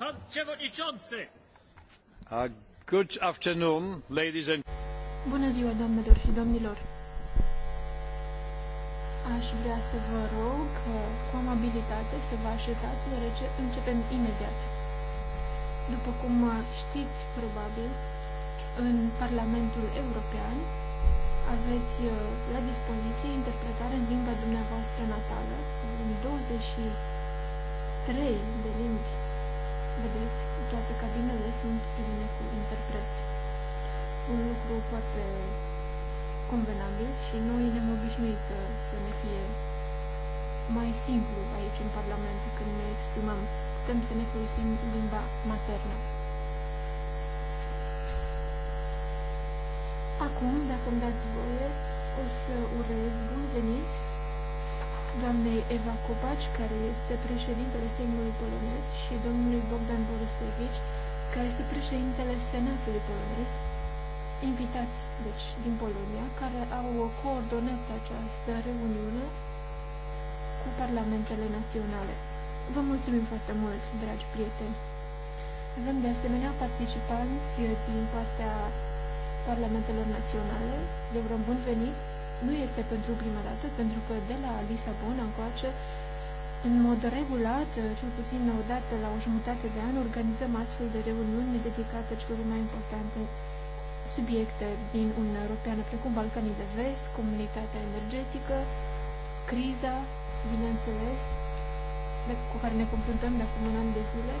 Pan Przewodniczący! Good afternoon, ladies and... Bună ziua, doamnelor și domnilor! Aș vrea să vă rog uh, cu amabilitate să vă așezați, deoarece începem imediat. După cum uh, știți, probabil, în Parlamentul European aveți uh, la dispoziție interpretare în limba dumneavoastră natală, în 23 de limbi Vedeți, toate cabinele sunt pline cu interpreți. Un lucru foarte convenabil și noi ne-am obișnuit să ne fie mai simplu aici în Parlament când ne exprimăm, putem să ne folosim limba maternă. Acum, dacă îmi dați voie, o să urez bun venit doamnei Eva Copaci, care este președintele Seimului polonez, și domnului Bogdan Borusevici, care este președintele Senatului polonez, invitați, deci, din Polonia, care au coordonat această reuniune cu parlamentele naționale. Vă mulțumim foarte mult, dragi prieteni! Avem de asemenea participanți din partea parlamentelor naționale. Le vreun bun venit nu este pentru prima dată, pentru că de la Lisabona încoace, în mod regulat, eh, cel puțin o dată la o jumătate de an, organizăm astfel de reuniuni dedicate celor mai importante subiecte din Uniunea Europeană, precum Balcanii de Vest, comunitatea energetică, criza, bineînțeles, de, cu care ne confruntăm de acum un an de zile,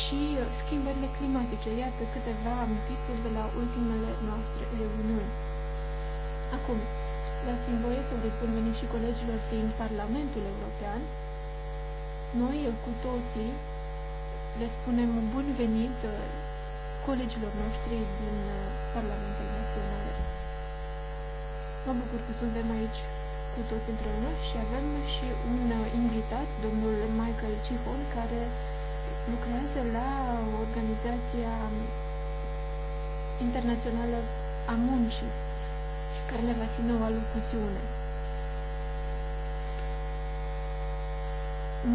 și eh, schimbările climatice. Iată câteva amintiri de la ultimele noastre reuniuni. Acum, Dați-mi voie să vă spun venit și colegilor din Parlamentul European. Noi cu toții le spunem bun venit uh, colegilor noștri din uh, Parlamentul Național. Mă bucur că suntem aici cu toți împreună și avem și un uh, invitat, domnul Michael Cihon, care lucrează la Organizația Internațională a Muncii care ne va ține o alocuțiune.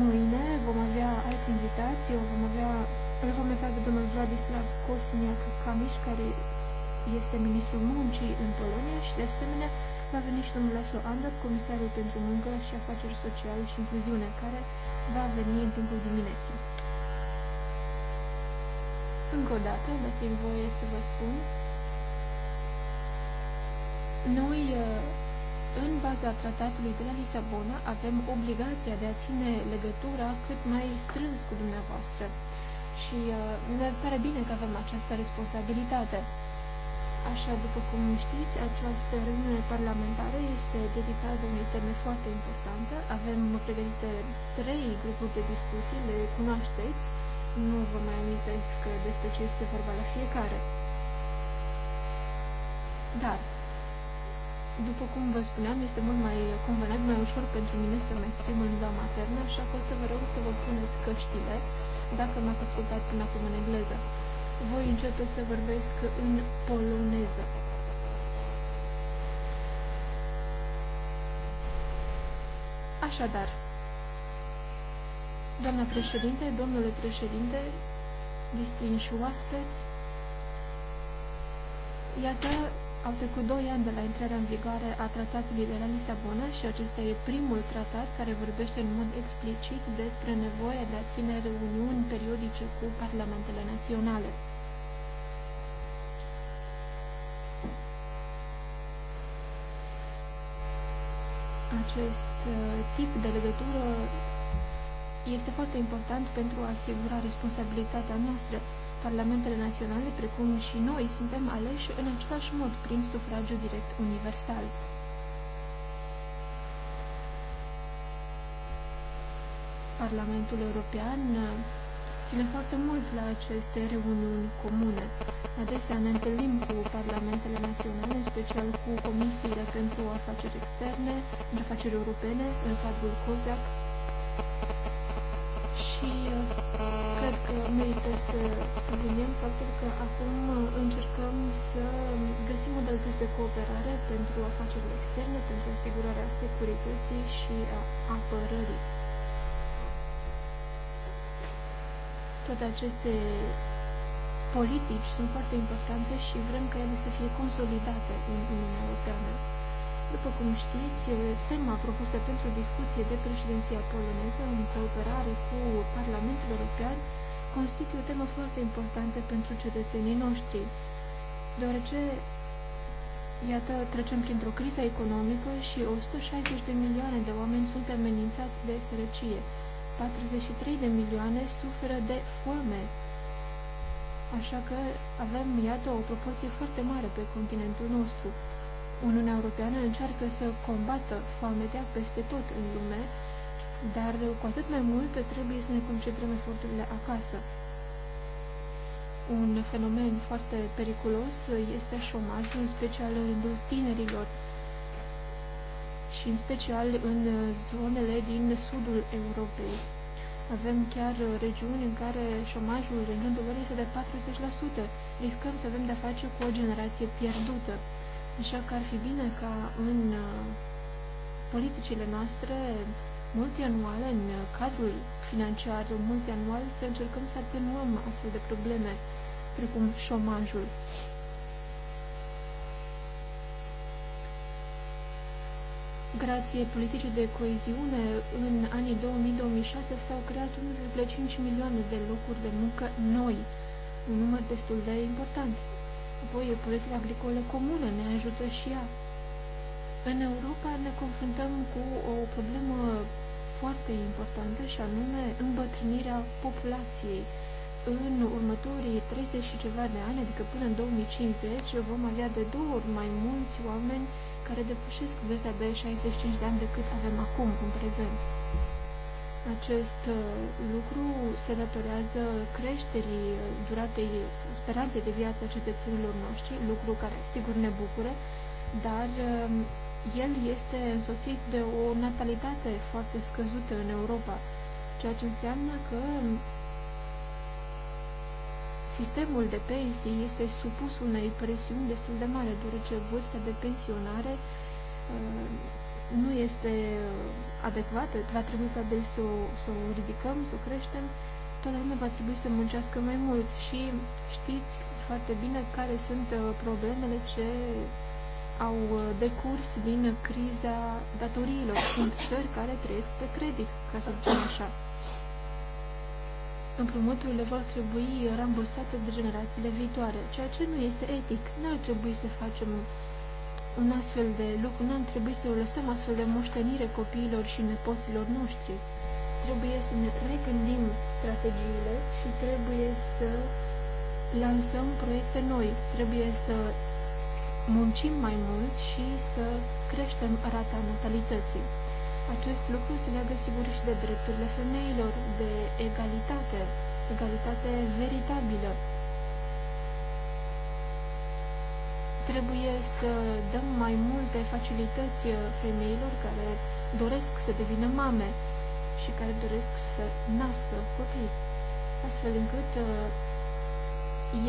Mâine vom avea alți invitații, o vom avea, îl vom avea pe domnul Vladislav Kosniak Kamiș, care este ministrul muncii în Polonia și, de asemenea, va veni și domnul Laslo Andor, comisarul pentru muncă și afaceri sociale și incluziune, care va veni în timpul dimineții. Încă o dată, dați-mi voie să vă spun noi, uh, în baza tratatului de la Lisabona, avem obligația de a ține legătura cât mai strâns cu dumneavoastră și uh, ne pare bine că avem această responsabilitate. Așa, după cum știți, această reuniune parlamentară este dedicată unei teme foarte importante. Avem pregătite trei grupuri de discuții, le cunoașteți. Nu vă mai amintesc uh, despre ce este vorba la fiecare. Dar după cum vă spuneam, este mult mai convenabil, mai ușor pentru mine să mă exprim în limba maternă, așa că o să vă rog să vă puneți căștile, dacă m-ați ascultat până acum în engleză. Voi începe să vorbesc în poloneză. Așadar, doamna președinte, domnule președinte, distinși oaspeți, iată au trecut doi ani de la intrarea în vigoare a tratatului de la Lisabona și acesta e primul tratat care vorbește în mod explicit despre nevoia de a ține reuniuni periodice cu parlamentele naționale. Acest uh, tip de legătură este foarte important pentru a asigura responsabilitatea noastră parlamentele naționale, precum și noi, suntem aleși în același mod prin sufragiu direct universal. Parlamentul European uh, ține foarte mult la aceste reuniuni comune. Adesea ne întâlnim cu parlamentele naționale, în special cu comisiile pentru afaceri externe, afaceri europene, în cadrul COSAC, și uh, cred că merită să subliniem faptul că acum uh, încercăm să găsim modalități de cooperare pentru afacerile externe, pentru asigurarea securității și a apărării. Toate aceste politici sunt foarte importante și vrem ca ele să fie consolidate în Uniunea Europeană. După cum știți, tema propusă pentru discuție de președinția poloneză în cooperare cu Parlamentul European constituie o temă foarte importantă pentru cetățenii noștri, deoarece, iată, trecem printr-o criză economică și 160 de milioane de oameni sunt amenințați de sărăcie, 43 de milioane suferă de foame, Așa că avem, iată, o proporție foarte mare pe continentul nostru. Uniunea Europeană încearcă să combată foametea peste tot în lume, dar cu atât mai mult trebuie să ne concentrăm eforturile acasă. Un fenomen foarte periculos este șomajul, în special în rândul tinerilor și în special în zonele din sudul Europei. Avem chiar regiuni în care șomajul în rândul lor este de 40%. Riscăm să avem de-a face cu o generație pierdută. Așa că ar fi bine ca în uh, politicile noastre multianuale, în uh, cadrul financiar multianual, să încercăm să atenuăm astfel de probleme, precum șomajul. Grație politicii de coeziune, în anii 2000-2006 s-au creat 1,5 milioane de locuri de muncă noi, un număr destul de important. Apoi, politica agricolă comună ne ajută și ea. În Europa ne confruntăm cu o problemă foarte importantă și anume îmbătrânirea populației. În următorii 30 și ceva de ani, adică până în 2050, vom avea de două ori mai mulți oameni care depășesc vârsta de 65 de ani decât avem acum, în prezent. Acest uh, lucru se datorează creșterii uh, duratei speranței de viață a cetățenilor noștri, lucru care sigur ne bucură, dar um, el este însoțit de o natalitate foarte scăzută în Europa, ceea ce înseamnă că um, sistemul de pensii este supus unei presiuni destul de mare, deoarece vârsta de pensionare uh, nu este adecvată, va trebui probabil să o, să o ridicăm, să o creștem, toată lumea va trebui să muncească mai mult și știți foarte bine care sunt uh, problemele ce au uh, decurs din criza datoriilor. Sunt țări care trăiesc pe credit, ca să zicem așa. Împrumuturile vor trebui rambursate de generațiile viitoare, ceea ce nu este etic. nu ar trebui să facem uh, un astfel de lucru, n-am trebuit să lăsăm astfel de moștenire copiilor și nepoților noștri. Trebuie să ne regândim strategiile și trebuie să lansăm proiecte noi. Trebuie să muncim mai mult și să creștem rata natalității. Acest lucru se leagă sigur și de drepturile femeilor, de egalitate, egalitate veritabilă Trebuie să dăm mai multe facilități uh, femeilor care doresc să devină mame și care doresc să nască copii, astfel încât uh,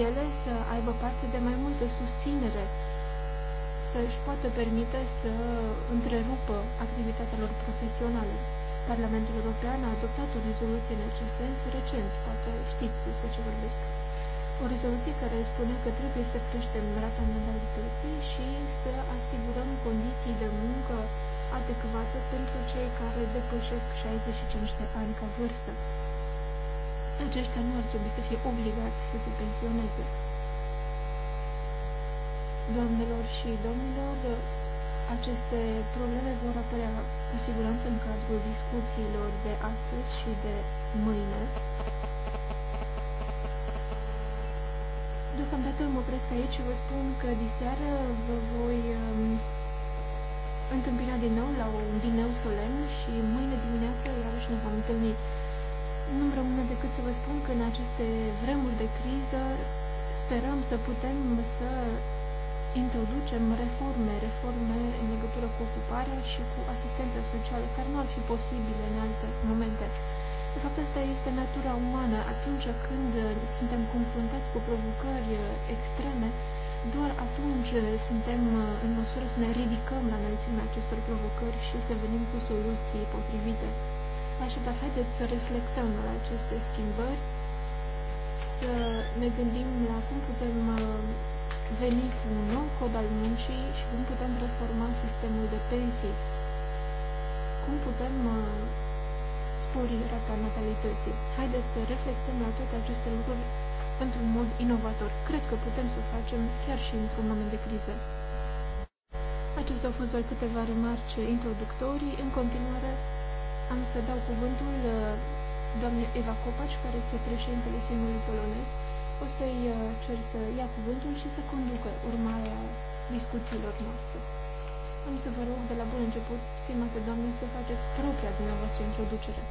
ele să aibă parte de mai multă susținere, să își poată permite să întrerupă activitatea lor profesională. Parlamentul European a adoptat o rezoluție în acest sens recent, poate știți despre ce vorbesc o rezoluție care spune că trebuie să creștem rata mentalității și să asigurăm condiții de muncă adecvate pentru cei care depășesc 65 de ani ca vârstă. Aceștia nu ar trebui să fie obligați să se pensioneze. Doamnelor și domnilor, aceste probleme vor apărea cu siguranță în cadrul discuțiilor de astăzi și de mâine. Deocamdată mă opresc aici și vă spun că diseară vă voi um, întâmpina din nou la un dineu solemn și mâine dimineață iarăși ne vom întâlni. Nu-mi rămâne decât să vă spun că în aceste vremuri de criză sperăm să putem să introducem reforme, reforme în legătură cu ocuparea și cu asistența socială, care nu ar fi posibile în alte momente. De fapt, asta este natura umană. Atunci când uh, suntem confruntați cu provocări uh, extreme, doar atunci uh, suntem în măsură să ne ridicăm la înălțimea acestor provocări și să venim cu soluții potrivite. Așadar, haideți să reflectăm la aceste schimbări, să ne gândim la cum putem veni cu un nou cod al muncii și cum putem reforma sistemul de pensii, cum putem spori rata natalității. Haideți să reflectăm la toate aceste lucruri într-un mod inovator. Cred că putem să o facem chiar și într-un moment de criză. Acestea au fost doar câteva remarci introductorii. În continuare, am să dau cuvântul uh, doamnei Eva Copaci, care este președintele Seimului Polonez. O să-i uh, cer să ia cuvântul și să conducă urmarea discuțiilor noastre. Am să vă rog de la bun început, stimate doamne, să faceți propria dumneavoastră introducere.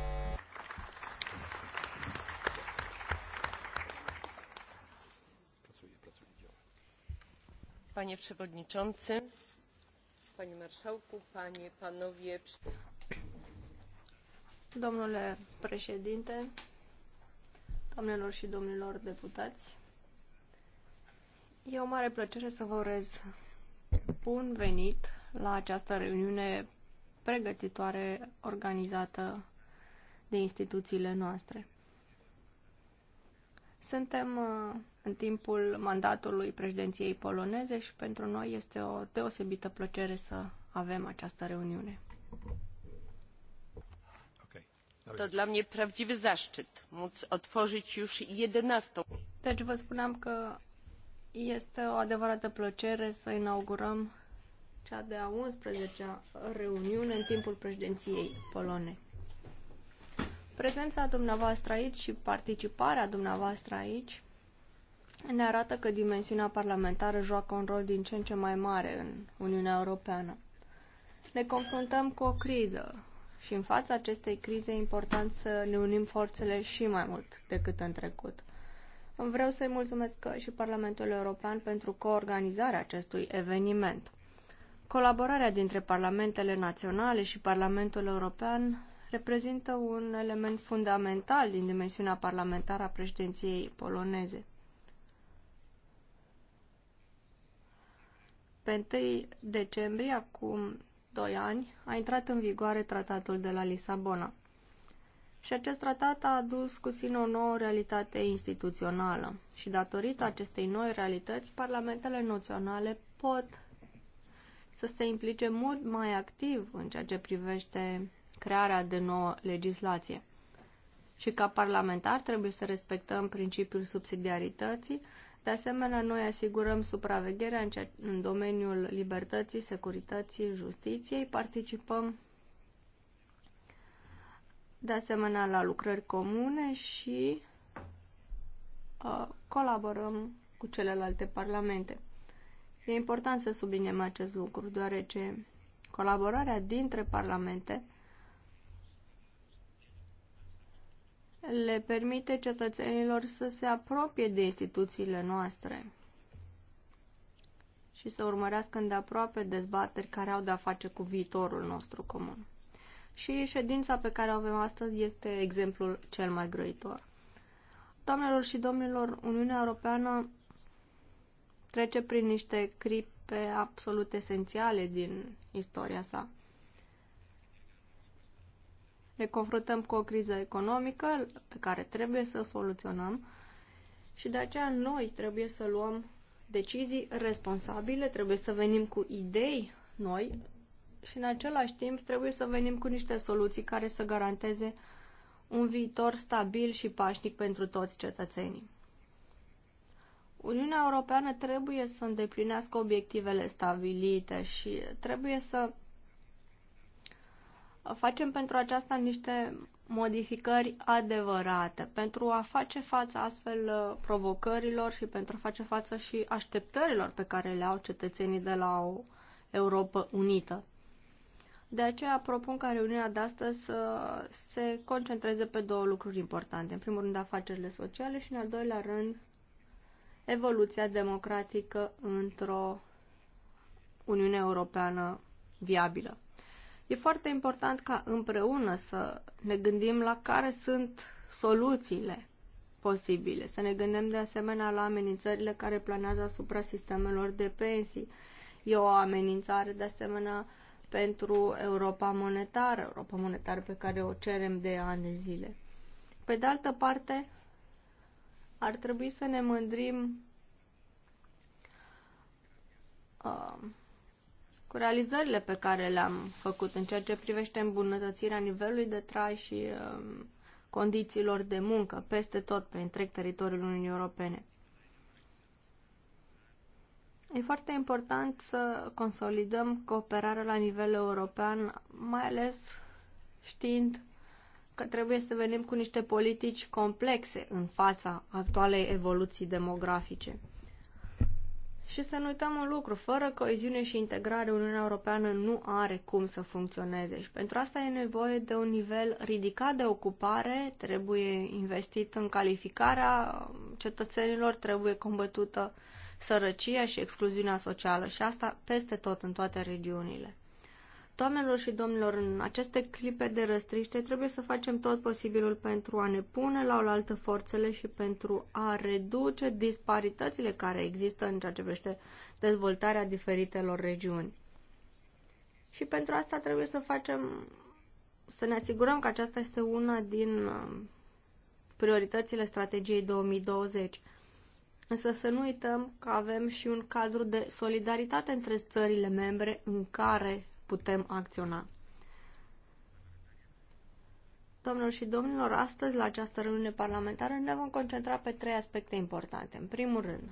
Panie Przewodniczący, Panie Marszałku, Panie, Panowie. Domnule Președinte, Doamnelor și domnilor deputați, e o mare plăcere să vă urez bun venit la această reuniune pregătitoare organizată de instituțiile noastre. Suntem uh, în timpul mandatului președinției poloneze și pentru noi este o deosebită plăcere să avem această reuniune. To dla mnie prawdziwy zaszczyt móc otworzyć już jedenastą. Deci vă spuneam că este o adevărată plăcere să inaugurăm cea de-a 11-a reuniune în timpul președinției polone. Prezența dumneavoastră aici și participarea dumneavoastră aici ne arată că dimensiunea parlamentară joacă un rol din ce în ce mai mare în Uniunea Europeană. Ne confruntăm cu o criză și în fața acestei crize e important să ne unim forțele și mai mult decât în trecut. Vreau să-i mulțumesc și Parlamentul European pentru coorganizarea acestui eveniment. Colaborarea dintre parlamentele naționale și Parlamentul European reprezintă un element fundamental din dimensiunea parlamentară a președinției poloneze. Pe 1 decembrie, acum 2 ani, a intrat în vigoare tratatul de la Lisabona. Și acest tratat a adus cu sine o nouă realitate instituțională. Și datorită acestei noi realități, parlamentele naționale pot să se implice mult mai activ în ceea ce privește crearea de nouă legislație. Și ca parlamentar trebuie să respectăm principiul subsidiarității, de asemenea, noi asigurăm supravegherea în, în domeniul libertății, securității, justiției, participăm de asemenea la lucrări comune și uh, colaborăm cu celelalte parlamente. E important să subliniem acest lucru, deoarece colaborarea dintre parlamente le permite cetățenilor să se apropie de instituțiile noastre și să urmărească îndeaproape dezbateri care au de-a face cu viitorul nostru comun. Și ședința pe care o avem astăzi este exemplul cel mai grăitor. Doamnelor și domnilor, Uniunea Europeană trece prin niște cripe absolut esențiale din istoria sa. Ne confruntăm cu o criză economică pe care trebuie să o soluționăm și de aceea noi trebuie să luăm decizii responsabile, trebuie să venim cu idei noi și în același timp trebuie să venim cu niște soluții care să garanteze un viitor stabil și pașnic pentru toți cetățenii. Uniunea Europeană trebuie să îndeplinească obiectivele stabilite și trebuie să facem pentru aceasta niște modificări adevărate pentru a face față astfel uh, provocărilor și pentru a face față și așteptărilor pe care le au cetățenii de la o Europa unită. De aceea propun ca reuniunea de astăzi să se concentreze pe două lucruri importante. În primul rând afacerile sociale și în al doilea rând evoluția democratică într-o Uniune Europeană viabilă. E foarte important ca împreună să ne gândim la care sunt soluțiile posibile, să ne gândim de asemenea la amenințările care planează asupra sistemelor de pensii. E o amenințare de asemenea pentru Europa monetară, Europa monetară pe care o cerem de ani de zile. Pe de altă parte, ar trebui să ne mândrim uh, cu realizările pe care le-am făcut în ceea ce privește îmbunătățirea nivelului de trai și um, condițiilor de muncă peste tot pe întreg teritoriul Uniunii Europene. E foarte important să consolidăm cooperarea la nivel european, mai ales știind că trebuie să venim cu niște politici complexe în fața actualei evoluții demografice. Și să nu uităm un lucru, fără coeziune și integrare, Uniunea Europeană nu are cum să funcționeze și pentru asta e nevoie de un nivel ridicat de ocupare, trebuie investit în calificarea cetățenilor, trebuie combătută sărăcia și excluziunea socială și asta peste tot în toate regiunile. Doamnelor și domnilor, în aceste clipe de răstriște trebuie să facem tot posibilul pentru a ne pune la oaltă forțele și pentru a reduce disparitățile care există în ceea ce privește dezvoltarea diferitelor regiuni. Și pentru asta trebuie să facem, să ne asigurăm că aceasta este una din um, prioritățile strategiei 2020. Însă să nu uităm că avem și un cadru de solidaritate între țările membre în care putem acționa. Domnilor și domnilor, astăzi la această reuniune parlamentară ne vom concentra pe trei aspecte importante. În primul rând,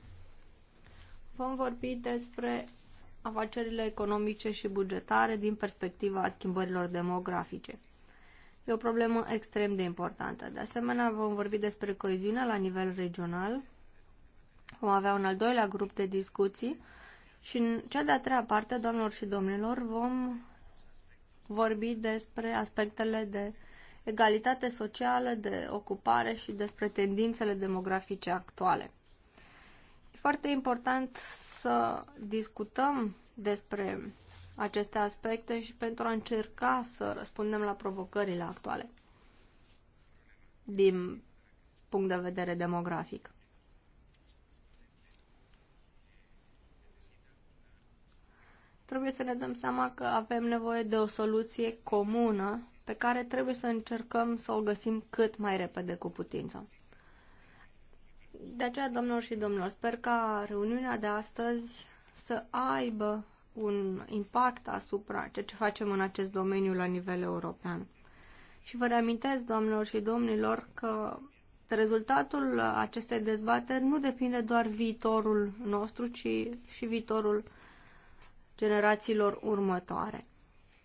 vom vorbi despre afacerile economice și bugetare din perspectiva schimbărilor demografice. E o problemă extrem de importantă. De asemenea, vom vorbi despre coeziunea la nivel regional. Vom avea un al doilea grup de discuții și în cea de-a treia parte, doamnelor și domnilor, vom vorbi despre aspectele de egalitate socială, de ocupare și despre tendințele demografice actuale. E foarte important să discutăm despre aceste aspecte și pentru a încerca să răspundem la provocările actuale din punct de vedere demografic. trebuie să ne dăm seama că avem nevoie de o soluție comună pe care trebuie să încercăm să o găsim cât mai repede cu putință. De aceea, domnilor și domnilor, sper ca reuniunea de astăzi să aibă un impact asupra ceea ce facem în acest domeniu la nivel european. Și vă reamintesc, domnilor și domnilor, că rezultatul acestei dezbateri nu depinde doar viitorul nostru, ci și viitorul generațiilor următoare.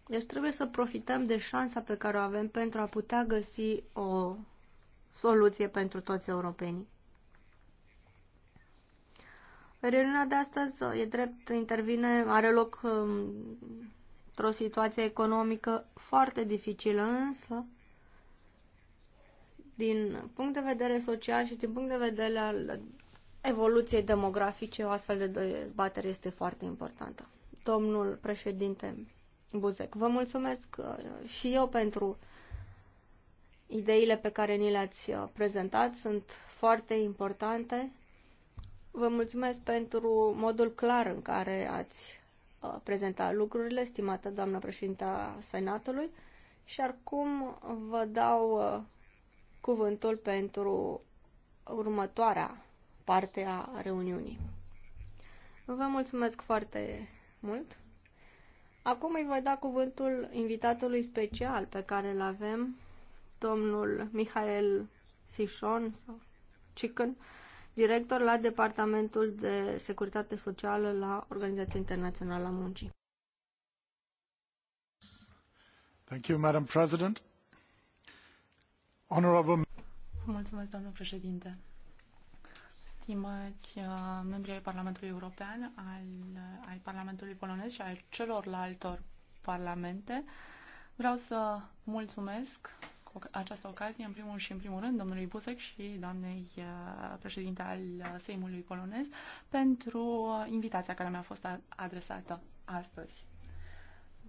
Deci trebuie să profităm de șansa pe care o avem pentru a putea găsi o soluție pentru toți europenii. Reuniunea de astăzi, e drept, intervine, are loc um, într-o situație economică foarte dificilă, însă din punct de vedere social și din punct de vedere al evoluției demografice, o astfel de dezbatere este foarte importantă domnul președinte Buzec. Vă mulțumesc uh, și eu pentru ideile pe care ni le-ați uh, prezentat. Sunt foarte importante. Vă mulțumesc pentru modul clar în care ați uh, prezentat lucrurile, stimată doamnă președinta Senatului. Și acum vă dau cuvântul pentru următoarea parte a reuniunii. Vă mulțumesc foarte mult. Acum îi voi da cuvântul invitatului special pe care îl avem, domnul Mihail Sișon sau Chicken, director la Departamentul de Securitate Socială la Organizația Internațională a Muncii. Thank you, Madam President. Honorable... Mulțumesc, doamnă președinte stimați uh, membri ai Parlamentului European, al, uh, ai Parlamentului Polonez și al celorlaltor parlamente, vreau să mulțumesc cu această ocazie, în primul și în primul rând, domnului Busec și doamnei uh, președinte al Seimului Polonez pentru invitația care mi-a fost adresată astăzi.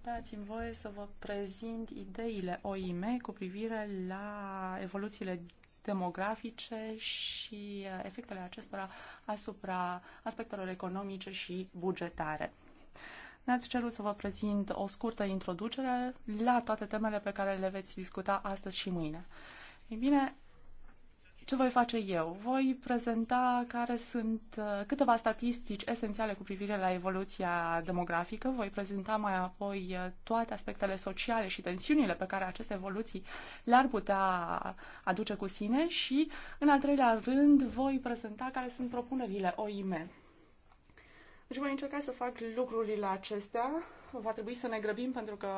Dați-mi voie să vă prezint ideile OIM cu privire la evoluțiile demografice și uh, efectele acestora asupra aspectelor economice și bugetare. Ne-ați cerut să vă prezint o scurtă introducere la toate temele pe care le veți discuta astăzi și mâine. Ei bine, ce voi face eu? Voi prezenta care sunt uh, câteva statistici esențiale cu privire la evoluția demografică, voi prezenta mai apoi uh, toate aspectele sociale și tensiunile pe care aceste evoluții le-ar putea aduce cu sine și, în al treilea rând, voi prezenta care sunt propunerile OIM. Deci voi încerca să fac lucrurile acestea. Va trebui să ne grăbim pentru că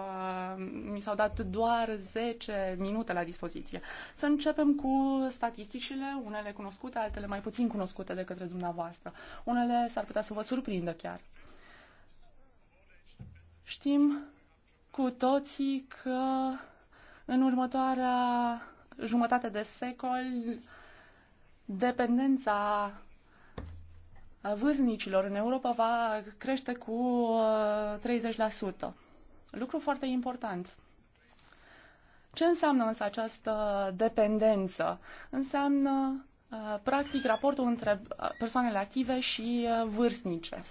mi s-au dat doar 10 minute la dispoziție. Să începem cu statisticile, unele cunoscute, altele mai puțin cunoscute de către dumneavoastră. Unele s-ar putea să vă surprindă chiar. Știm cu toții că în următoarea jumătate de secol dependența vâznicilor în Europa va crește cu 30%. Uh, Lucru foarte important. Ce înseamnă însă această dependență? Înseamnă, uh, practic, raportul între uh, persoanele active și vârstnice.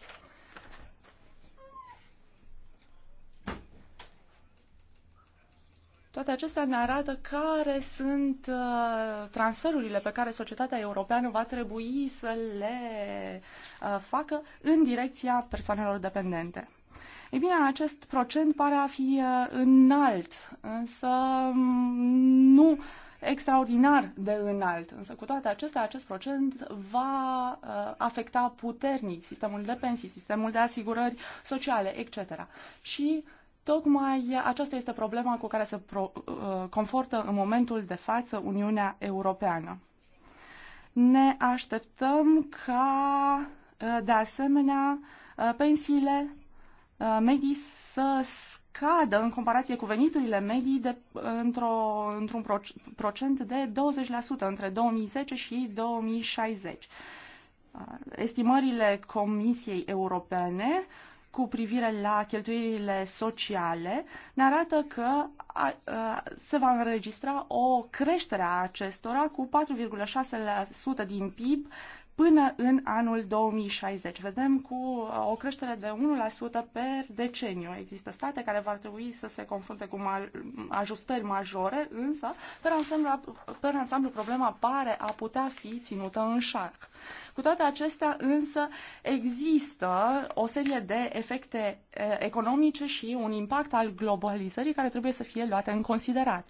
Toate acestea ne arată care sunt uh, transferurile pe care societatea europeană va trebui să le uh, facă în direcția persoanelor dependente. Ei bine, acest procent pare a fi uh, înalt, însă mm, nu extraordinar de înalt. Însă, cu toate acestea, acest procent va afecta puternic sistemul de pensii, sistemul de asigurări sociale, etc. Și uh, Tocmai aceasta este problema cu care se pro, uh, confortă în momentul de față Uniunea Europeană. Ne așteptăm ca, uh, de asemenea, uh, pensiile medii să scadă în comparație cu veniturile medii de, într-o, într-un procent de 20% între 2010 și 2060. Estimările Comisiei Europene cu privire la cheltuielile sociale ne arată că a, a, se va înregistra o creștere a acestora cu 4,6% din PIB până în anul 2060. Vedem cu o creștere de 1% per deceniu. Există state care vor trebui să se confrunte cu ajustări majore, însă, pe ansamblu, per ansamblu problema pare a putea fi ținută în șac. Cu toate acestea însă există o serie de efecte economice și un impact al globalizării care trebuie să fie luate în considerare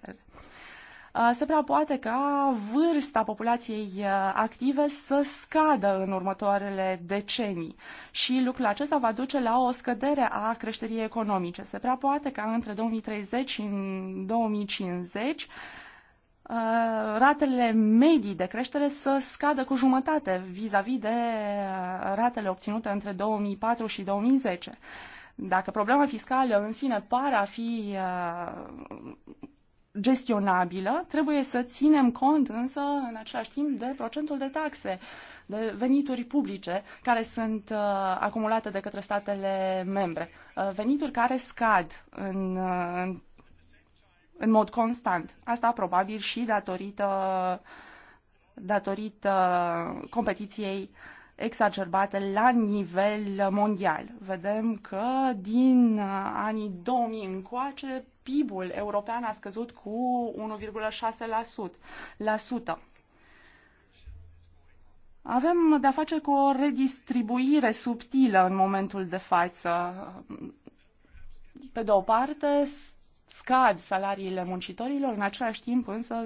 se prea poate ca vârsta populației active să scadă în următoarele decenii și lucrul acesta va duce la o scădere a creșterii economice. Se prea poate ca între 2030 și 2050 Uh, ratele medii de creștere să scadă cu jumătate vis-a-vis -vis de uh, ratele obținute între 2004 și 2010. Dacă problema fiscală în sine pare a fi uh, gestionabilă, trebuie să ținem cont însă în același timp de procentul de taxe, de venituri publice care sunt uh, acumulate de către statele membre. Uh, venituri care scad în, uh, în în mod constant. Asta probabil și datorită, datorită competiției exacerbate la nivel mondial. Vedem că din anii 2000 încoace PIB-ul european a scăzut cu 1,6%. Avem de-a face cu o redistribuire subtilă în momentul de față. Pe de o parte, scad salariile muncitorilor, în același timp însă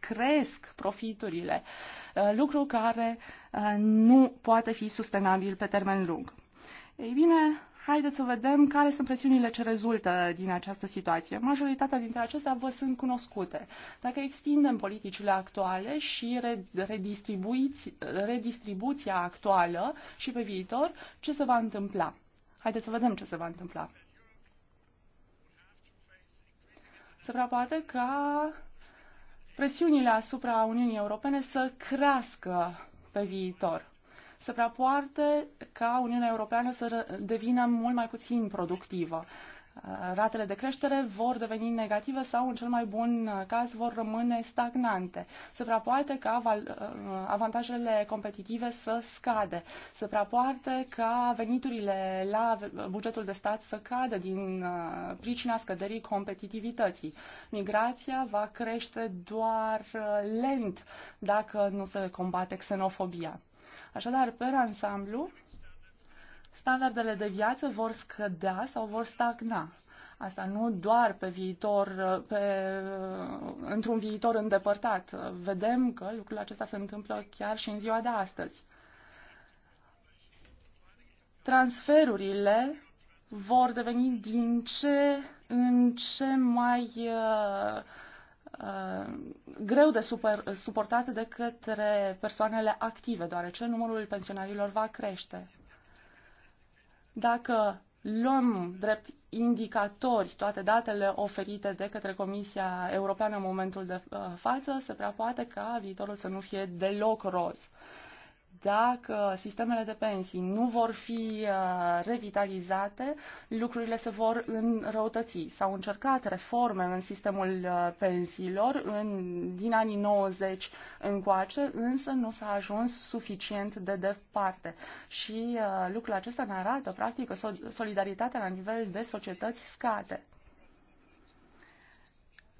cresc profiturile, uh, lucru care uh, nu poate fi sustenabil pe termen lung. Ei bine, haideți să vedem care sunt presiunile ce rezultă din această situație. Majoritatea dintre acestea vă sunt cunoscute. Dacă extindem politicile actuale și redistribuția actuală și pe viitor, ce se va întâmpla? Haideți să vedem ce se va întâmpla. se vrea poate ca presiunile asupra Uniunii Europene să crească pe viitor. Se prea poate ca Uniunea Europeană să devină mult mai puțin productivă ratele de creștere vor deveni negative sau, în cel mai bun uh, caz, vor rămâne stagnante. Se prea poate ca uh, avantajele competitive să scade. Se prea poate ca veniturile la bugetul de stat să cadă din uh, pricina scăderii competitivității. Migrația va crește doar lent dacă nu se combate xenofobia. Așadar, pe ansamblu, standardele de viață vor scădea sau vor stagna. Asta nu doar pe viitor, pe, într-un viitor îndepărtat. Vedem că lucrul acesta se întâmplă chiar și în ziua de astăzi. Transferurile vor deveni din ce în ce mai uh, uh, greu de super, suportate de către persoanele active, deoarece numărul pensionarilor va crește. Dacă luăm drept indicatori toate datele oferite de către Comisia Europeană în momentul de uh, față, se prea poate ca viitorul să nu fie deloc roz dacă sistemele de pensii nu vor fi uh, revitalizate, lucrurile se vor înrăutăți. S-au încercat reforme în sistemul uh, pensiilor în, din anii 90 încoace, însă nu s-a ajuns suficient de departe. Și uh, lucrul acesta ne arată, practic, că solidaritatea la nivel de societăți scade.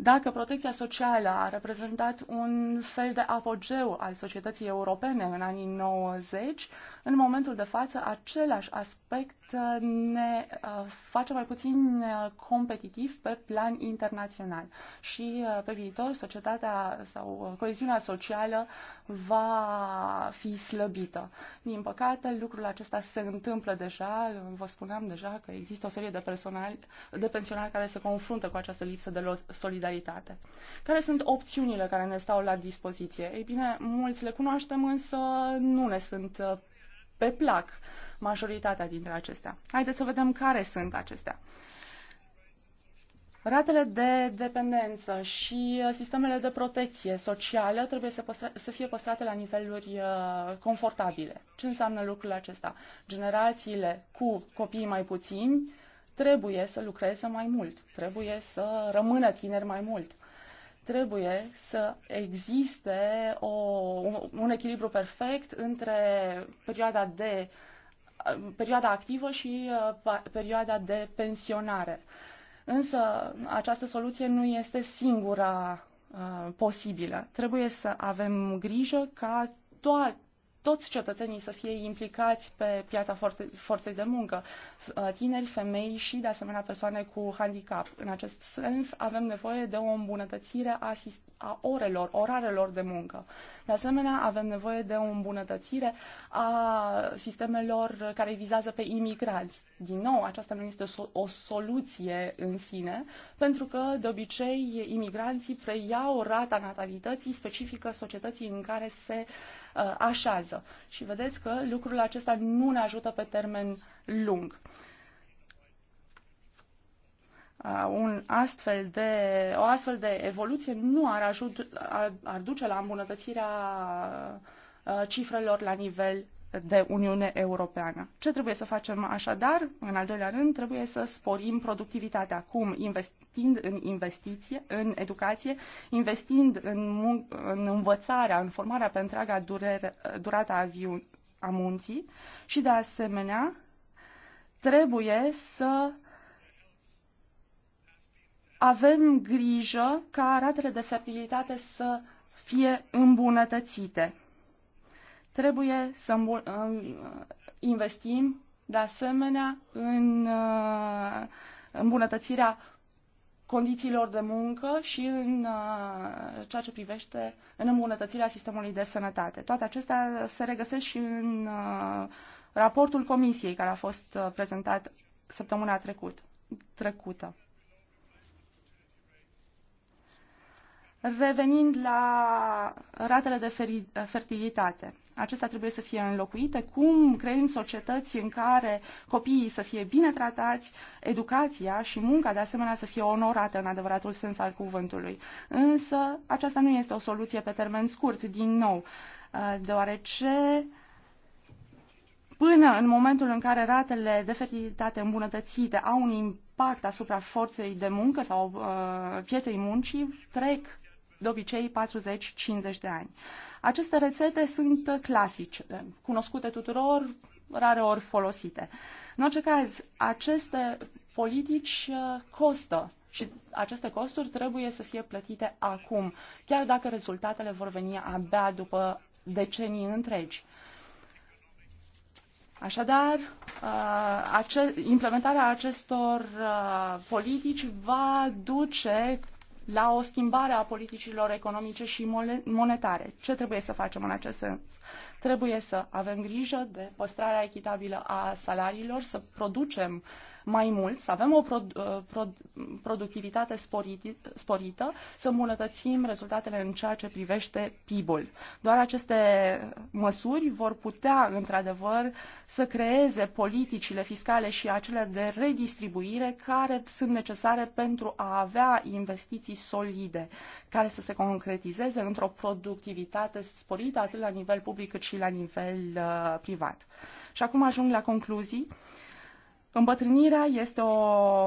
Dacă protecția socială a reprezentat un fel de apogeu al societății europene în anii 90, în momentul de față același aspect uh, ne uh, face mai puțin uh, competitiv pe plan internațional. Și pe viitor societatea sau coeziunea socială va fi slăbită. Din păcate, lucrul acesta se întâmplă deja. Vă spuneam deja că există o serie de, personal, de pensionari care se confruntă cu această lipsă de solidaritate solidaritate. Care sunt opțiunile care ne stau la dispoziție? Ei bine, mulți le cunoaștem, însă nu ne sunt uh, pe plac majoritatea dintre acestea. Haideți să vedem care sunt acestea. Ratele de dependență și uh, sistemele de protecție socială trebuie să, păstra- să fie păstrate la niveluri uh, confortabile. Ce înseamnă lucrul acesta? Generațiile cu copii mai puțini uh, trebuie să lucreze mai mult, trebuie să rămână tineri mai mult. Trebuie să existe o, un echilibru perfect între perioada de perioada activă și uh, perioada de pensionare. Însă această soluție nu este singura uh, posibilă. Trebuie să avem grijă ca toate toți cetățenii să fie implicați pe piața forței de muncă, uh, tineri, femei și, de asemenea, persoane cu handicap. În acest sens, avem nevoie de o îmbunătățire a, a orelor, orarelor de muncă. De asemenea, avem nevoie de o îmbunătățire a sistemelor care vizează pe imigranți. Din nou, aceasta nu este o soluție în sine, pentru că, de obicei, imigranții preiau rata natalității specifică societății în care se Uh, așează. Și vedeți că lucrul acesta nu ne ajută pe termen lung. Uh, un astfel de, o astfel de evoluție nu ar, ajut, ar, ar duce la îmbunătățirea uh, cifrelor la nivel de Uniune Europeană. Ce trebuie să facem așadar? În al doilea rând, trebuie să sporim productivitatea. Cum? Investind în investiție, în educație, investind în, în învățarea, în formarea pe întreaga durere, durata a, viu- a munții și, de asemenea, trebuie să avem grijă ca ratele de fertilitate să fie îmbunătățite. Trebuie să uh, investim, de asemenea, în uh, îmbunătățirea condițiilor de muncă și în uh, ceea ce privește în îmbunătățirea sistemului de sănătate. Toate acestea se regăsesc și în raportul comisiei care a fost prezentat săptămâna trecut, trecută. Revenind la ratele de fertilitate, acestea trebuie să fie înlocuite, cum creăm societăți în care copiii să fie bine tratați, educația și munca de asemenea să fie onorată în adevăratul sens al cuvântului. Însă aceasta nu este o soluție pe termen scurt, din nou, uh, deoarece până în momentul în care ratele de fertilitate îmbunătățite au un impact asupra forței de muncă sau uh, pieței muncii, trec de obicei 40-50 de ani. Aceste rețete sunt clasice, cunoscute tuturor, rare ori folosite. În orice caz, aceste politici uh, costă și aceste costuri trebuie să fie plătite acum, chiar dacă rezultatele vor veni abia după decenii întregi. Așadar, uh, implementarea acestor uh, politici va duce la o schimbare a politicilor economice și monetare. Ce trebuie să facem în acest sens? Trebuie să avem grijă de păstrarea echitabilă a salariilor, să producem uh, mai mult, să avem o pro- uh, pro- productivitate sporit, sporită, să îmbunătățim rezultatele în ceea ce privește PIB-ul. Doar aceste măsuri vor putea, într-adevăr, să creeze politicile fiscale și acele de redistribuire care sunt necesare pentru a avea investiții solide, care să se concretizeze într-o productivitate sporită atât la nivel public cât și la nivel uh, privat. Și acum ajung la concluzii. Uh, Îmbătrânirea este o,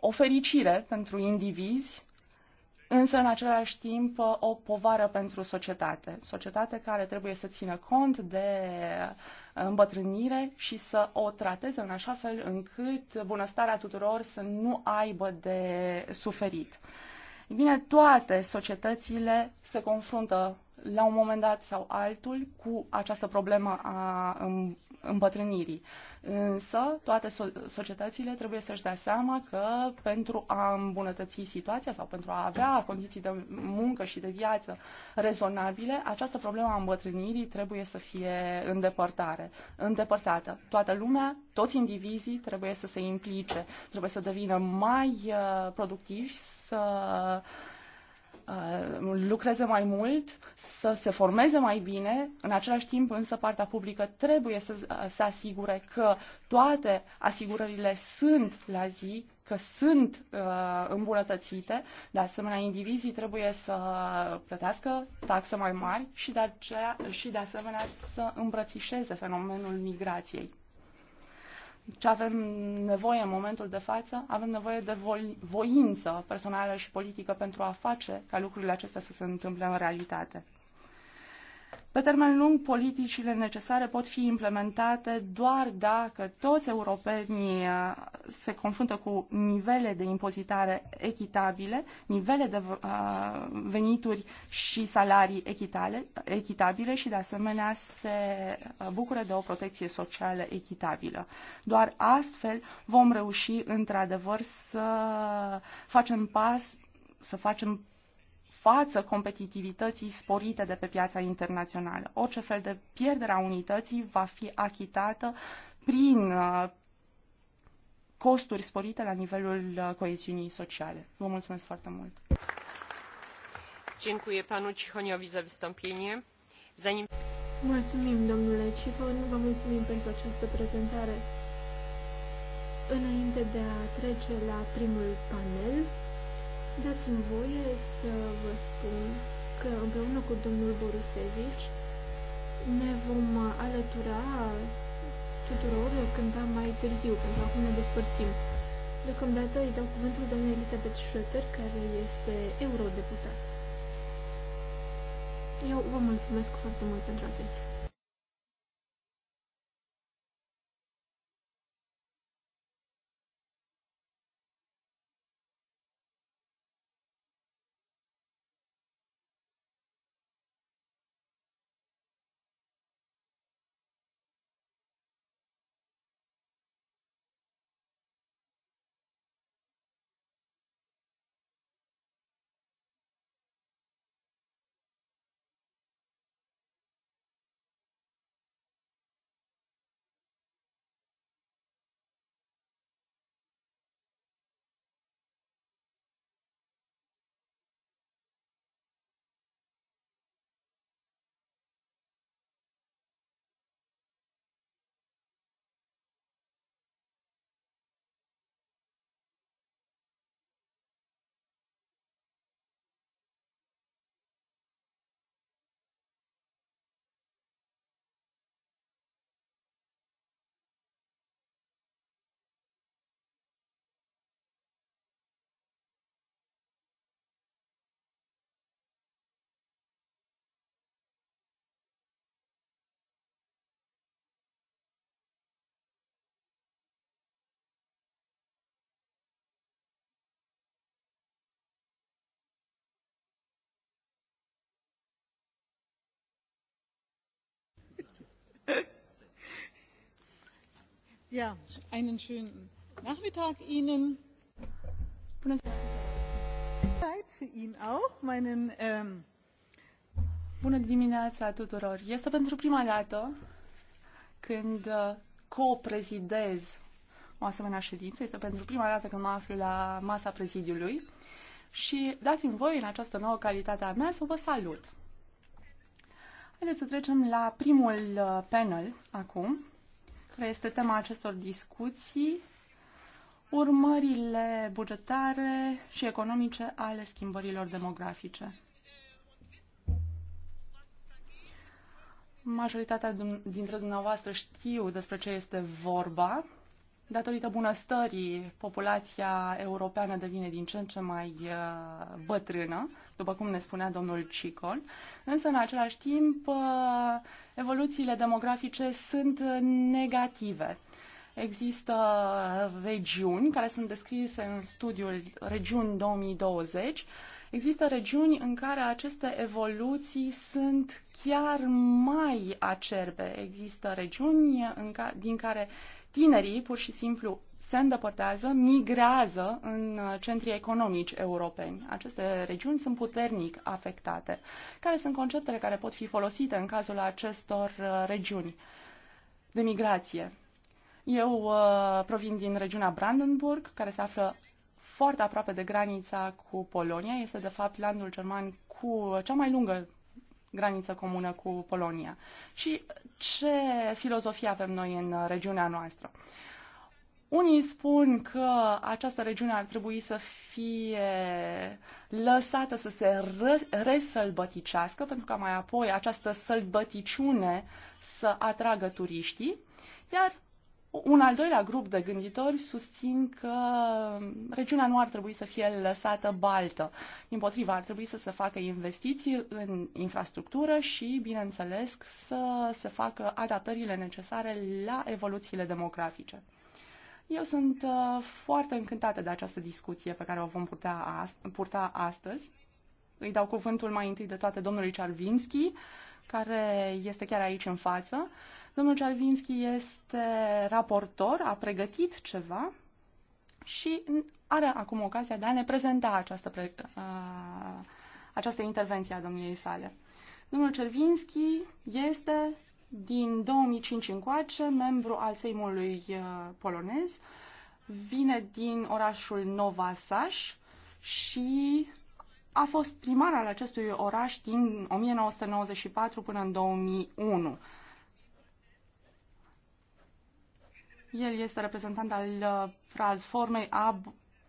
o fericire pentru indivizi, însă în același timp uh, o povară pentru societate. Societate care trebuie să țină cont de uh, îmbătrânire și să o trateze în așa fel încât bunăstarea tuturor să nu aibă de suferit. bine, toate societățile se confruntă la un moment dat sau altul cu această problemă a îmbătrânirii. Însă, toate societățile trebuie să-și dea seama că pentru a îmbunătăți situația sau pentru a avea condiții de muncă și de viață rezonabile, această problemă a îmbătrânirii trebuie să fie îndepărtare, îndepărtată. Toată lumea, toți indivizii trebuie să se implice, trebuie să devină mai uh, productivi, să Uh, lucreze mai mult, să se formeze mai bine, în același timp însă partea publică trebuie să uh, se asigure că toate asigurările sunt la zi, că sunt uh, îmbunătățite, de asemenea indivizii trebuie să plătească taxe mai mari și de, aceea, și de asemenea să îmbrățișeze fenomenul migrației ce avem nevoie în momentul de față, avem nevoie de vo- voință personală și politică pentru a face ca lucrurile acestea să se întâmple în realitate. Pe termen lung, politicile necesare pot fi implementate doar dacă toți europenii uh, se confruntă cu nivele de impozitare echitabile, nivele de uh, venituri și salarii echitabile și, de asemenea, se uh, bucură de o protecție socială echitabilă. Doar astfel vom reuși, într-adevăr, să facem pas să facem față competitivității sporite de pe piața internațională. Orice fel de pierdere a unității va fi achitată prin uh, costuri sporite la nivelul uh, coeziunii sociale. Vă mulțumesc foarte mult! Dziękuję panu Cichoniowi za wystąpienie. Zanim... Mulțumim, domnule Cihon, vă mulțumim pentru această prezentare. Înainte de a trece la primul panel, Dați-mi voie să vă spun că împreună cu domnul Borusevici ne vom alătura tuturor cândva mai târziu, pentru acum ne despărțim. Deocamdată îi dau cuvântul doamnei Elisabeth Schroeter, care este eurodeputat. Eu vă mulțumesc foarte mult pentru atenție. Ja, einen schönen Nachmittag Ihnen. Zeit für ihn auch, meinen ähm, Bună dimineața tuturor! Este pentru prima dată când uh, coprezidez o asemenea ședință. Este pentru prima dată când mă aflu la masa prezidiului și dați-mi voi în această nouă calitate a mea să vă salut. Haideți să trecem la primul uh, panel acum, care este tema acestor discuții, urmările bugetare și economice ale schimbărilor demografice. Majoritatea dintre dumneavoastră știu despre ce este vorba, Datorită bunăstării, populația europeană devine din ce în ce mai uh, bătrână, după cum ne spunea domnul Cicol, însă în același timp uh, evoluțiile demografice sunt negative. Există regiuni care sunt descrise în studiul Regiuni 2020. Există regiuni în care aceste evoluții sunt chiar mai acerbe. Există regiuni în ca- din care Tinerii pur și simplu se îndepărtează, migrează în uh, centrii economici europeni. Aceste regiuni sunt puternic afectate. Care sunt conceptele care pot fi folosite în cazul acestor uh, regiuni de migrație? Eu uh, provin din regiunea Brandenburg, care se află foarte aproape de granița cu Polonia. Este, de fapt, landul german cu cea mai lungă graniță comună cu Polonia. Și ce filozofie avem noi în regiunea noastră? Unii spun că această regiune ar trebui să fie lăsată să se resălbăticească, pentru ca mai apoi această sălbăticiune să atragă turiștii, iar un al doilea grup de gânditori susțin că regiunea nu ar trebui să fie lăsată baltă. Din potriva, ar trebui să se facă investiții în infrastructură și, bineînțeles, să se facă adaptările necesare la evoluțiile demografice. Eu sunt uh, foarte încântată de această discuție pe care o vom purta, ast- purta astăzi. Îi dau cuvântul mai întâi de toate domnului Cervinski, care este chiar aici în față. Uh, Domnul Jalvinski este raportor, a pregătit ceva și are acum ocazia de a ne prezenta această, pre, uh, această intervenție a domniei sale. Domnul Cervinski este din 2005 încoace membru al Seimului polonez, vine din orașul Nova Saș și a fost primar al acestui oraș din 1994 până în 2001. El este reprezentant al platformei uh,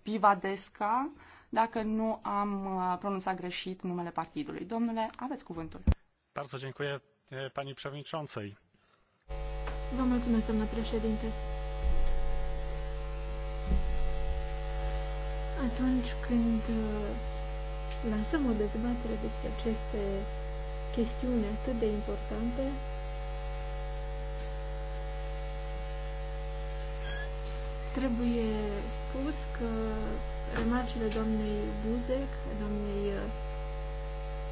Abivadesca, dacă nu am uh, pronunțat greșit numele partidului. Domnule, aveți cuvântul. Bardzo dziękuję pani przewodniczącej. Vă mulțumesc, domnule președinte. Atunci când uh, lansăm o dezbatere despre aceste chestiuni atât de importante, Trebuie spus că remarcile doamnei Buzek, doamnei uh,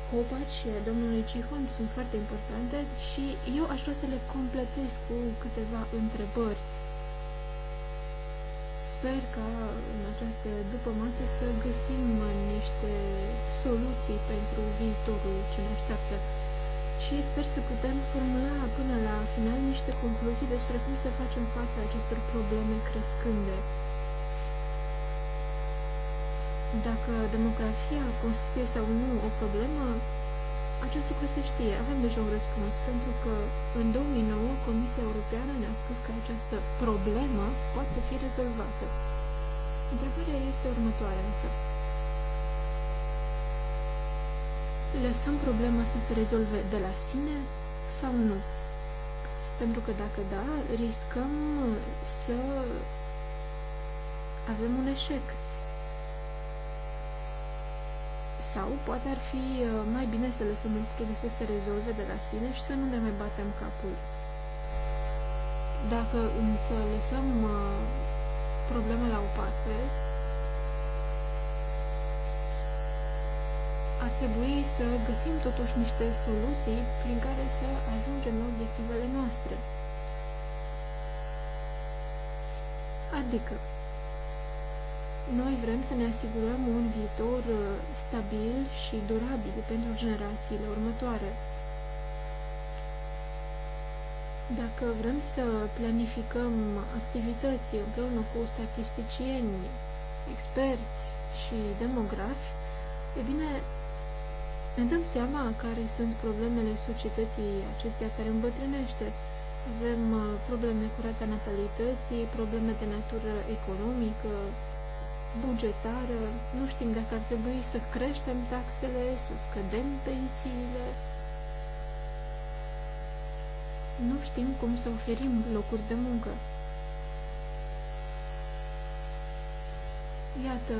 Copac și domnului Cihon sunt foarte importante și eu aș vrea să le completez cu câteva întrebări. Sper ca în această după masă să găsim niște soluții pentru viitorul ce ne așteaptă și sper să putem formula până la final niște concluzii despre cum să facem față acestor probleme crescânde. Dacă demografia constituie sau nu o problemă, acest lucru se știe. Avem deja un răspuns, pentru că în 2009 Comisia Europeană ne-a spus că această problemă poate fi rezolvată. Întrebarea este următoarea însă. lăsăm problema să se rezolve de la sine sau nu? Pentru că dacă da, riscăm să avem un eșec. Sau poate ar fi uh, mai bine să lăsăm lucrurile să se rezolve de la sine și să nu ne mai batem capul. Dacă însă lăsăm uh, problema la o parte, ar trebui să găsim totuși niște soluții prin care să ajungem la obiectivele noastre. Adică, noi vrem să ne asigurăm un viitor uh, stabil și durabil pentru generațiile următoare. Dacă vrem să planificăm activități împreună cu statisticieni, experți și demografi, e bine, ne dăm seama care sunt problemele societății acestea care îmbătrânește. Avem uh, probleme cu rata natalității, probleme de natură economică, bugetară, nu știm dacă ar trebui să creștem taxele, să scădem pensiile. Nu știm cum să oferim locuri de muncă. Iată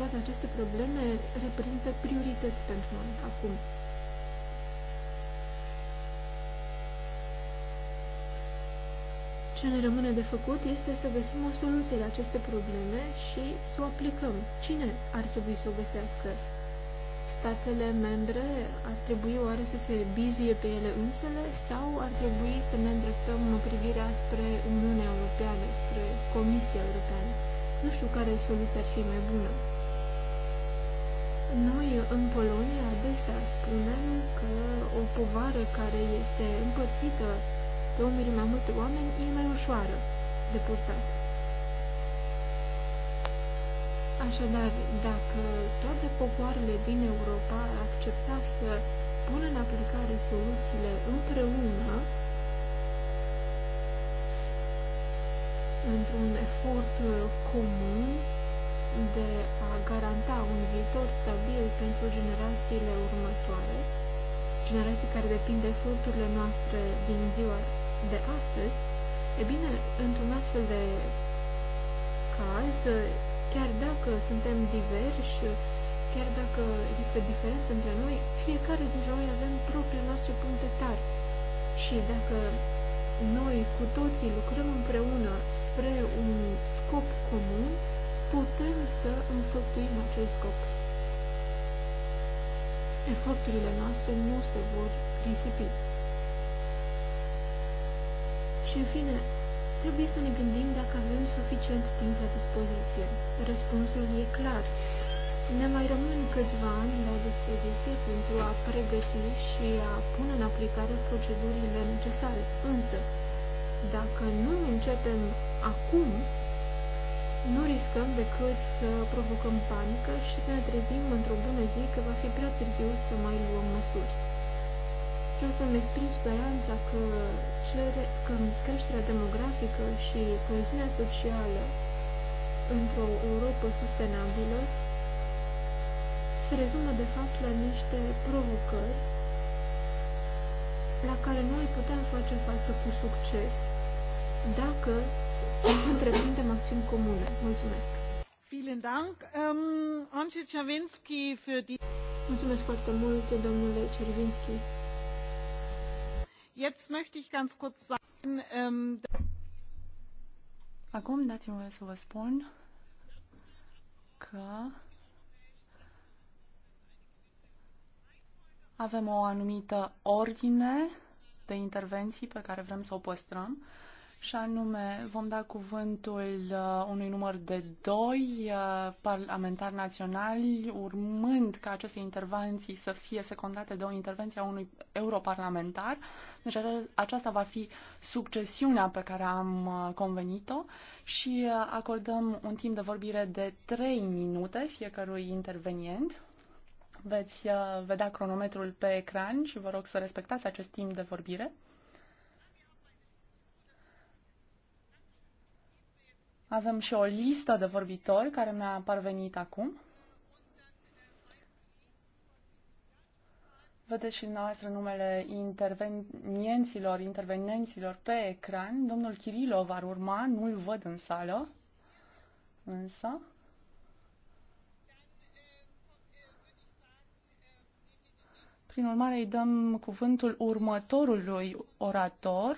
toate aceste probleme reprezintă priorități pentru noi acum. Ce ne rămâne de făcut este să găsim o soluție la aceste probleme și să o aplicăm. Cine ar trebui să o găsească? Statele membre ar trebui oare să se bizuie pe ele însele sau ar trebui să ne îndreptăm privirea spre Uniunea Europeană, spre Comisia Europeană? Nu știu care soluție ar fi mai bună. Noi, în Polonia, adesea spunem că o povară care este împărțită pe umerii mai multe oameni e mai ușoară de purtat. Așadar, dacă toate popoarele din Europa ar accepta să pună în aplicare soluțiile împreună, într-un efort comun, de a garanta un viitor stabil pentru generațiile următoare, generații care depind de eforturile noastre din ziua de astăzi, e bine, într-un astfel de caz, chiar dacă suntem diversi, chiar dacă există diferențe între noi, fiecare dintre noi avem propriile noastre puncte tari. Și dacă noi cu toții lucrăm împreună spre un scop comun, putem să înfăptuim acest scop. Eforturile noastre nu se vor risipi. Și, în fine, trebuie să ne gândim dacă avem suficient timp la dispoziție. Răspunsul e clar. Ne mai rămân câțiva ani la dispoziție pentru a pregăti și a pune în aplicare procedurile necesare. Însă, dacă nu începem acum nu riscăm decât să provocăm panică și să ne trezim într-o bună zi că va fi prea târziu să mai luăm măsuri. Vreau să-mi exprim speranța că, cere, că creșterea demografică și coeziunea socială într-o Europa sustenabilă se rezumă de fapt la niște provocări la care noi putem face față cu succes dacă întreprindem acțiuni comune. Mulțumesc! Ähm, Mulțumesc foarte mult, domnule Cervinski. Jetzt möchte ich ganz kurz sagen, ähm, Acum dați-mi voie să vă spun că avem o anumită ordine de intervenții pe care vrem să o păstrăm și anume vom da cuvântul uh, unui număr de doi uh, parlamentari naționali, urmând ca aceste intervenții să fie secundate de o intervenție a unui europarlamentar. Deci aceasta va fi succesiunea pe care am uh, convenit-o și acordăm un timp de vorbire de trei minute fiecărui intervenient. Veți vedea cronometrul pe ecran și vă rog să respectați acest timp de vorbire. Avem și o listă de vorbitori care mi-a parvenit acum. Vedeți și noastră numele intervenienților, intervenenților pe ecran. Domnul Kirilov ar urma, nu-l văd în sală, însă. Prin urmare, îi dăm cuvântul următorului orator,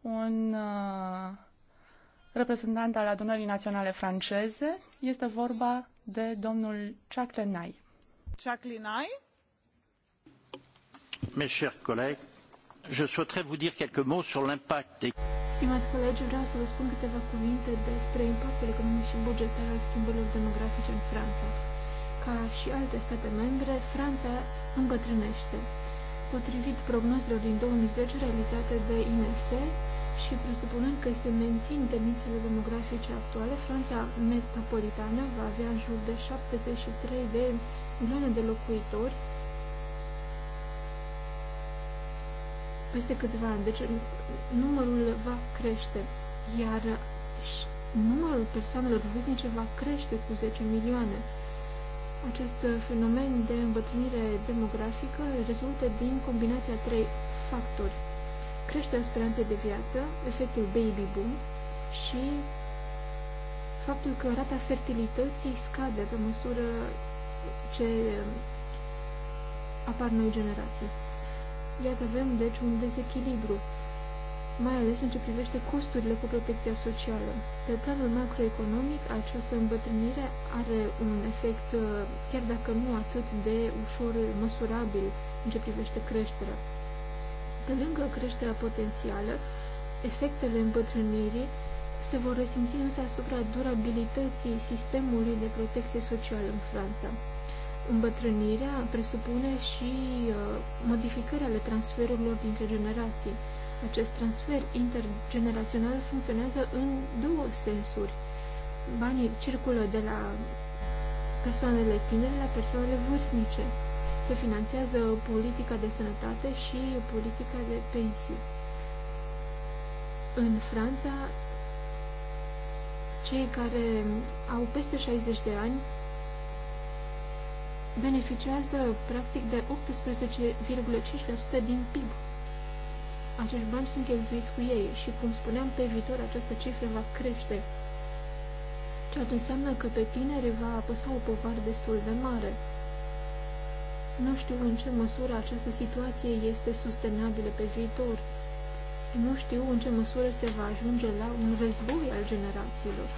un uh, reprezentant al adunării naționale franceze. Este vorba de domnul Jacques Lenay. Jacques Lenay? Mes chers collègues, je souhaiterais vous dire quelques mots sur l'impact des... Stimați colegi, vreau să vă spun câteva cuvinte despre impactul economic și bugetar al schimbărilor demografice în Franța. Ca și alte state membre, Franța îmbătrânește. Potrivit prognozelor din 2010 realizate de INSE, și presupunând că se mențin tendințele demografice actuale, Franța metropolitană va avea în jur de 73 de milioane de locuitori peste câțiva ani. Deci numărul va crește, iar numărul persoanelor vârstnice va crește cu 10 milioane. Acest fenomen de îmbătrânire demografică rezultă din combinația trei factori – creșterea speranței de viață, efectul baby boom și faptul că rata fertilității scade pe măsură ce apar noi generații. Iată, avem deci un dezechilibru, mai ales în ce privește costurile cu protecția socială. Pe planul macroeconomic, această îmbătrânire are un efect, uh, chiar dacă nu atât de ușor măsurabil în ce privește creșterea. Pe lângă creșterea potențială, efectele îmbătrânirii se vor resimți însă asupra durabilității sistemului de protecție socială în Franța. Îmbătrânirea presupune și uh, modificări ale transferurilor dintre generații. Acest transfer intergenerațional funcționează în două sensuri. Banii circulă de la persoanele tinere la persoanele vârstnice se finanțează politica de sănătate și politica de pensii. În Franța, cei care au peste 60 de ani beneficiază practic de 18,5% din PIB. Acești bani sunt cheltuiți cu ei și, cum spuneam, pe viitor această cifră va crește, ceea ce înseamnă că pe tineri va apăsa o povară destul de mare – nu știu în ce măsură această situație este sustenabilă pe viitor. Nu știu în ce măsură se va ajunge la un război al generațiilor.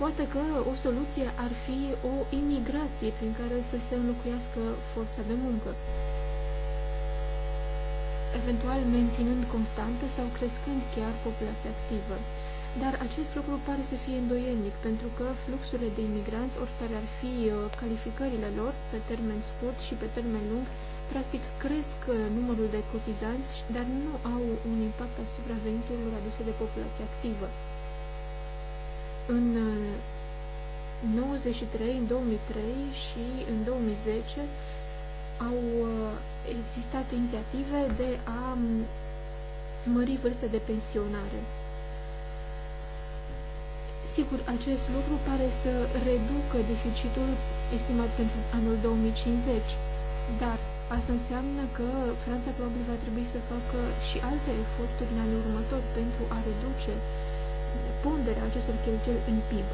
Poate că o soluție ar fi o imigrație prin care să se înlocuiască forța de muncă, eventual menținând constantă sau crescând chiar populația activă. Dar acest lucru pare să fie îndoielnic, pentru că fluxurile de imigranți, oricare ar fi uh, calificările lor, pe termen scurt și pe termen lung, practic cresc uh, numărul de cotizanți, dar nu au un impact asupra veniturilor aduse de populația activă. În 93, uh, în 2003 și în 2010 au existat inițiative de a mm, mări vârsta de pensionare. Sigur, acest lucru pare să reducă deficitul estimat pentru anul 2050, dar asta înseamnă că Franța probabil va trebui să facă și alte eforturi în anul următor pentru a reduce ponderea acestor cheltuieli în PIB.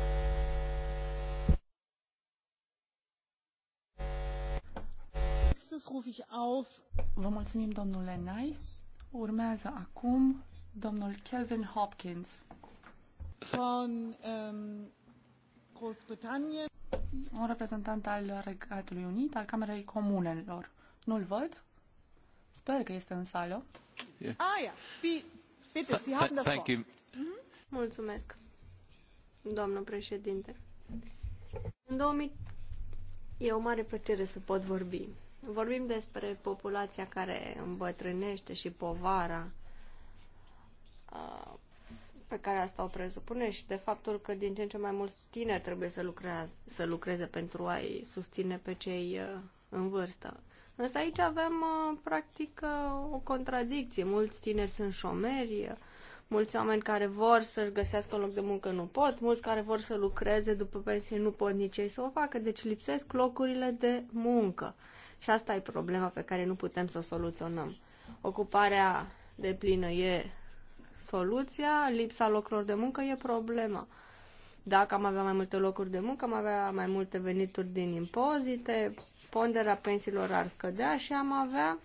Vă mulțumim, domnule Nai. Urmează acum domnul Kelvin Hopkins. Um, Un reprezentant al Regatului Unit, al Camerei Comunelor. Nu-l văd. Sper că este în sală. Yeah. Ah, yeah. Be, bitte, Sie haben Thank you. Mm-hmm. Mulțumesc, doamnă președinte. În 2000 e o mare plăcere să pot vorbi. Vorbim despre populația care îmbătrânește și povara uh, pe care asta o presupune și de faptul că din ce în ce mai mulți tineri trebuie să, lucrează, să lucreze pentru a-i susține pe cei uh, în vârstă. Însă aici avem, uh, practic, uh, o contradicție. Mulți tineri sunt șomeri, mulți oameni care vor să-și găsească un loc de muncă nu pot, mulți care vor să lucreze după pensie nu pot nici ei să o facă, deci lipsesc locurile de muncă. Și asta e problema pe care nu putem să o soluționăm. Ocuparea de plină e Soluția, lipsa locurilor de muncă e problema. Dacă am avea mai multe locuri de muncă, am avea mai multe venituri din impozite, ponderea pensiilor ar scădea și am avea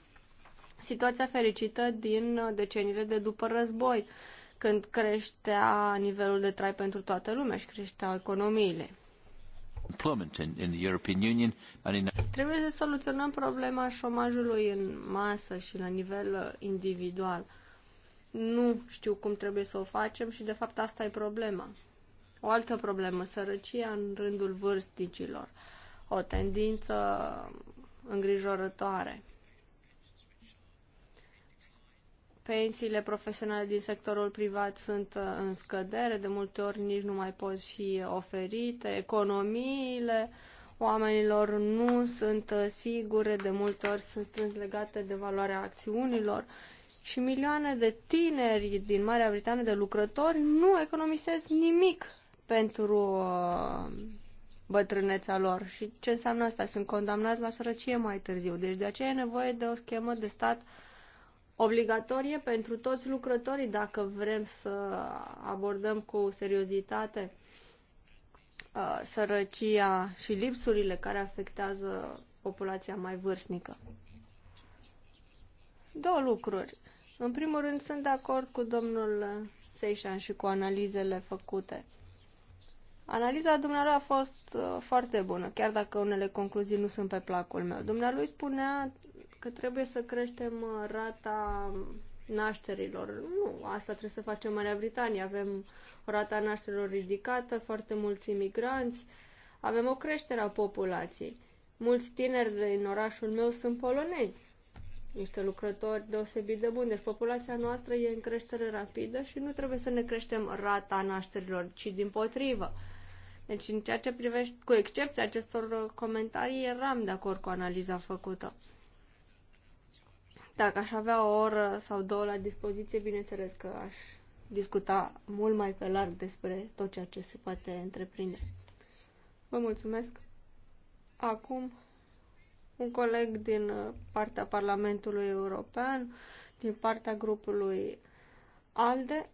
situația fericită din deceniile de după război, când creștea nivelul de trai pentru toată lumea și creștea economiile. Trebuie să soluționăm problema șomajului în masă și la nivel individual. Nu știu cum trebuie să o facem și, de fapt, asta e problema. O altă problemă, sărăcia în rândul vârstnicilor. O tendință îngrijorătoare. Pensiile profesionale din sectorul privat sunt uh, în scădere, de multe ori nici nu mai pot fi oferite, economiile oamenilor nu sunt uh, sigure, de multe ori sunt strâns legate de valoarea acțiunilor și milioane de tineri din Marea Britanie de lucrători nu economisesc nimic pentru uh, bătrâneța lor. Și ce înseamnă asta? Sunt condamnați la sărăcie mai târziu. Deci de aceea e nevoie de o schemă de stat obligatorie pentru toți lucrătorii dacă vrem să abordăm cu seriozitate uh, sărăcia și lipsurile care afectează populația mai vârstnică. Două lucruri. În primul rând, sunt de acord cu domnul Seișan și cu analizele făcute. Analiza dumnealui a fost uh, foarte bună, chiar dacă unele concluzii nu sunt pe placul meu. Dumnealui spunea că trebuie să creștem uh, rata nașterilor. Nu, asta trebuie să facem Marea Britanie. Avem o rata nașterilor ridicată, foarte mulți imigranți, avem o creștere a populației. Mulți tineri din orașul meu sunt polonezi niște lucrători deosebit de buni. Deci populația noastră e în creștere rapidă și nu trebuie să ne creștem rata nașterilor, ci din potrivă. Deci în ceea ce privește, cu excepția acestor comentarii, eram de acord cu analiza făcută. Dacă aș avea o oră sau două la dispoziție, bineînțeles că aș discuta mult mai pe larg despre tot ceea ce se poate întreprinde. Vă mulțumesc! Acum un coleg din uh, partea Parlamentului European, din partea grupului ALDE.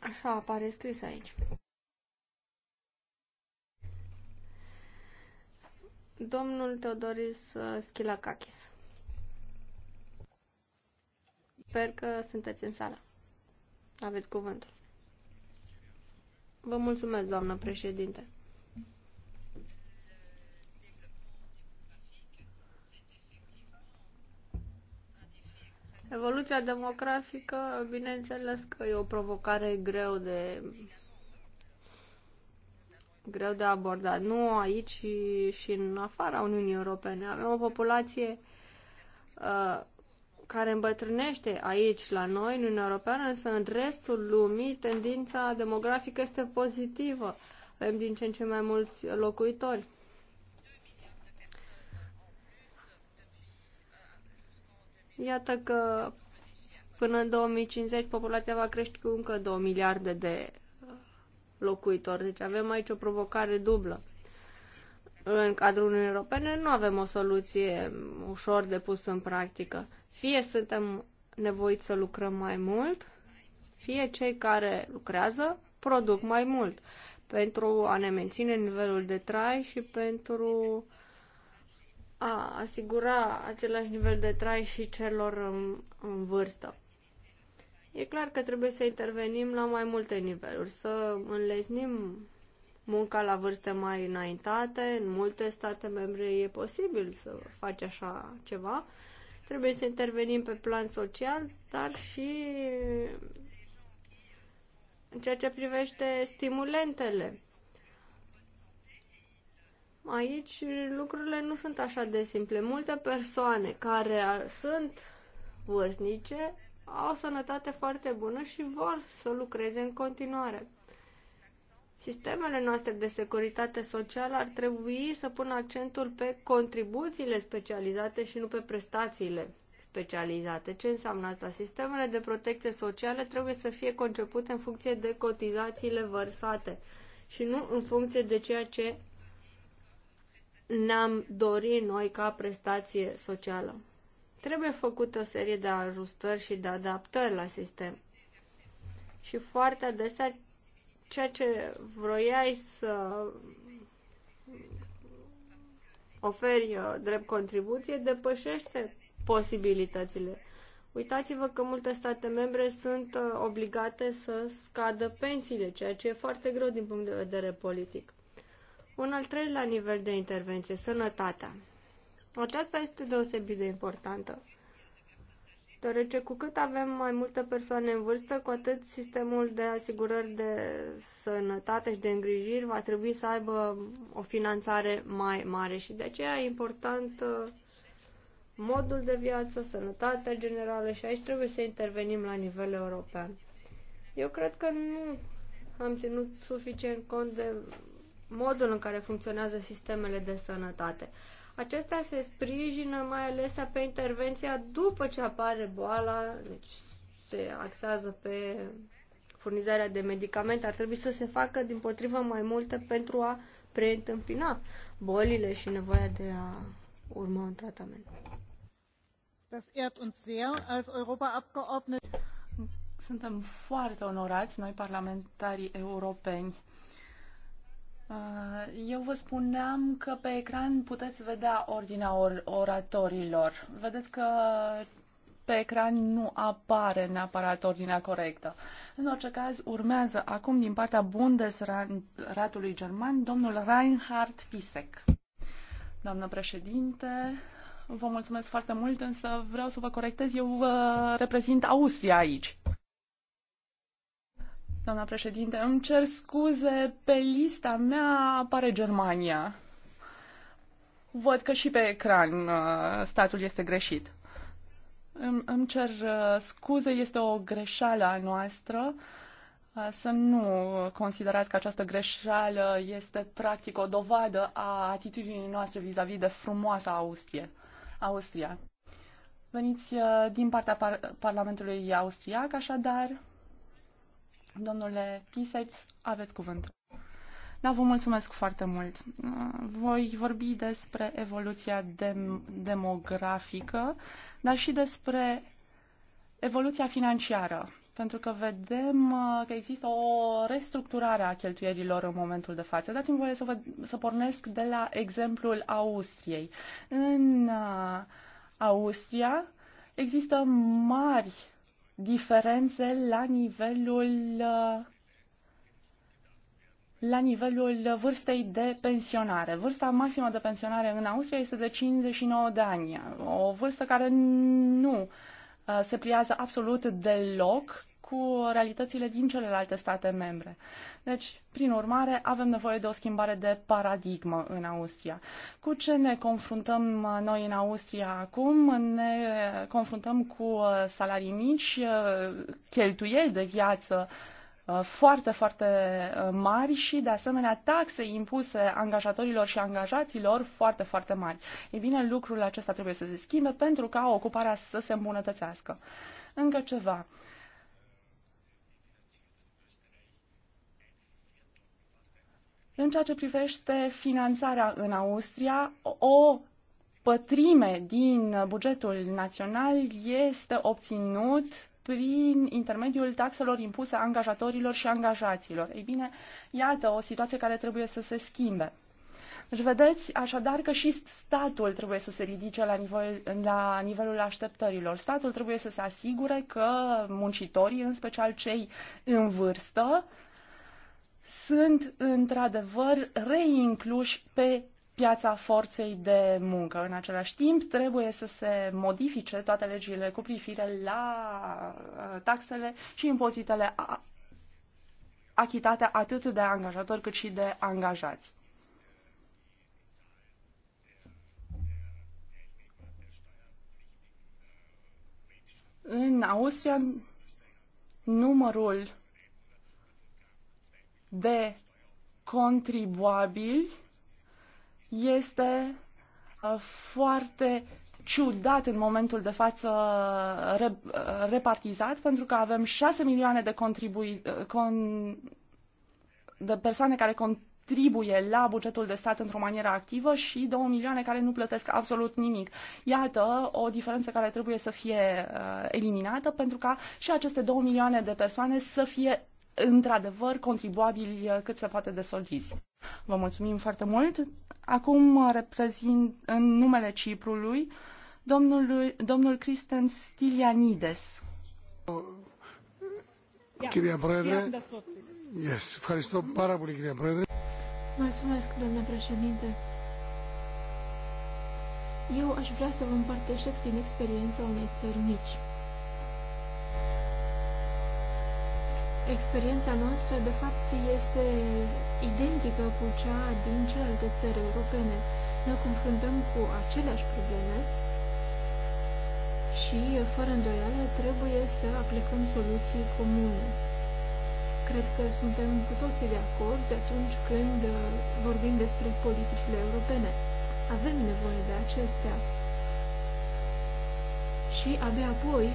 Așa apare scris aici. Domnul Teodoris uh, Schilacakis. Sper că sunteți în sală. Aveți cuvântul. Vă mulțumesc, doamnă președinte. Evoluția demografică, bineînțeles că e o provocare greu de greu de abordat. Nu aici și, și în afara Uniunii Europene. Avem o populație uh, care îmbătrânește aici la noi, în Uniunea Europeană, însă în restul lumii tendința demografică este pozitivă. Avem din ce în ce mai mulți locuitori. Iată că până în 2050 populația va crește cu încă 2 miliarde de uh, locuitori. Deci avem aici o provocare dublă. În cadrul Uniunii Europene nu avem o soluție ușor de pus în practică. Fie suntem nevoiți să lucrăm mai mult, fie cei care lucrează produc mai mult pentru a ne menține nivelul de trai și pentru uh, a asigura același nivel de trai și celor în, în vârstă. E clar că trebuie să intervenim la mai multe niveluri, să înleznim munca la vârste mai înaintate. În multe state membre e posibil să faci așa ceva. Trebuie să intervenim pe plan social, dar și în ceea ce privește stimulentele Aici lucrurile nu sunt așa de simple. Multe persoane care sunt vârstnice au sănătate foarte bună și vor să lucreze în continuare. Sistemele noastre de securitate socială ar trebui să pună accentul pe contribuțiile specializate și nu pe prestațiile specializate. Ce înseamnă asta? Sistemele de protecție socială trebuie să fie concepute în funcție de cotizațiile vărsate și nu în funcție de ceea ce ne-am dorit noi ca prestație socială. Trebuie făcută o serie de ajustări și de adaptări la sistem. Și foarte adesea ceea ce vroiai să oferi uh, drept contribuție depășește posibilitățile. Uitați-vă că multe state membre sunt uh, obligate să scadă pensiile, ceea ce e foarte greu din punct de vedere politic. Un al treilea nivel de intervenție, sănătatea. Aceasta este deosebit de importantă deoarece cu cât avem mai multe persoane în vârstă, cu atât sistemul de asigurări de sănătate și de îngrijiri va trebui să aibă o finanțare mai mare și de aceea e important uh, modul de viață, sănătatea generală și aici trebuie să intervenim la nivel european. Eu cred că nu am ținut suficient cont de modul în care funcționează sistemele de sănătate. Acestea se sprijină mai ales pe intervenția după ce apare boala, deci se axează pe furnizarea de medicamente. Ar trebui să se facă din potrivă mai multe pentru a preîntâmpina bolile și nevoia de a urma un tratament. Das ehrt uns sehr als Suntem foarte onorați, noi parlamentarii europeni, Uh, eu vă spuneam că pe ecran puteți vedea ordinea or- oratorilor. Vedeți că pe ecran nu apare neapărat ordinea corectă. În orice caz, urmează acum din partea Bundesratului German, domnul Reinhard Fisek. Doamnă președinte, vă mulțumesc foarte mult, însă vreau să vă corectez, eu vă reprezint Austria aici. Doamna președinte, îmi cer scuze, pe lista mea apare Germania. Văd că și pe ecran uh, statul este greșit. Îmi, îmi cer uh, scuze, este o greșeală a noastră. Uh, să nu considerați că această greșeală este practic o dovadă a atitudinii noastre vis-a-vis -vis de frumoasa Austrie, Austria. Veniți din partea par- Parlamentului Austriac, așadar Domnule Piseț, aveți cuvântul. Da, vă mulțumesc foarte mult. Voi vorbi despre evoluția dem- demografică, dar și despre evoluția financiară, pentru că vedem uh, că există o restructurare a cheltuierilor în momentul de față. Dați-mi voie să, vă, să pornesc de la exemplul Austriei. În uh, Austria există mari diferențe la nivelul uh, la nivelul vârstei de pensionare. Vârsta maximă de pensionare în Austria este de 59 de ani, o vârstă care nu uh, se pliază absolut deloc cu realitățile din celelalte state membre. Deci, prin urmare, avem nevoie de o schimbare de paradigmă în Austria. Cu ce ne confruntăm uh, noi în Austria acum? Ne confruntăm cu uh, salarii mici, uh, cheltuieli de viață foarte, foarte mari și, de asemenea, taxe impuse angajatorilor și angajaților foarte, foarte mari. Ei bine, lucrurile acesta trebuie să se schimbe pentru ca ocuparea să se îmbunătățească. Încă ceva. Uh, În ceea ce privește finanțarea în Austria, o pătrime din bugetul național este obținut prin intermediul taxelor impuse angajatorilor și angajaților. Ei bine, iată o situație care trebuie să se schimbe. Deci vedeți așadar că și statul trebuie să se ridice la, nivel, la nivelul așteptărilor. Statul trebuie să se asigure că muncitorii, în special cei în vârstă, sunt într-adevăr reincluși pe piața forței de muncă. În același timp, trebuie să se modifice toate legile cu privire la uh, taxele și impozitele achitate atât de angajatori cât și de angajați. În Austria, numărul de contribuabili este uh, foarte ciudat în momentul de față uh, uh, repartizat, pentru că avem 6 milioane de, contribui, con, de persoane care contribuie la bugetul de stat într-o manieră activă și 2 milioane care nu plătesc absolut nimic. Iată o diferență care trebuie să fie eliminată pentru ca și aceste 2 milioane de persoane să fie într-adevăr, contribuabili uh, cât se poate de solizi. Vă mulțumim foarte mult. Acum uh, reprezint în numele Ciprului domnul, domnul Cristian Stilianides. Chiria Proedre. Yes. Ευχαριστώ πάρα Chiria κυρία Mulțumesc, domnule președinte. Eu aș vrea să vă împărtășesc din experiența unei țări mici. Experiența noastră, de fapt, este identică cu cea din celelalte țări europene. Ne confruntăm cu aceleași probleme și, fără îndoială, trebuie să aplicăm soluții comune. Cred că suntem cu toții de acord atunci când vorbim despre politicile europene. Avem nevoie de acestea. Și abia apoi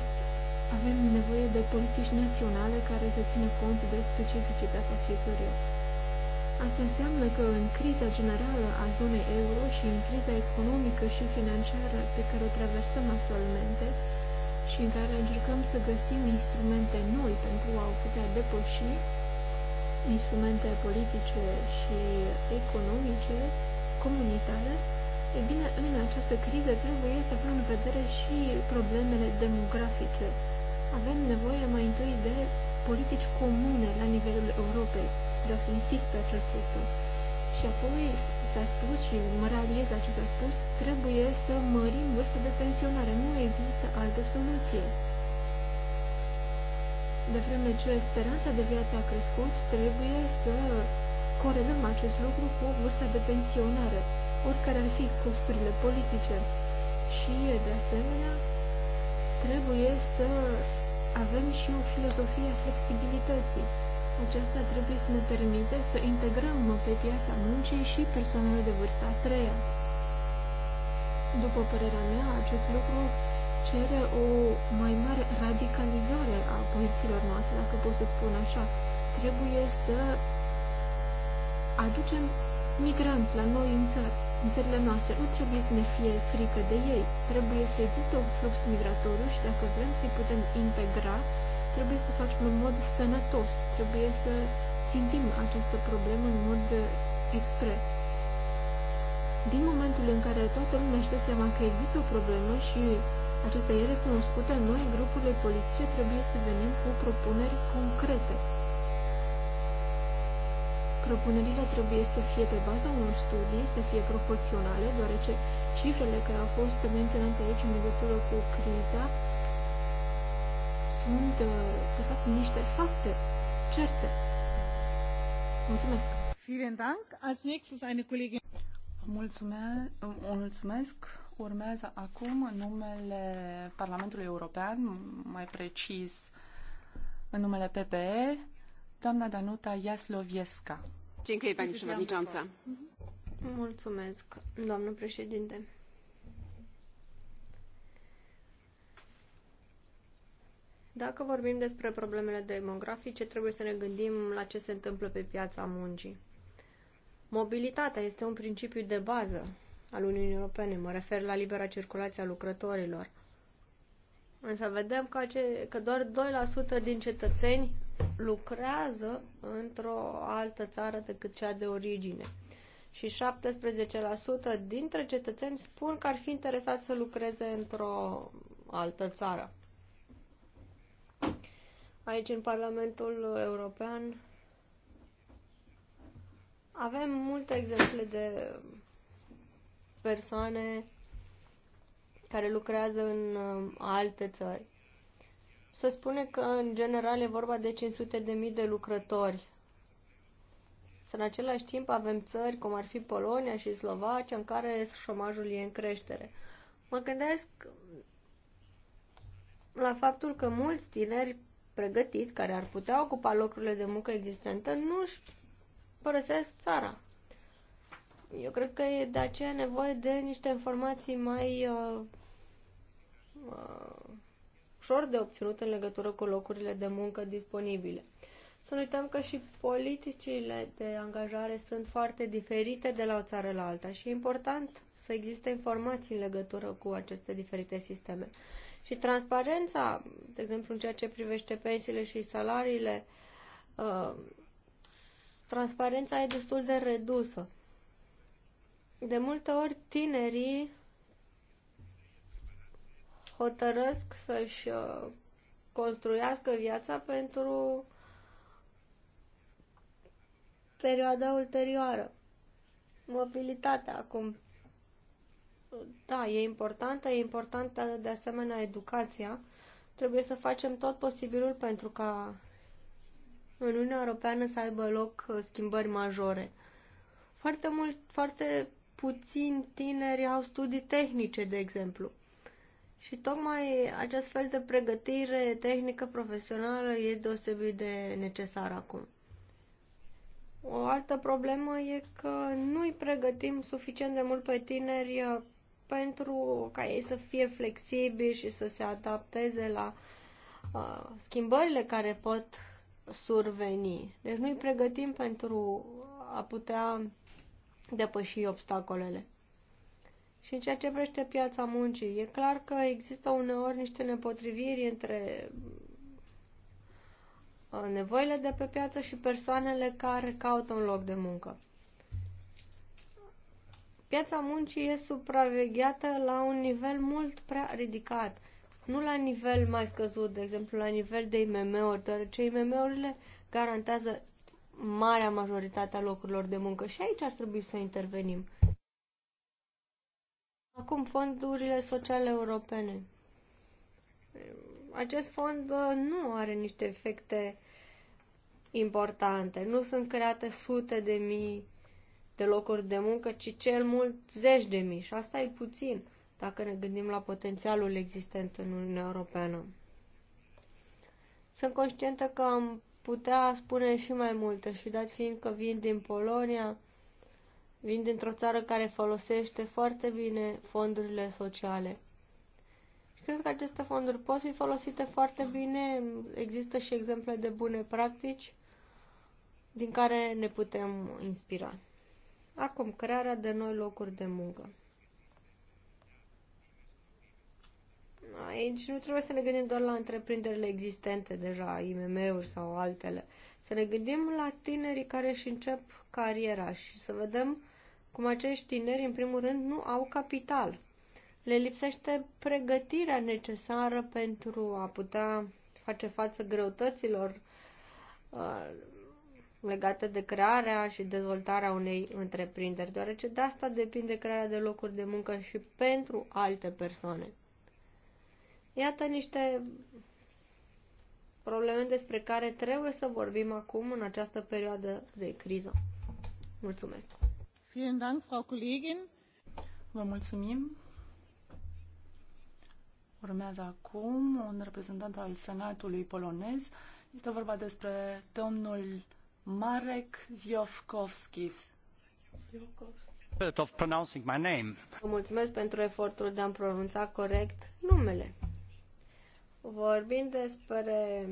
avem nevoie de politici naționale care să țină cont de specificitatea fiecăruia. Asta înseamnă că în criza generală a zonei euro și în criza economică și financiară pe care o traversăm actualmente și în care încercăm să găsim instrumente noi pentru a o putea depăși, instrumente politice și economice, comunitare, e bine, în această criză trebuie să avem în vedere și problemele demografice, avem nevoie mai întâi de politici comune la nivelul Europei. Vreau să insist pe acest lucru. Și apoi s-a spus și mă realiez la ce s-a spus, trebuie să mărim vârsta de pensionare. Nu există altă soluție. De vreme ce speranța de viață a crescut, trebuie să corelăm acest lucru cu vârsta de pensionare, oricare ar fi costurile politice. Și, de asemenea, trebuie să avem și o filozofie a flexibilității. Aceasta trebuie să ne permite să integrăm pe piața muncii și persoanele de vârsta a treia. După părerea mea, acest lucru cere o mai mare radicalizare a pozițiilor noastre, dacă pot să spun așa. Trebuie să aducem migranți la noi în țară. În țările noastre nu trebuie să ne fie frică de ei. Trebuie să existe un flux migratoriu și dacă vrem să-i putem integra, trebuie să facem în mod sănătos. Trebuie să țintim această problemă în mod expres. Din momentul în care toată lumea își dă seama că există o problemă și acesta e recunoscută, noi, grupurile politice, trebuie să venim cu propuneri concrete Propunerile trebuie să fie pe baza unor studii, să fie proporționale, deoarece cifrele care au fost menționate aici în legătură cu criza sunt, uh, de fapt, niște fapte certe. Mulțumesc! Vielen Dank. Als nächstes eine Kollegin. Mulțumesc, mulțumesc. Urmează acum în numele Parlamentului European, mai precis în numele PPE, doamna Danuta Jaslovieska. Dziękuję pani przewodnicząca. Mulțumesc, doamnă președinte. Dacă vorbim despre problemele demografice, trebuie să ne gândim la ce se întâmplă pe piața muncii. Mobilitatea este un principiu de bază al Uniunii Europene, mă refer la libera circulație a lucrătorilor. Însă vedem că, ace- că doar 2% din cetățeni lucrează într-o altă țară decât cea de origine. Și 17% dintre cetățeni spun că ar fi interesat să lucreze într-o altă țară. Aici, în Parlamentul European, avem multe exemple de persoane care lucrează în uh, alte țări se spune că în general e vorba de 500 de mii de lucrători. Să în același timp avem țări cum ar fi Polonia și Slovacia în care șomajul e în creștere. Mă gândesc la faptul că mulți tineri pregătiți care ar putea ocupa locurile de muncă existente nu își părăsesc țara. Eu cred că e de aceea nevoie de niște informații mai uh, uh, ușor de obținut în legătură cu locurile de muncă disponibile. Să nu uităm că și politicile de angajare sunt foarte diferite de la o țară la alta și e important să existe informații în legătură cu aceste diferite sisteme. Și transparența, de exemplu, în ceea ce privește pensiile și salariile, uh, transparența e destul de redusă. De multe ori tinerii hotărăsc să-și uh, construiască viața pentru perioada ulterioară. Mobilitatea acum. Da, e importantă, e importantă de asemenea educația. Trebuie să facem tot posibilul pentru ca în Uniunea Europeană să aibă loc uh, schimbări majore. Foarte mult, foarte puțin tineri au studii tehnice, de exemplu. Și tocmai acest fel de pregătire tehnică profesională e deosebit de necesar acum. O altă problemă e că nu îi pregătim suficient de mult pe tineri uh, pentru ca ei să fie flexibili și să se adapteze la uh, schimbările care pot surveni. Deci nu îi pregătim pentru a putea depăși obstacolele. Și în ceea ce vrește piața muncii, e clar că există uneori niște nepotriviri între uh, nevoile de pe piață și persoanele care caută un loc de muncă. Piața muncii e supravegheată la un nivel mult prea ridicat, nu la nivel mai scăzut, de exemplu la nivel de IMM-uri, deoarece IMM-urile garantează marea majoritate a locurilor de muncă și aici ar trebui să intervenim. Acum, fondurile sociale europene. Acest fond uh, nu are niște efecte importante. Nu sunt create sute de mii de locuri de muncă, ci cel mult zeci de mii. Și asta e puțin dacă ne gândim la potențialul existent în Uniunea Europeană. Sunt conștientă că am putea spune și mai multe și dați fiind că vin din Polonia, Vin dintr-o țară care folosește foarte bine fondurile sociale. Și cred că aceste fonduri pot fi folosite foarte bine. Există și exemple de bune practici din care ne putem inspira. Acum, crearea de noi locuri de muncă. Aici nu trebuie să ne gândim doar la întreprinderile existente deja, IMM-uri sau altele. Să ne gândim la tinerii care își încep cariera și să vedem cum acești tineri, în primul rând, nu au capital. Le lipsește pregătirea necesară pentru a putea face față greutăților uh, legate de crearea și dezvoltarea unei întreprinderi, deoarece de asta depinde crearea de locuri de muncă și pentru alte persoane. Iată niște probleme despre care trebuie să vorbim acum în această perioadă de criză. Mulțumesc! Vă mulțumim! Urmează acum un reprezentant al Senatului polonez. Este vorba despre domnul Marek Ziofkowski. Of pronouncing my name. Vă mulțumesc pentru efortul de a-mi pronunța corect numele. Vorbind despre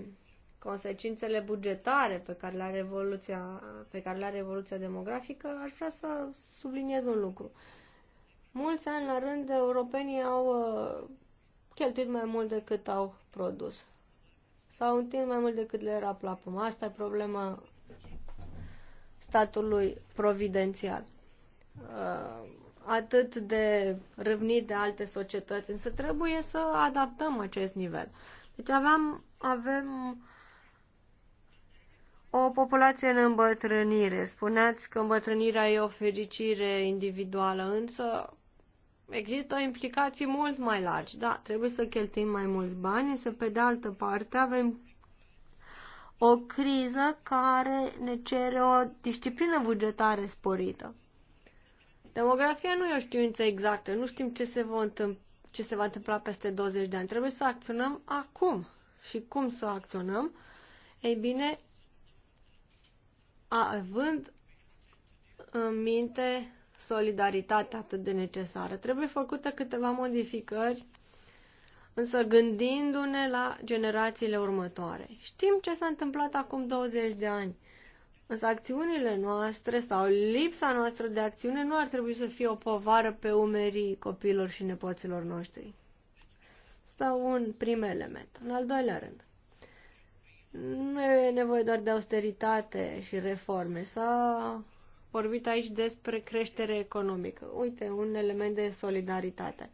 consecințele bugetare pe care le revoluția pe care le are evoluția demografică, aș vrea să subliniez un lucru. Mulți ani la rând europenii au uh, cheltuit mai mult decât au produs. S-au întins mai mult decât le era plapuma. Asta e problema statului providențial. Uh, atât de râvnit de alte societăți, însă trebuie să adaptăm acest nivel. Deci aveam, avem o populație în îmbătrânire. Spuneați că îmbătrânirea e o fericire individuală, însă există implicații mult mai largi. Da, trebuie să cheltuim mai mulți bani, însă pe de altă parte avem o criză care ne cere o disciplină bugetară sporită. Demografia nu e o știință exactă, nu știm ce se, va întâmpla, ce se va întâmpla peste 20 de ani. Trebuie să acționăm acum. Și cum să acționăm? Ei bine, având în minte solidaritatea atât de necesară. Trebuie făcută câteva modificări, însă gândindu-ne la generațiile următoare. Știm ce s-a întâmplat acum 20 de ani. Însă acțiunile noastre sau lipsa noastră de acțiune nu ar trebui să fie o povară pe umerii copiilor și nepoților noștri. Sau un prim element. În al doilea rând, nu e nevoie doar de austeritate și reforme. S-a vorbit aici despre creștere economică. Uite, un element de solidaritate.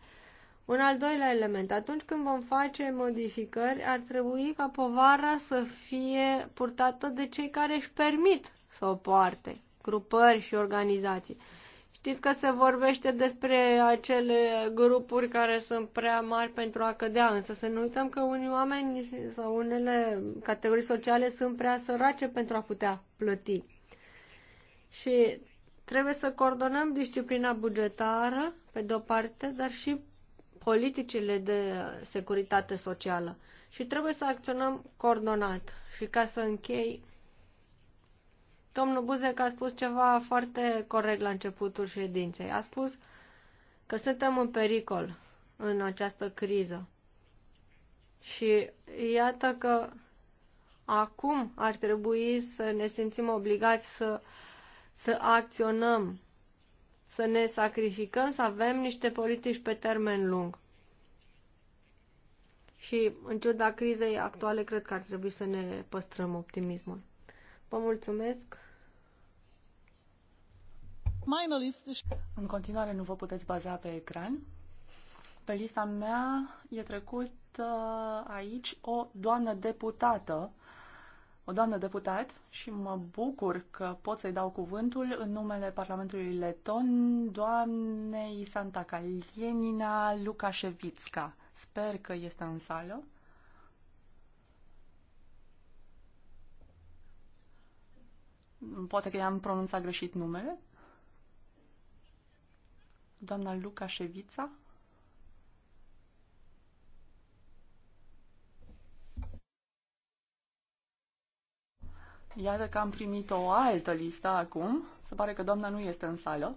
Un al doilea element, atunci când vom face modificări, ar trebui ca povara să fie purtată de cei care își permit să o poarte, grupări și organizații. Știți că se vorbește despre acele grupuri care sunt prea mari pentru a cădea, însă să nu uităm că unii oameni sau unele categorii sociale sunt prea sărace pentru a putea plăti. Și trebuie să coordonăm disciplina bugetară, pe de-o parte, dar și politicile de securitate socială și trebuie să acționăm coordonat. Și ca să închei, domnul Buzec a spus ceva foarte corect la începutul ședinței. A spus că suntem în pericol în această criză. Și iată că acum ar trebui să ne simțim obligați să, să acționăm să ne sacrificăm, să avem niște politici pe termen lung. Și în ciuda crizei actuale, cred că ar trebui să ne păstrăm optimismul. Vă mulțumesc! În continuare nu vă puteți baza pe ecran. Pe lista mea e trecut aici o doamnă deputată o doamnă deputat și mă bucur că pot să-i dau cuvântul în numele Parlamentului Leton, doamnei Santa Calienina Lukashevitska. Sper că este în sală. Poate că i-am pronunțat greșit numele. Doamna Lukașevița. Iată că am primit o altă listă acum. Se pare că doamna nu este în sală.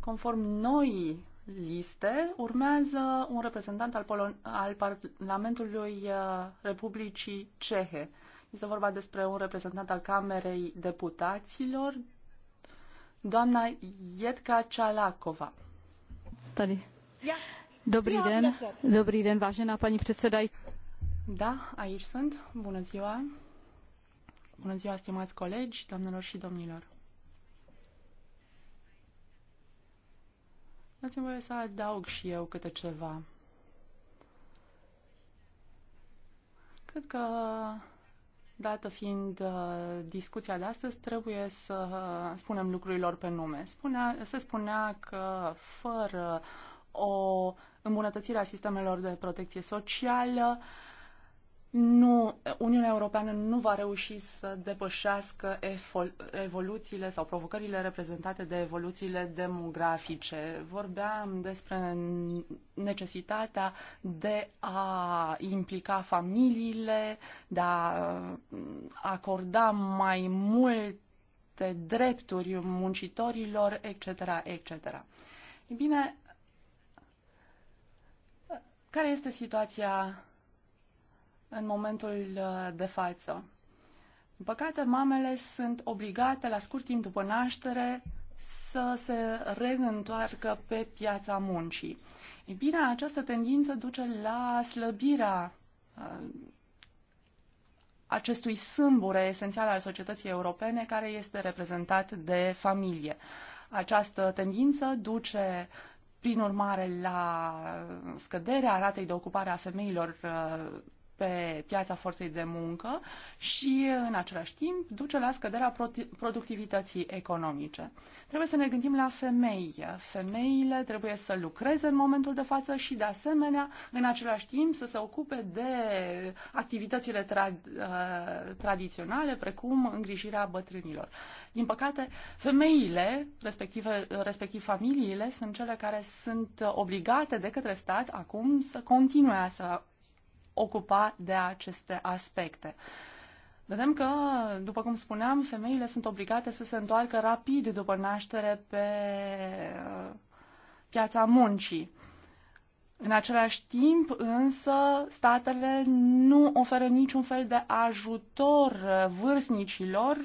Conform noi liste, urmează un reprezentant al, Polon- al Parlamentului uh, Republicii Cehe. Este vorba despre un reprezentant al Camerei Deputaților, doamna Jedka Cialakova. Tady. Dobrý den. Dobrý den, vážená paní předsedající. Da, aici sunt. Bună ziua. Bună ziua, stimați colegi, doamnelor și domnilor. Dați-mi voie să adaug și eu câte ceva. Cred că, dată fiind uh, discuția de astăzi, trebuie să spunem lucrurilor pe nume. Spunea, se spunea că fără o îmbunătățire a sistemelor de protecție socială, uh, nu, Uniunea Europeană nu va reuși să depășească evoluțiile sau provocările reprezentate de evoluțiile demografice. Vorbeam despre necesitatea de a implica familiile, de a mm, acorda mai multe drepturi muncitorilor, etc., etc. bine, care este situația în momentul uh, de față. În păcate, mamele sunt obligate la scurt timp după naștere să se reîntoarcă pe piața muncii. E bine, această tendință duce la slăbirea uh, acestui sâmbure esențial al societății europene care este reprezentat de familie. Această tendință duce prin urmare la scăderea ratei de ocupare a femeilor uh, pe piața forței de muncă și, în același timp, duce la scăderea productivității economice. Trebuie să ne gândim la femei. Femeile trebuie să lucreze în momentul de față și, de asemenea, în același timp, să se ocupe de activitățile tra- uh, tradiționale, precum îngrijirea bătrânilor. Din păcate, femeile, respectiv, respectiv familiile, sunt cele care sunt obligate de către stat acum să continue să ocupa de aceste aspecte. Vedem că, după cum spuneam, femeile sunt obligate să se întoarcă rapid după naștere pe uh, piața muncii. În același timp, însă, statele nu oferă niciun fel de ajutor vârstnicilor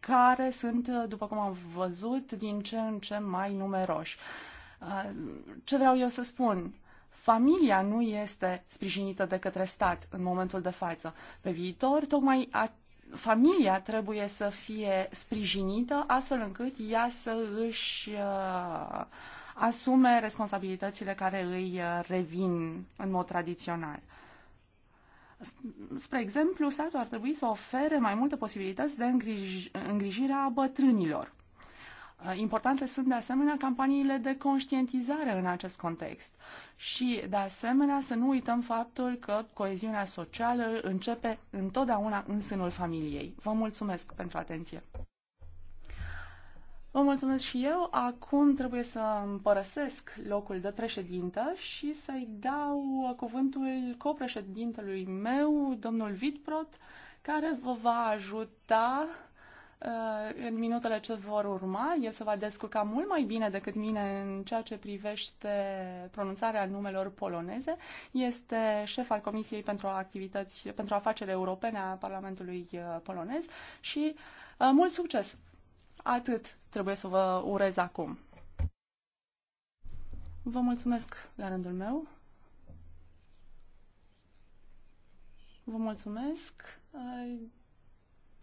care sunt, uh, după cum am văzut, din ce în ce mai numeroși. Uh, ce vreau eu să spun? familia nu este sprijinită de către stat în momentul de față. Pe viitor, tocmai a, familia trebuie să fie sprijinită astfel încât ea să își uh, asume responsabilitățile care îi uh, revin în mod tradițional. Spre exemplu, statul ar trebui să ofere mai multe posibilități de îngrij- îngrijire a bătrânilor. Uh, importante sunt de asemenea campaniile de conștientizare în acest context. Și, de asemenea, să nu uităm faptul că coeziunea socială începe întotdeauna în sânul familiei. Vă mulțumesc pentru atenție! Vă mulțumesc și eu. Acum trebuie să îmi părăsesc locul de președintă și să-i dau cuvântul copreședintelui meu, domnul Vitprot, care vă va ajuta Uh, în minutele ce vor urma. El se va descurca mult mai bine decât mine în ceea ce privește pronunțarea numelor poloneze. Este șef al Comisiei pentru, activități, pentru Afaceri Europene a Parlamentului uh, Polonez și uh, mult succes! Atât trebuie să vă urez acum. Vă mulțumesc la rândul meu. Vă mulțumesc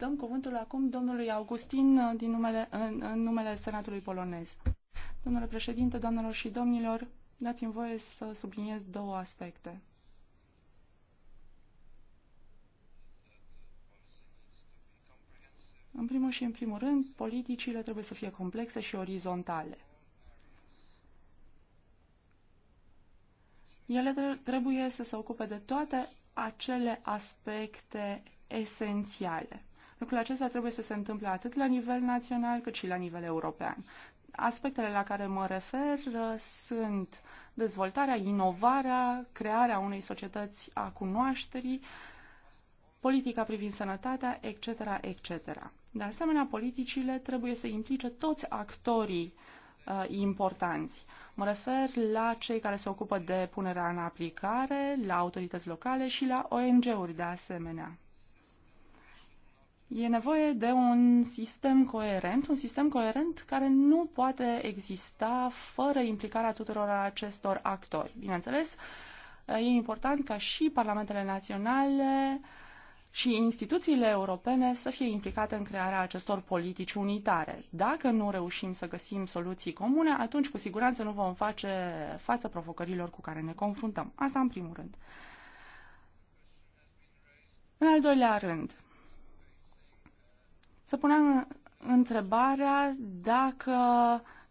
dăm cuvântul acum domnului Augustin uh, din numele, în, în numele Senatului polonez. Domnule președinte, doamnelor și domnilor, dați-mi voie să subliniez două aspecte. În primul și în primul rând, politicile trebuie să fie complexe și orizontale. Ele trebuie să se ocupe de toate acele aspecte esențiale. Lucrul acesta trebuie să se întâmple atât la nivel național cât și la nivel european. Aspectele la care mă refer uh, sunt dezvoltarea, inovarea, crearea unei societăți a cunoașterii, politica privind sănătatea, etc., etc. De asemenea, politicile trebuie să implice toți actorii uh, importanți. Mă refer la cei care se ocupă de punerea în aplicare, la autorități locale și la ONG-uri de asemenea. E nevoie de un sistem coerent, un sistem coerent care nu poate exista fără implicarea tuturor acestor actori. Bineînțeles, e important ca și parlamentele naționale și instituțiile europene să fie implicate în crearea acestor politici unitare. Dacă nu reușim să găsim soluții comune, atunci cu siguranță nu vom face față provocărilor cu care ne confruntăm. Asta în primul rând. În al doilea rând, să punem întrebarea dacă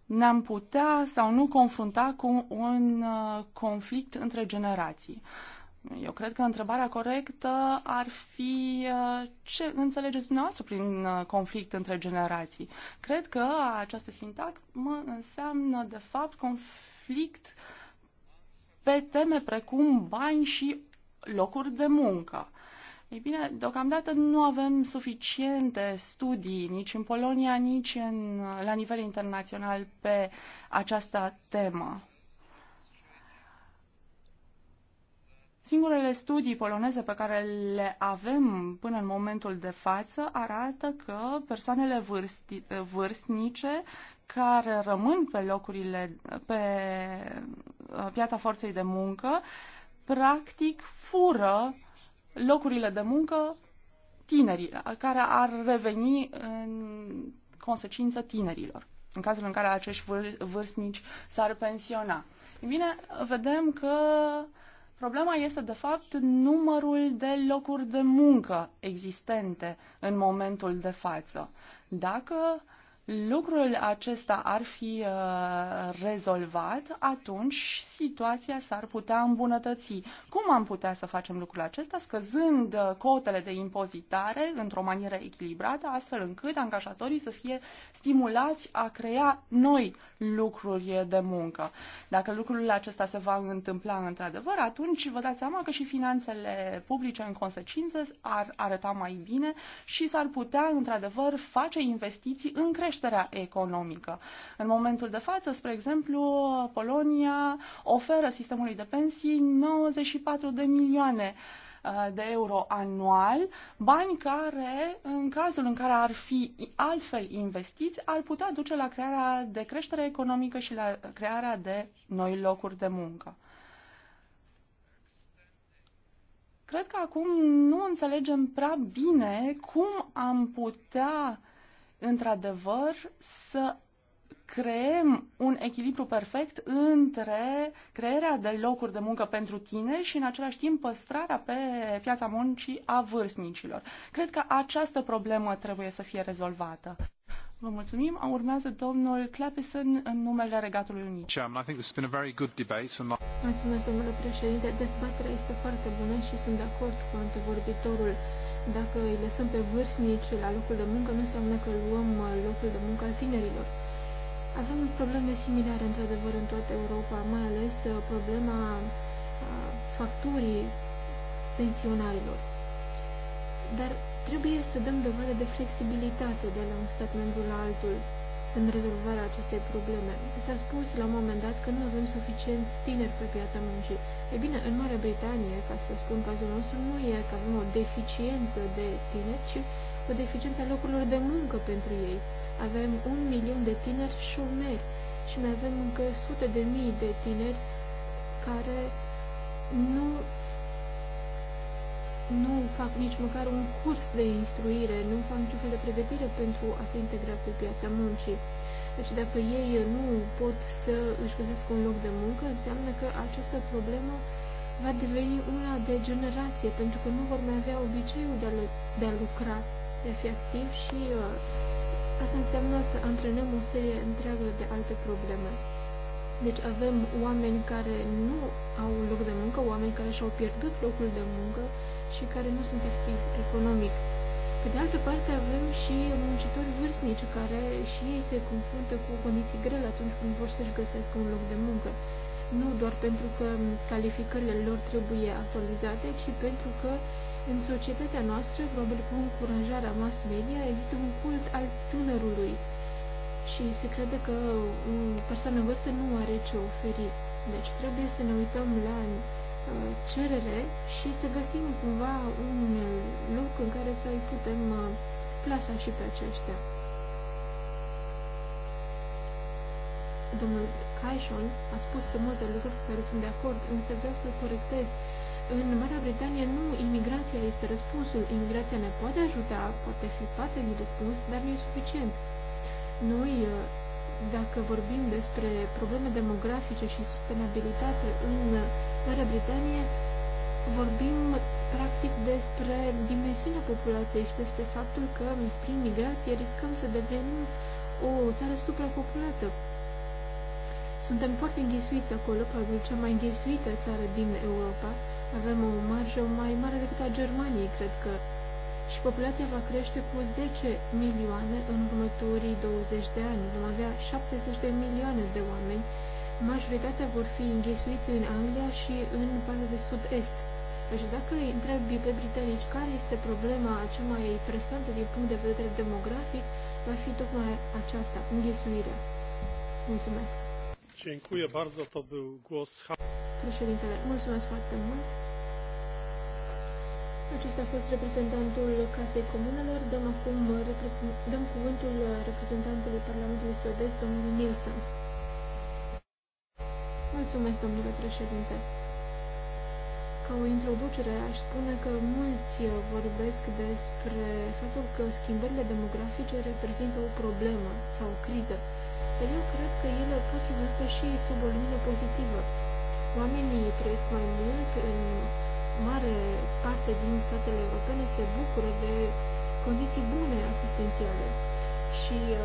ne-am putea sau nu confrunta cu un uh, conflict între generații. Eu cred că întrebarea corectă ar fi uh, ce înțelegeți dumneavoastră prin uh, conflict între generații. Cred că această sintagmă înseamnă, de fapt, conflict pe teme precum bani și locuri de muncă. Ei bine, deocamdată nu avem suficiente studii nici în Polonia, nici în, la nivel internațional pe această temă. Singurele studii poloneze pe care le avem până în momentul de față arată că persoanele vârsti, vârstnice care rămân pe locurile, pe uh, piața forței de muncă, practic fură uh, locurile de muncă tinerii, care ar reveni în consecință tinerilor, în cazul în care acești vârstnici s-ar pensiona. Ei bine, vedem că problema este, de fapt, numărul de locuri de muncă existente în momentul de față. Dacă lucrul acesta ar fi uh, rezolvat, atunci situația s-ar putea îmbunătăți. Cum am putea să facem lucrul acesta? Scăzând uh, cotele de impozitare într-o manieră echilibrată, astfel încât angajatorii să fie stimulați a crea noi lucruri de muncă. Dacă lucrul acesta se va întâmpla într-adevăr, atunci vă dați seama că și finanțele publice în consecință ar arăta mai bine și s-ar putea într-adevăr face investiții în creșterea economică. În momentul de față, spre exemplu, Polonia oferă sistemului de pensii 94 de milioane Uh, de euro anual, bani care, în cazul în care ar fi altfel investiți, ar putea duce la crearea de creștere economică și la crearea de noi locuri de muncă. Cred că acum nu înțelegem prea bine cum am putea într-adevăr, să creăm un echilibru perfect între crearea de locuri de muncă pentru tineri și în același timp păstrarea pe piața muncii a vârstnicilor. Cred că această problemă trebuie să fie rezolvată. Vă mulțumim. Urmează domnul Clapison în numele Regatului Unit. Mulțumesc, domnule președinte. Dezbaterea este foarte bună și sunt de acord cu antevorbitorul. Dacă îi lăsăm pe vârstnici la locul de muncă, nu înseamnă că luăm uh, locul de muncă al tinerilor. Avem probleme similare, într-adevăr, în toată Europa, mai ales uh, problema uh, facturii pensionarilor. Dar trebuie să dăm dovadă de flexibilitate de la un stat membru la altul în rezolvarea acestei probleme. S-a spus la un moment dat că nu avem suficienți tineri pe piața muncii. E bine, în Marea Britanie, ca să spun cazul nostru, nu e că avem o deficiență de tineri, ci o deficiență a locurilor de muncă pentru ei avem un milion de tineri șomeri și mai avem încă sute de mii de tineri care nu, nu fac nici măcar un curs de instruire, nu fac niciun fel de pregătire pentru a se integra pe piața muncii. Deci dacă ei nu pot să își găsesc un loc de muncă, înseamnă că această problemă va deveni una de generație, pentru că nu vor mai avea obiceiul de a, de a lucra, de a fi activ și uh, Asta înseamnă să antrenăm o serie întreagă de alte probleme. Deci avem oameni care nu au loc de muncă, oameni care și-au pierdut locul de muncă și care nu sunt activi economic. Pe de altă parte avem și muncitori vârstnici care și ei se confruntă cu condiții grele atunci când vor să-și găsească un loc de muncă. Nu doar pentru că calificările lor trebuie actualizate, ci pentru că uh, în societatea noastră, probabil cu încurajarea mass media, există un cult al tânărului și se crede că o persoană în vârstă nu are ce oferi. Deci trebuie să ne uităm la uh, cerere și să găsim cumva un loc în care să îi putem uh, plasa și pe aceștia. Domnul Caișon a spus multe lucruri cu care sunt de acord, însă vreau să corectez uh, în Marea Britanie nu imigrația este răspunsul. Imigrația ne poate ajuta, poate fi parte din răspuns, dar nu e suficient. Noi, uh, dacă vorbim despre probleme demografice și sustenabilitate în uh, Marea Britanie, vorbim practic despre dimensiunea populației și despre faptul că prin migrație riscăm să devenim o țară suprapopulată. Suntem foarte înghesuiți acolo, probabil cea mai înghesuită țară din Europa avem o marjă mai mare decât a Germaniei, cred că, și populația va crește cu 10 milioane în următorii 20 de ani. Vom avea 70 de milioane de oameni. Majoritatea vor fi înghesuiți în Anglia și în partea de sud-est. Deci dacă îi întrebi pe britanici care este problema cea mai presantă din punct de vedere demografic, va fi tocmai aceasta, înghesuirea. Mulțumesc. Dziękuję bardzo, to był głos... Președintele, mulțumesc foarte mult. Acesta a fost reprezentantul Casei Comunelor. Dăm acum dăm cuvântul reprezentantului Parlamentului Suedez, domnul Nilsson. Mulțumesc, domnule președinte. Ca o introducere, aș spune că mulți uh, vorbesc despre faptul că schimbările demografice reprezintă o problemă sau o criză, dar eu cred că ele pot fi văzute și sub o lumină pozitivă. Oamenii trăiesc mai mult în mare parte din statele europene se bucură de condiții bune asistențiale. Și uh,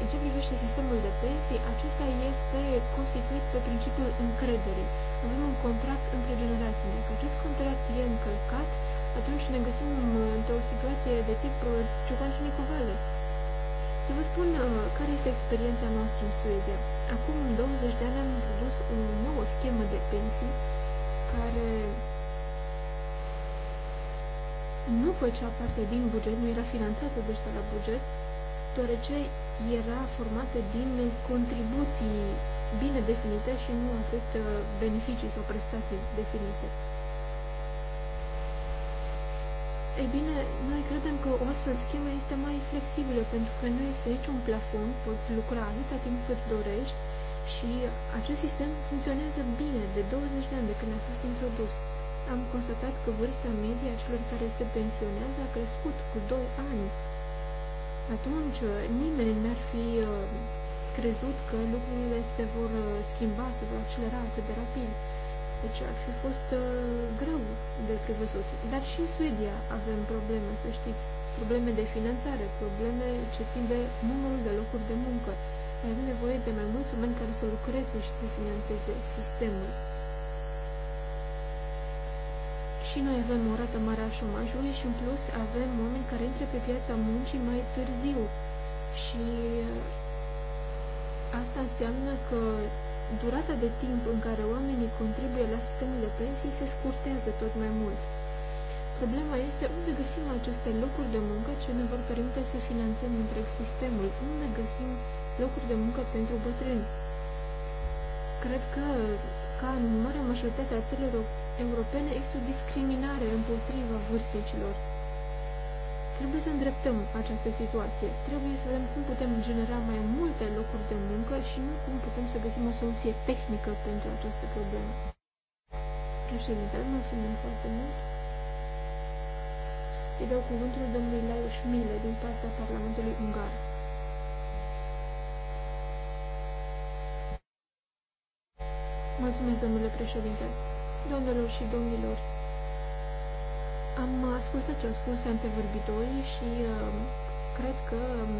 în ce privește sistemul de pensii, acesta este constituit pe principiul încrederii. Avem un contract între generații. Dacă acest contract e încălcat, atunci ne găsim uh, într-o situație de tip uh, ciocan și necovale. Să vă spun care este experiența noastră în Suedia. Acum 20 de ani am introdus o nouă schemă de pensii care nu făcea parte din buget, nu era finanțată de asta la buget, deoarece era formată din contribuții bine definite și nu atât uh, beneficii sau prestații definite. Ei bine, noi credem că o astfel schemă este mai flexibilă pentru că nu este niciun plafon, poți lucra atâta timp cât dorești și acest sistem funcționează bine de 20 de ani de când a fost introdus am constatat că vârsta medie a celor care se pensionează a crescut cu 2 ani. Atunci nimeni n-ar fi uh, crezut că lucrurile se vor uh, schimba, se vor accelera atât de rapid. Deci ar fi fost uh, greu de prevăzut. Dar și în Suedia avem probleme, să știți. Probleme de finanțare, probleme ce țin de numărul de locuri de muncă. avem nevoie de mai mulți oameni care să lucreze și să financeze sistemul și noi avem o rată mare a șomajului și în plus avem oameni care intră pe piața muncii mai târziu. Și uh, asta înseamnă că durata de timp în care oamenii contribuie la sistemul de pensii se scurtează tot mai mult. Problema este unde găsim aceste locuri de muncă ce ne vor permite să finanțăm întreg sistemul, unde găsim locuri de muncă pentru bătrâni. Cred că, ca în marea majoritate a țărilor europene există o discriminare împotriva vârstnicilor. Trebuie să îndreptăm această situație. Trebuie să vedem cum putem genera mai multe locuri de muncă și nu cum putem să găsim o soluție tehnică pentru această problemă. Președintele, mulțumim foarte mult. Îi dau cuvântul domnului Laius Mile din partea Parlamentului Ungar. Mulțumesc, domnule președinte domnilor și domnilor, am ascultat ce au spus antevorbitorii și uh, cred că um,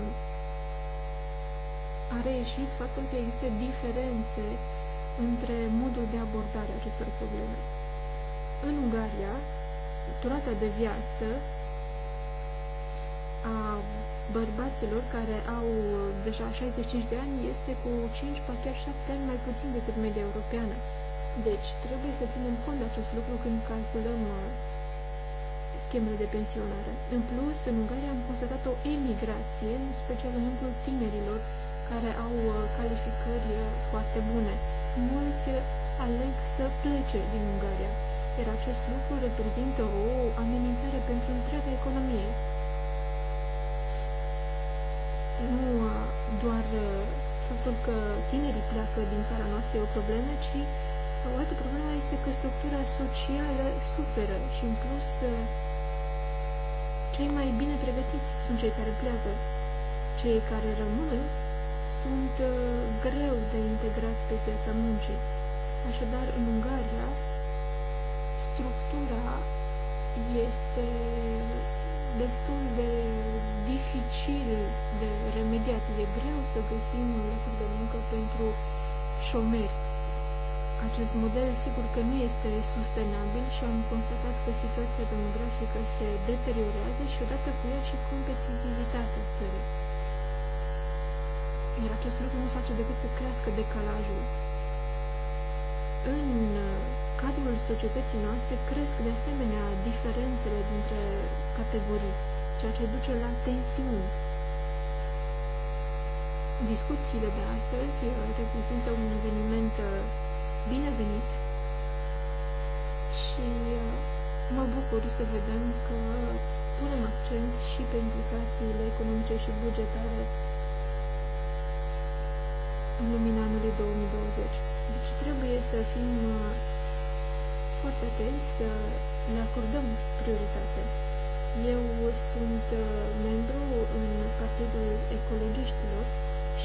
a reieșit faptul că există diferențe între modul de abordare acestor probleme. În Ungaria, durata de viață a bărbaților care au uh, deja 65 de ani este cu 5, chiar 7 ani mai puțin decât media europeană. Deci, trebuie să ținem cont de acest lucru când calculăm uh, schemele de pensionare. În plus, în Ungaria am constatat o emigrație, în special în rândul tinerilor, care au uh, calificări uh, foarte bune. Mulți aleg să plece din Ungaria, iar acest lucru reprezintă o amenințare pentru întreaga economie. Nu doar faptul că tinerii pleacă din țara noastră e o problemă, ci o altă problemă este că structura socială suferă și, în plus, cei mai bine pregătiți sunt cei care pleacă. Cei care rămân sunt uh, greu de integrat pe piața muncii. Așadar, în Ungaria, structura este destul de dificil de remediat. E greu să găsim locuri de muncă pentru șomeri. Acest model sigur că nu este sustenabil și am constatat că situația demografică se deteriorează și odată cu ea și competitivitatea țării. Iar acest lucru nu face decât să crească decalajul. În uh, cadrul societății noastre cresc de asemenea diferențele dintre categorii, ceea ce duce la tensiuni. Discuțiile de astăzi uh, reprezintă un eveniment uh, bine venit și uh, mă bucur să vedem că punem accent și pe implicațiile economice și bugetare în lumina anului 2020. Deci trebuie să fim uh, foarte atenți să le acordăm prioritate. Eu sunt uh, membru în Partidul Ecologiștilor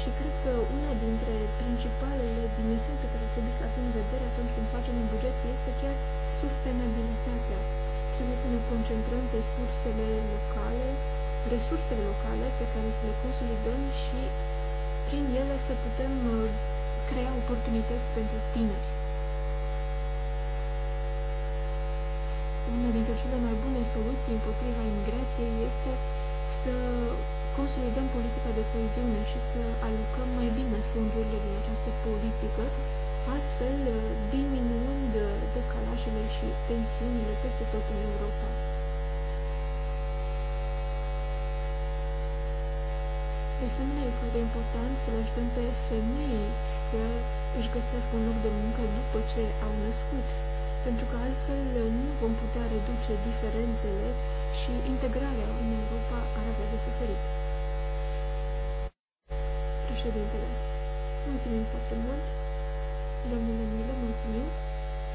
și cred că una dintre principalele dimensiuni pe care ar trebui să avem în vedere atunci când facem un buget este chiar sustenabilitatea. Trebuie să ne concentrăm pe sursele locale, resursele locale pe care să le consolidăm și prin ele să putem uh, crea oportunități pentru tineri. Una dintre cele mai bune soluții împotriva imigrației este să consolidăm politica de coeziune și să alocăm mai bine fondurile din această politică, astfel uh, diminuând uh, decalajele și tensiunile peste tot în Europa. De asemenea, e foarte important să le ajutăm pe femei să își găsească un loc de muncă după ce au născut, pentru că altfel uh, nu vom putea reduce diferențele și integrarea în Europa ar avea de suferit președintele. Mulțumim foarte mult. Domnule Milă, mulțumim.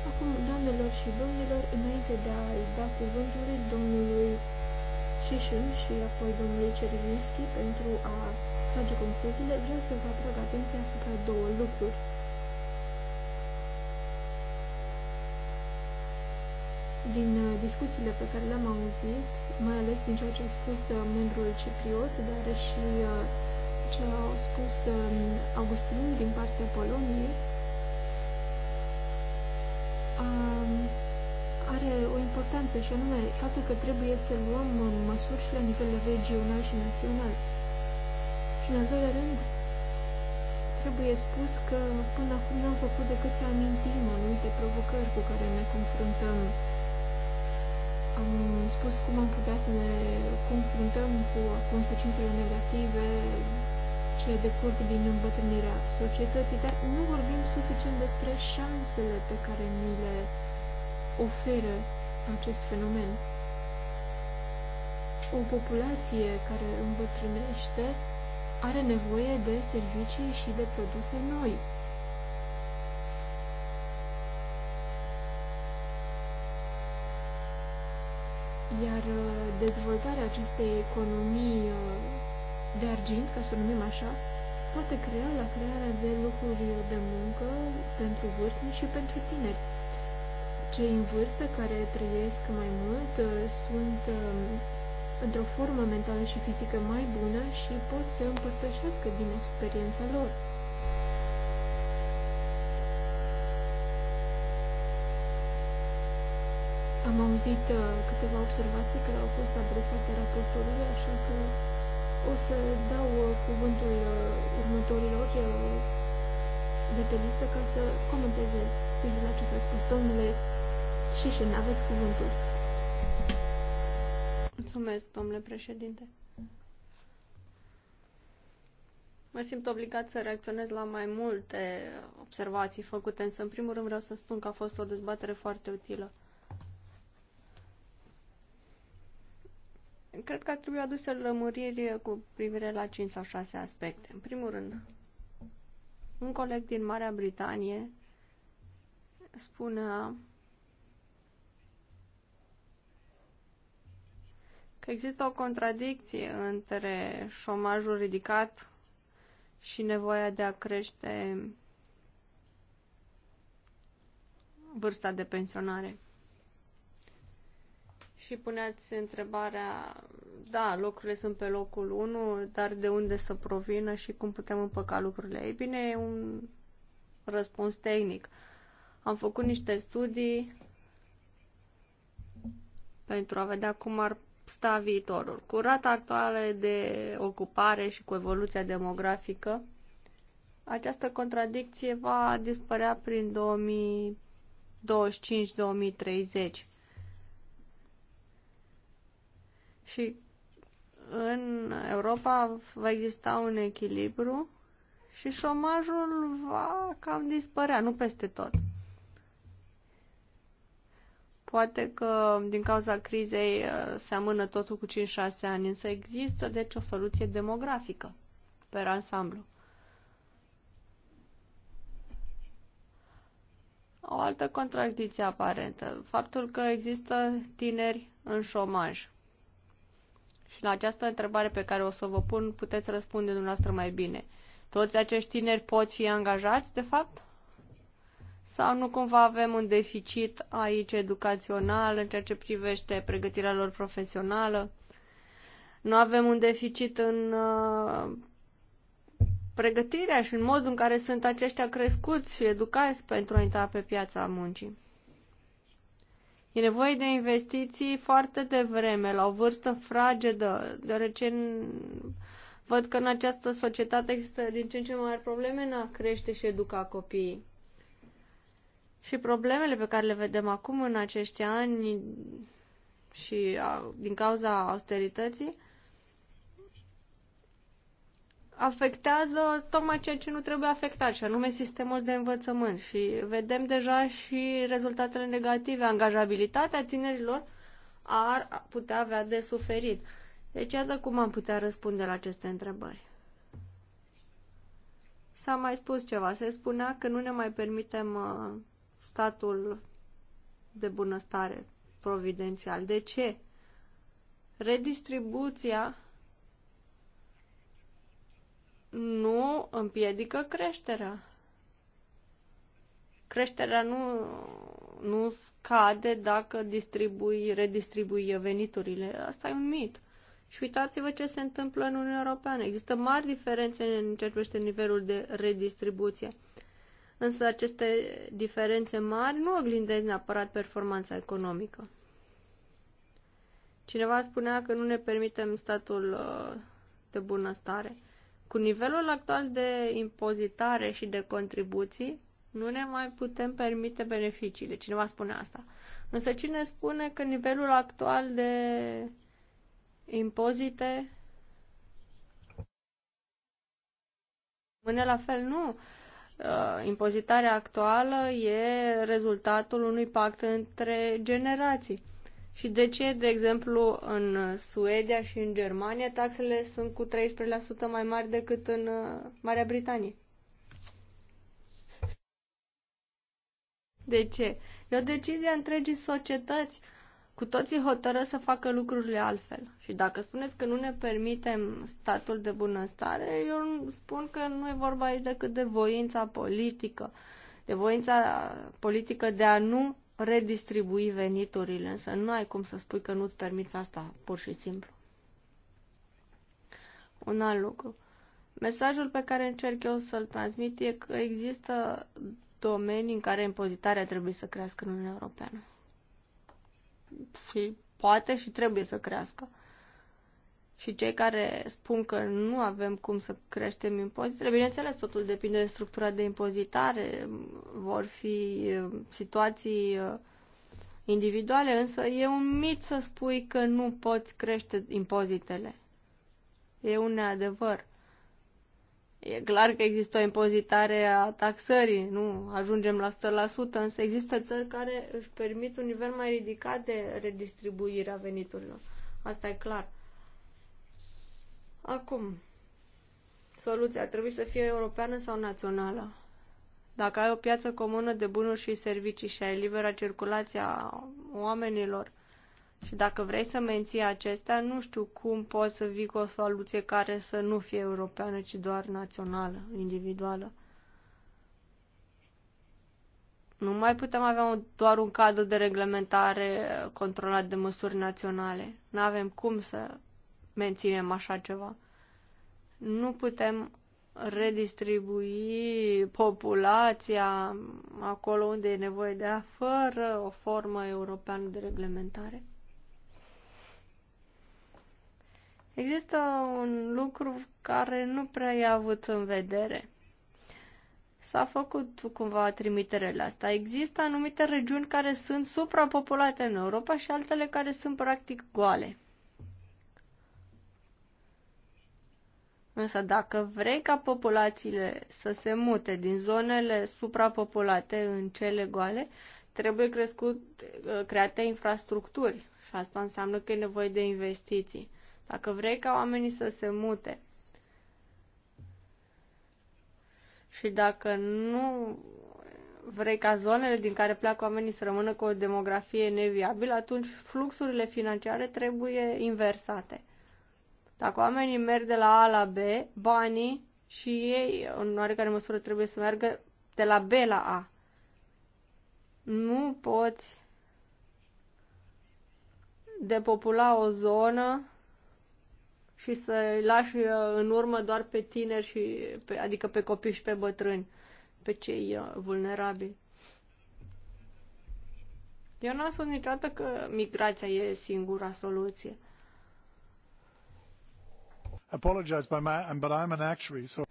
Acum, doamnelor și domnilor, înainte de a-i da cuvântul domnului Cișin și apoi domnului Cerilinski pentru a face concluziile, vreau să vă atrag atenția asupra două lucruri. Din uh, discuțiile pe care le-am auzit, mai ales din ceea ce a spus uh, membrul cipriot, dar și uh, ce au spus um, Augustin din partea Poloniei um, are o importanță și anume faptul că trebuie să luăm um, măsuri și la nivel regional și național. Și în al doilea rând, trebuie spus că până acum n-am făcut decât să amintim anumite provocări cu care ne confruntăm. Am spus cum am putea să ne confruntăm cu consecințele negative ce decurg din îmbătrânirea societății, dar nu vorbim suficient despre șansele pe care ni le oferă acest fenomen. O populație care îmbătrânește are nevoie de servicii și de produse noi. Iar uh, dezvoltarea acestei economii uh, de argint, ca să o numim așa, poate crea la crearea de lucruri de muncă pentru vârstni și pentru tineri. Cei în vârstă care trăiesc mai mult uh, sunt um, într-o formă mentală și fizică mai bună și pot să împărtășească din experiența lor. Am auzit uh, câteva observații care au fost adresate raportorului, așa că o să dau uh, cuvântul uh, următorilor uh, de pe listă ca să comenteze la ce s-a spus. Domnule Șișin, aveți cuvântul. Mulțumesc, domnule președinte. Mă simt obligat să reacționez la mai multe observații făcute, însă în primul rând vreau să spun că a fost o dezbatere foarte utilă. Cred că ar trebui aduse lămuriri cu privire la 5 sau 6 aspecte. În primul rând, un coleg din Marea Britanie spunea că există o contradicție între șomajul ridicat și nevoia de a crește vârsta de pensionare și puneați întrebarea, da, lucrurile sunt pe locul 1, dar de unde să provină și cum putem împăca lucrurile? Ei bine, e un răspuns tehnic. Am făcut niște studii pentru a vedea cum ar sta viitorul. Cu rata actuală de ocupare și cu evoluția demografică, această contradicție va dispărea prin 2025-2030. Și în Europa va exista un echilibru și șomajul va cam dispărea, nu peste tot. Poate că din cauza crizei uh, se amână totul cu 5-6 ani, însă există deci o soluție demografică pe ansamblu. O altă contradicție aparentă, faptul că există tineri în șomaj. La această întrebare pe care o să vă pun puteți răspunde dumneavoastră mai bine. Toți acești tineri pot fi angajați, de fapt? Sau nu cumva avem un deficit aici educațional în ceea ce privește pregătirea lor profesională? Nu avem un deficit în uh, pregătirea și în modul în care sunt aceștia crescuți și educați pentru a intra pe piața muncii. E nevoie de investiții foarte devreme, la o vârstă fragedă, deoarece văd că în această societate există din ce în ce mai mari probleme în a crește și educa copiii. Și problemele pe care le vedem acum în acești ani și din cauza austerității afectează tocmai ceea ce nu trebuie afectat, și anume sistemul de învățământ. Și vedem deja și rezultatele negative. Angajabilitatea tinerilor ar putea avea de suferit. Deci, iată cum am putea răspunde la aceste întrebări. S-a mai spus ceva. Se spunea că nu ne mai permitem uh, statul de bunăstare providențial. De ce? Redistribuția nu împiedică creșterea. Creșterea nu, nu scade dacă distribui, redistribui veniturile. Asta e un mit. Și uitați-vă ce se întâmplă în Uniunea Europeană. Există mari diferențe în ce privește nivelul de redistribuție. Însă aceste diferențe mari nu oglindez neapărat performanța economică. Cineva spunea că nu ne permitem statul uh, de bunăstare. Cu nivelul actual de impozitare și de contribuții, nu ne mai putem permite beneficiile. Deci cineva spune asta. Însă cine spune că nivelul actual de impozite rămâne la fel? Nu. Uh, impozitarea actuală e rezultatul unui pact între generații. Și de ce, de exemplu, în Suedia și în Germania taxele sunt cu 13% mai mari decât în uh, Marea Britanie? De ce? E o decizie a întregii societăți. Cu toții hotără să facă lucrurile altfel. Și dacă spuneți că nu ne permitem statul de bunăstare, eu spun că nu e vorba aici decât de voința politică. De voința politică de a nu redistribui veniturile, însă nu ai cum să spui că nu-ți permiți asta, pur și simplu. Un alt lucru. Mesajul pe care încerc eu să-l transmit e că există domenii în care impozitarea trebuie să crească în Uniunea Europeană. Și poate și trebuie să crească. Uh, și cei care spun că nu avem cum să creștem impozitele, bineînțeles, totul depinde de structura de impozitare, vor fi uh, situații uh, individuale, însă e un mit să spui că nu poți crește impozitele. E un neadevăr. E clar că există o impozitare a taxării, nu ajungem la 100%, însă există țări care își permit un nivel mai ridicat de redistribuire a veniturilor. Asta e clar. Acum, soluția trebuie să fie europeană sau națională. Dacă ai o piață comună de bunuri și servicii și ai libera circulația oamenilor și dacă vrei să menții acestea, nu știu cum poți să vii cu o soluție care să nu fie europeană, ci doar națională, individuală. Nu mai putem avea doar un cadru de reglementare controlat de măsuri naționale. Nu avem cum să menținem așa ceva. Nu putem redistribui populația acolo unde e nevoie de ea, fără o formă europeană de reglementare. Există un lucru care nu prea i-a avut în vedere. S-a făcut cumva trimiterele astea. Există anumite regiuni care sunt suprapopulate în Europa și altele care sunt practic goale. Însă dacă vrei ca populațiile să se mute din zonele suprapopulate în cele goale, trebuie crescut, uh, create infrastructuri și asta înseamnă că e nevoie de investiții. Dacă vrei ca oamenii să se mute și dacă nu vrei ca zonele din care pleacă oamenii să rămână cu o demografie neviabilă, atunci fluxurile financiare trebuie inversate. Dacă oamenii merg de la A la B, banii și ei, în oarecare măsură, trebuie să meargă de la B la A. Nu poți depopula o zonă și să lași uh, în urmă doar pe tineri, și pe, adică pe copii și pe bătrâni, pe cei uh, vulnerabili. Eu n-am spus niciodată că migrația e singura soluție apologize, but, my, but I'm an actuary, so...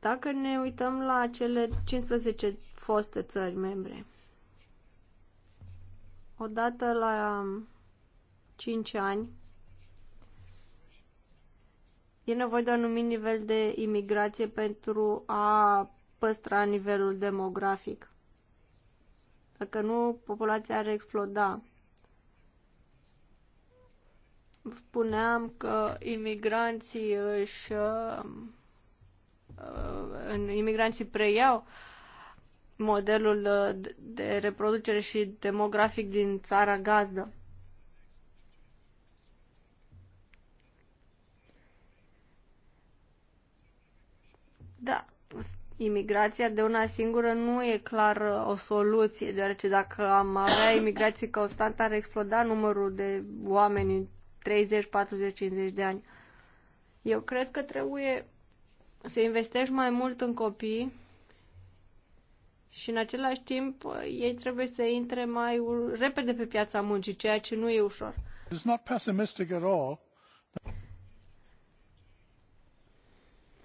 Dacă ne uităm la cele 15 foste țări membre, odată la 5 ani, e nevoie de un anumit nivel de imigrație pentru a păstra nivelul demografic. Dacă nu, populația ar exploda. Spuneam că imigranții își uh, în imigranții preiau modelul de reproducere și demografic din țara gazdă. Da, imigrația de una singură nu e clar uh, o soluție, deoarece dacă am avea imigrație constantă ar exploda numărul de oameni în 30, 40, 50 de ani. Eu cred că trebuie să investești mai mult în copii și în același timp uh, ei trebuie să intre mai repede pe piața muncii, ceea ce nu e ușor. It's not pessimistic at all.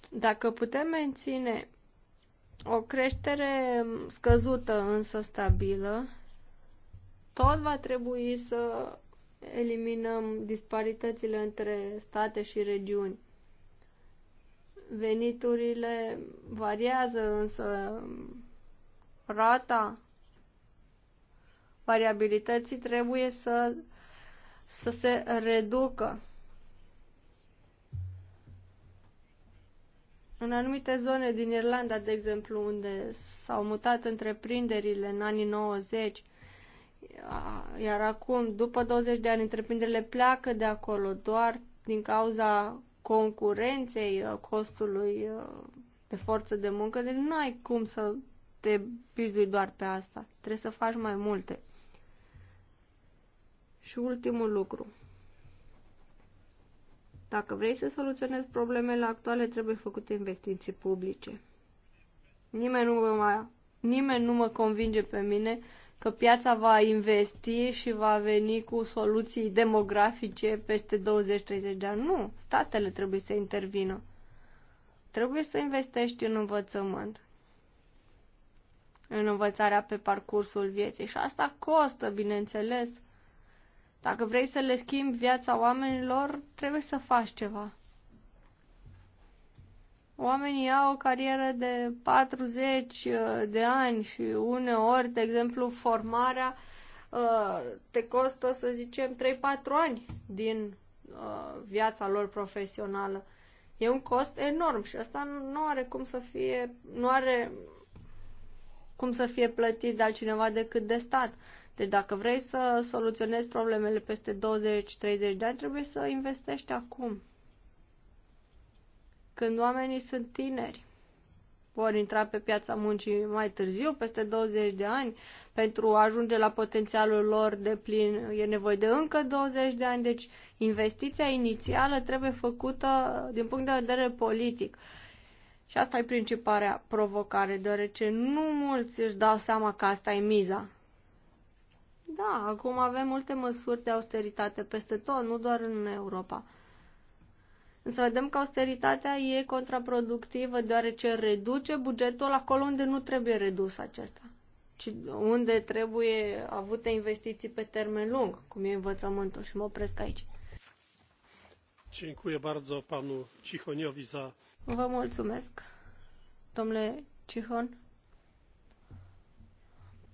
Dacă putem menține o creștere scăzută, însă stabilă, tot va trebui să eliminăm disparitățile între state și regiuni. Veniturile variază, însă rata variabilității trebuie să, să se reducă. În anumite zone din Irlanda, de exemplu, unde s-au mutat întreprinderile în anii 90, iar acum, după 20 de ani, întreprinderile pleacă de acolo doar din cauza concurenței uh, costului uh, de forță de muncă, deci nu ai cum să te bizui doar pe asta. Trebuie să faci mai multe. Și ultimul lucru. Dacă vrei să soluționezi problemele actuale, trebuie făcute investiții publice. Nimeni nu, mă, nimeni nu mă convinge pe mine că piața va investi și va veni cu soluții demografice peste 20-30 de ani. Nu, statele trebuie să intervină. Trebuie să investești în învățământ, în învățarea pe parcursul vieții. Și asta costă, bineînțeles. Dacă vrei să le schimbi viața oamenilor, trebuie să faci ceva. Oamenii au o carieră de 40 uh, de ani și uneori, de exemplu, formarea uh, te costă, să zicem, 3-4 ani din uh, viața lor profesională. E un cost enorm și asta nu are cum să fie, nu are cum să fie plătit de altcineva decât de stat. Deci dacă vrei să soluționezi problemele peste 20-30 de ani, trebuie să investești acum. Când oamenii sunt tineri, vor intra pe piața muncii mai târziu, peste 20 de ani, pentru a ajunge la potențialul lor de plin, e nevoie de încă 20 de ani, deci investiția inițială trebuie făcută din punct de vedere politic. Și asta e principarea provocare, deoarece nu mulți își dau seama că asta e miza. Da, acum avem multe măsuri de austeritate peste tot, nu doar în Europa. Însă vedem că austeritatea e contraproductivă deoarece reduce bugetul acolo unde nu trebuie redus acesta, ci unde trebuie avute investiții pe termen lung, cum e învățământul și mă opresc aici. Dziękuję bardzo panu Cichoniowi za... Vă mulțumesc, domnule Cichon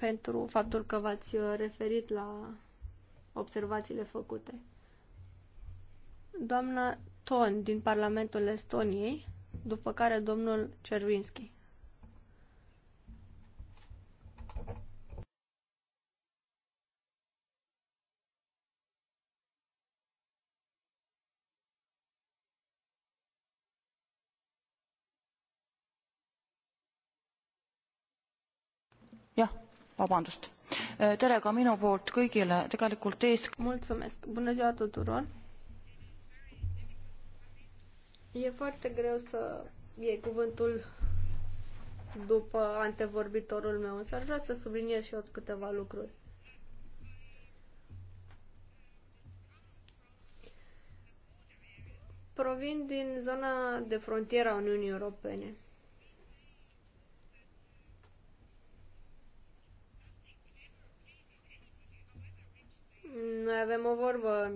pentru faptul că v-ați uh, referit la observațiile făcute. Doamna Ton din Parlamentul Estoniei, după care domnul Cervinski. vabandust äh, tere ka minu poolt kõigile tegelikult bună ziua tuturor e foarte greu să iei cuvântul după antevorbitorul meu, însă aș vrea să subliniez și eu câteva lucruri. Provin din zona de frontieră a Uniunii Europene. Noi avem o vorbă.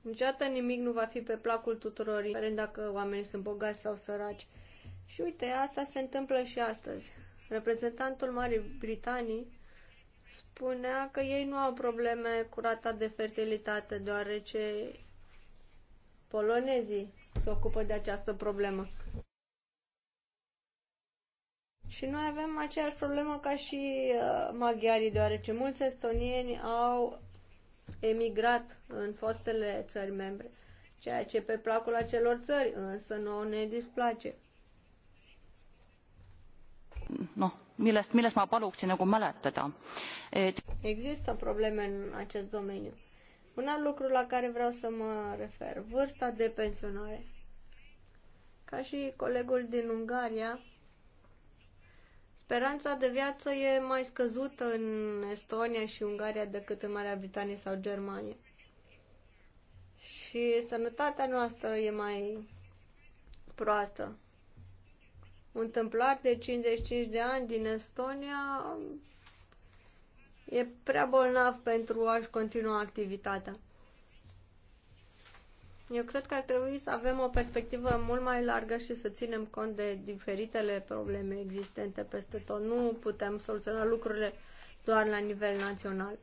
Niciodată nimic nu va fi pe placul tuturor, indiferent dacă oamenii sunt bogați sau săraci. Și uite, asta se întâmplă și astăzi. Reprezentantul Marii Britanii spunea că ei nu au probleme cu rata de fertilitate, deoarece polonezii se ocupă de această problemă. Și noi avem aceeași problemă ca și uh, maghiarii, deoarece mulți estonieni au emigrat în fostele țări membre, ceea ce pe placul acelor țări însă nu ne displace. No, millest, millest ma paluksin nagu mäletada. Et... Există probleme în acest domeniu. Un alt lucru la care vreau să mă refer, vârsta de pensionare. Ca și colegul din Ungaria, Speranța de viață e mai scăzută în Estonia și Ungaria decât în Marea Britanie sau Germania. Și sănătatea noastră e mai proastă. Un templar de 55 de ani din Estonia e prea bolnav pentru a-și continua activitatea. Eu cred că ar trebui să avem o perspectivă mult mai largă și să ținem cont de diferitele probleme existente peste tot. Nu putem soluționa lucrurile doar la nivel național.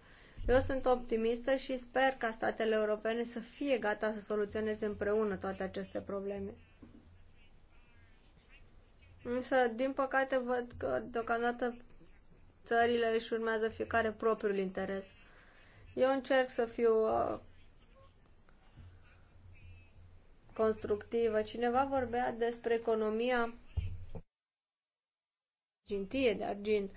Eu sunt optimistă și sper ca statele europene să fie gata să soluționeze împreună toate aceste probleme. Însă, din păcate, văd că deocamdată țările își urmează fiecare propriul interes. Eu încerc să fiu uh, constructivă. Cineva vorbea despre economia gintie de argint.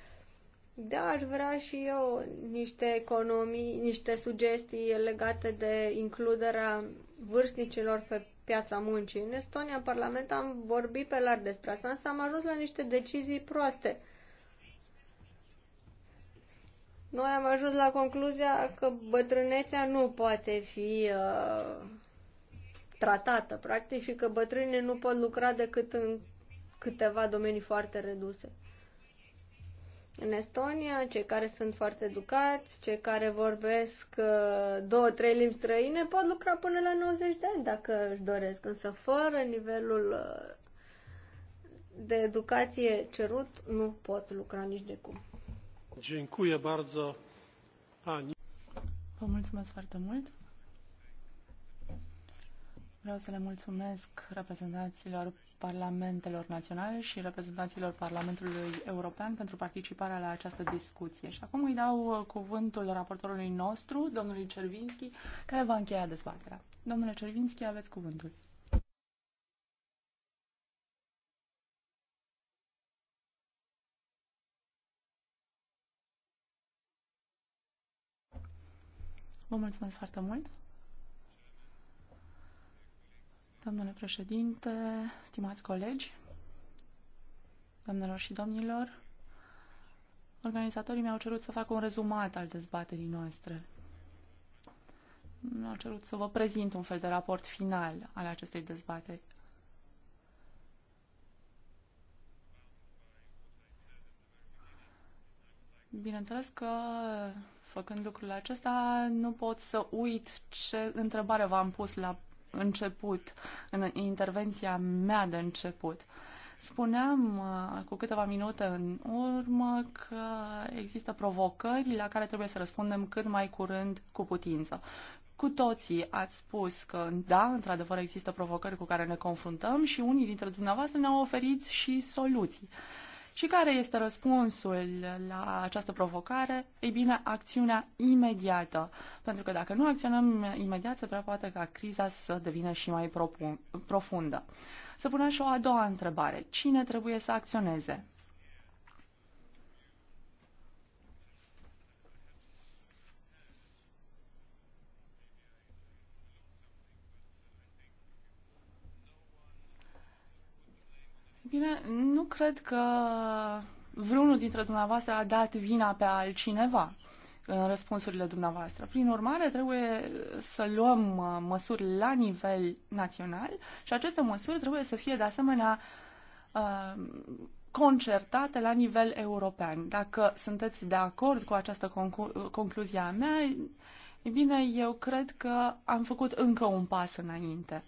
Da, aș vrea și eu niște economii, niște sugestii legate de includerea vârstnicilor pe piața muncii. În Estonia, în Parlament, am vorbit pe larg despre asta, însă am ajuns la niște decizii proaste. Noi am ajuns la concluzia că bătrânețea nu poate fi uh, tratată, practic, și că bătrânii nu pot lucra decât în câteva domenii foarte reduse. În Estonia, cei care sunt foarte educați, cei care vorbesc uh, două, trei limbi străine, pot lucra până la 90 de ani dacă își doresc, însă fără nivelul uh, de educație cerut nu pot lucra nici de cum. Vă mulțumesc foarte mult. Vreau să le mulțumesc reprezentanților parlamentelor naționale și reprezentanților Parlamentului European pentru participarea la această discuție. Și acum îi dau uh, cuvântul raportorului nostru, domnului Cervinski, care va încheia dezbaterea. Domnule Cervinski, aveți cuvântul. Vă mulțumesc foarte mult! Domnule președinte, stimați colegi, doamnelor și domnilor, organizatorii mi-au cerut să fac un rezumat al dezbaterii noastre. Mi-au cerut să vă prezint un fel de raport final al acestei dezbateri. Bineînțeles că, făcând lucrul acesta, nu pot să uit ce întrebare v-am pus la început, în intervenția mea de început. Spuneam uh, cu câteva minute în urmă că există provocări la care trebuie să răspundem cât mai curând cu putință. Cu toții ați spus că, da, într-adevăr există provocări cu care ne confruntăm și unii dintre dumneavoastră ne-au oferit și soluții. Uh, și care este răspunsul la această provocare? Ei bine, acțiunea imediată. Pentru că dacă nu acționăm imediat, se prea poate ca criza să devină și mai profundă. Să punem și o a doua întrebare. Cine trebuie să acționeze? bine, nu cred că vreunul dintre dumneavoastră a dat vina pe altcineva în răspunsurile dumneavoastră. Prin urmare, trebuie să luăm uh, măsuri la nivel național și aceste măsuri trebuie să fie de asemenea uh, concertate la nivel european. Dacă sunteți de acord cu această conclu- concluzie a mea, e bine, eu cred că am făcut încă un pas înainte.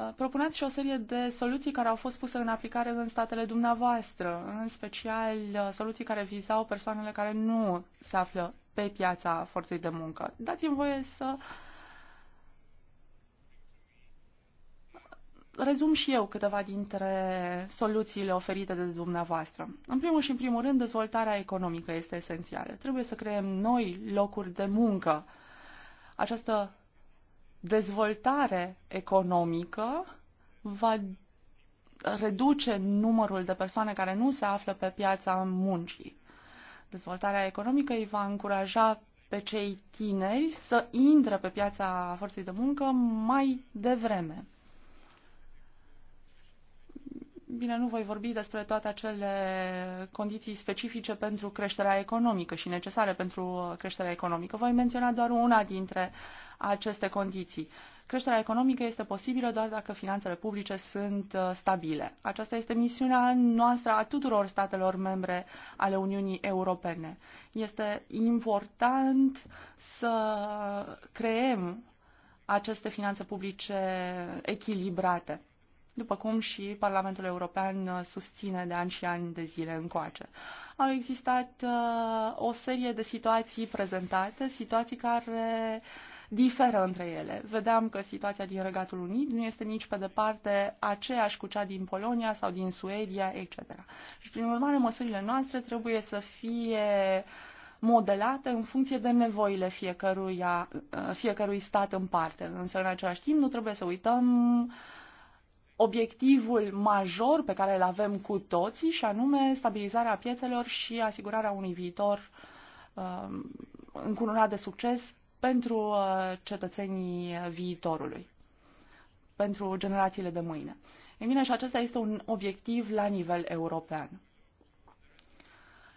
Uh, Propuneți și o serie de soluții care au fost puse în aplicare în statele dumneavoastră, în special uh, soluții care vizau persoanele care nu se află pe piața forței de muncă. Dați-mi voie să rezum și eu câteva dintre soluțiile oferite de dumneavoastră. În primul și în primul rând, dezvoltarea economică este esențială. Trebuie să creăm noi locuri de muncă. Această dezvoltare economică va reduce numărul de persoane care nu se află pe piața muncii. Dezvoltarea economică îi va încuraja pe cei tineri să intre pe piața forței de muncă mai devreme. Bine, nu voi vorbi despre toate acele condiții specifice pentru creșterea economică și necesare pentru creșterea economică. Voi menționa doar una dintre aceste condiții. Creșterea economică este posibilă doar dacă finanțele publice sunt uh, stabile. Aceasta este misiunea noastră a tuturor statelor membre ale Uniunii Europene. Este important să creem aceste finanțe publice echilibrate după cum și Parlamentul European uh, susține de ani și ani de zile încoace. Au existat uh, o serie de situații prezentate, situații care diferă între ele. Vedeam că situația din Regatul Unit nu este nici pe departe aceeași cu cea din Polonia sau din Suedia, etc. Și, prin urmare, măsurile noastre trebuie să fie modelate în funcție de nevoile fiecărui stat în parte. Însă, în același timp, nu trebuie să uităm obiectivul major pe care îl avem cu toții și anume stabilizarea piețelor și asigurarea unui viitor uh, încununat de succes pentru uh, cetățenii viitorului, pentru generațiile de mâine. E bine, și acesta este un obiectiv la nivel european.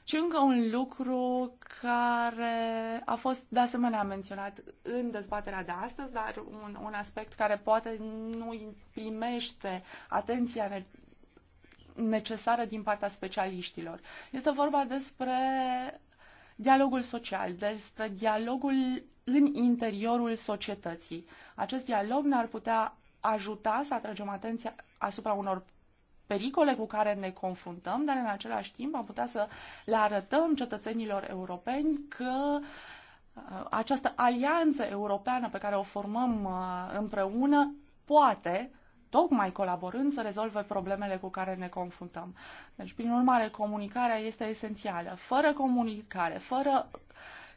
Și încă un lucru care a fost de asemenea menționat în dezbaterea de astăzi, dar un, un aspect care poate nu primește atenția necesară din partea specialiștilor. Este vorba despre dialogul social, despre dialogul în interiorul societății. Acest dialog ne-ar putea ajuta să atragem atenția asupra unor pericole cu care ne confruntăm, dar în același timp am putea să le arătăm cetățenilor europeni că uh, această alianță europeană pe care o formăm uh, împreună poate tocmai colaborând să rezolve problemele cu care ne confruntăm. Deci, prin urmare, comunicarea este esențială. Fără comunicare, fără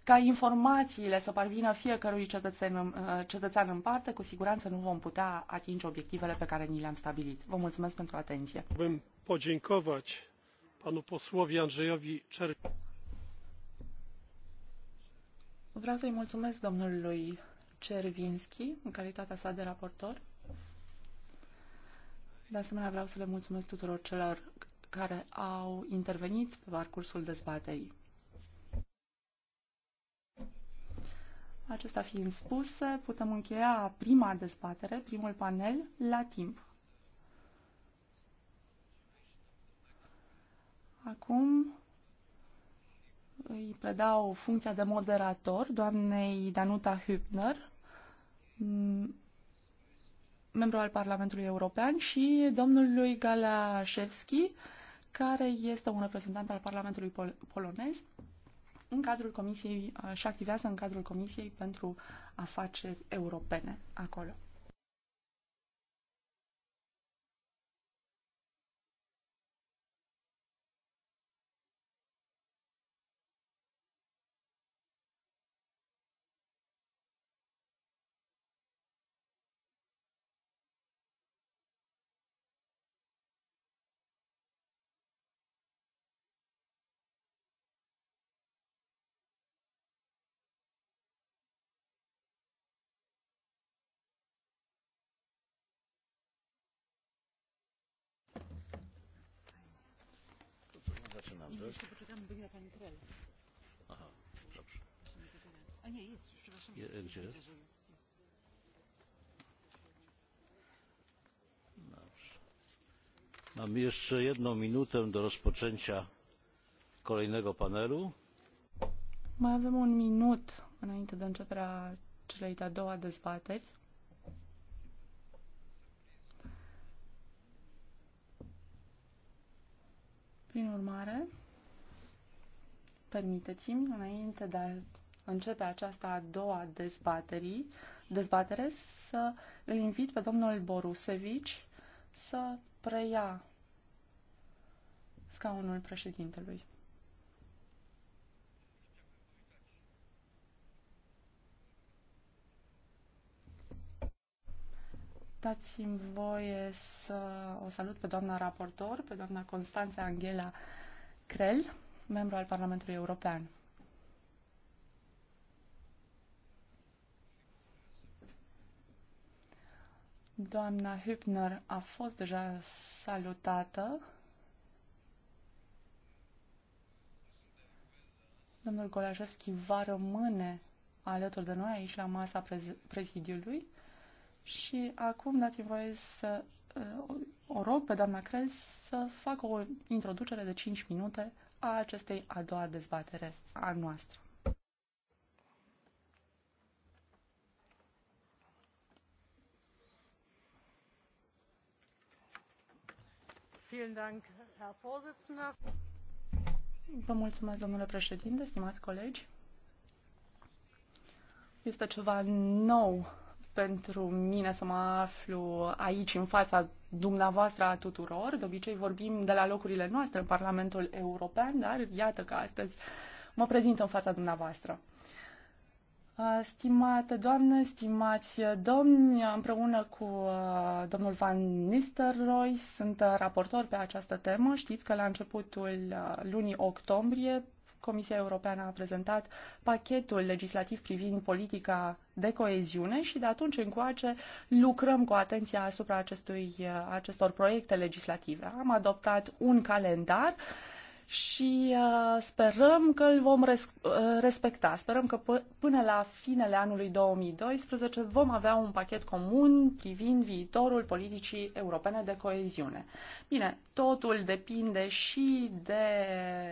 ca informațiile să parvină fiecărui cetățen uh, cetățean în parte, cu siguranță nu vom putea atinge obiectivele pe care ni le-am stabilit. Vă mulțumesc pentru atenție. Bym podziękować panu posłowi Andrzejowi Vreau să-i mulțumesc domnului Cervinski în calitatea sa de raportor. De asemenea, vreau să le mulțumesc tuturor celor care au intervenit pe parcursul dezbatei. Acesta fiind spuse, putem încheia prima dezbatere, primul panel, la timp. Acum îi predau funcția de moderator doamnei Danuta Hübner, membru al Parlamentului European, și domnului Galașevski, care este un reprezentant al Parlamentului Pol- polonez în cadrul comisiei uh, și activează în cadrul Comisiei pentru Afaceri Europene acolo. nam Jeszcze poczekamy, bo pani Aha, dobrze. A nie, jest, przepraszam. Je, jest, gdzie? Widzę, że jest. Mamy jeszcze jedną minutę do rozpoczęcia kolejnego panelu. Mai avem un minut înainte de începerea celei de-a doua dezbateri. Prin urmare, permiteți-mi, înainte de a începe aceasta a doua dezbatere să îl invit pe domnul Borusevici să preia scaunul președintelui. Dați-mi voie să o salut pe doamna raportor, pe doamna Constanța Angela Crel, membru al Parlamentului European. Doamna Hübner a fost deja salutată. Domnul Golajevski va rămâne alături de noi aici la masa prezidiului. Și acum dați-mi voie să uh, o rog pe doamna Crel să facă o introducere de 5 minute a acestei a doua dezbatere a noastră. Vă mulțumesc, domnule președinte, stimați colegi. Este ceva nou pentru mine să mă aflu aici în fața dumneavoastră a tuturor. De obicei vorbim de la locurile noastre în Parlamentul European, dar iată că astăzi mă prezint în fața dumneavoastră. Stimate doamne, stimați domni, împreună cu domnul Van Nistelrooy sunt raportor pe această temă. Știți că la începutul lunii octombrie Comisia Europeană a prezentat pachetul legislativ privind politica de coeziune și de atunci încoace lucrăm cu atenția asupra acestui, acestor proiecte legislative. Am adoptat un calendar și uh, sperăm că îl vom res- uh, respecta. Sperăm că până la finele anului 2012 vom avea un pachet comun privind viitorul politicii europene de coeziune. Bine, totul depinde și de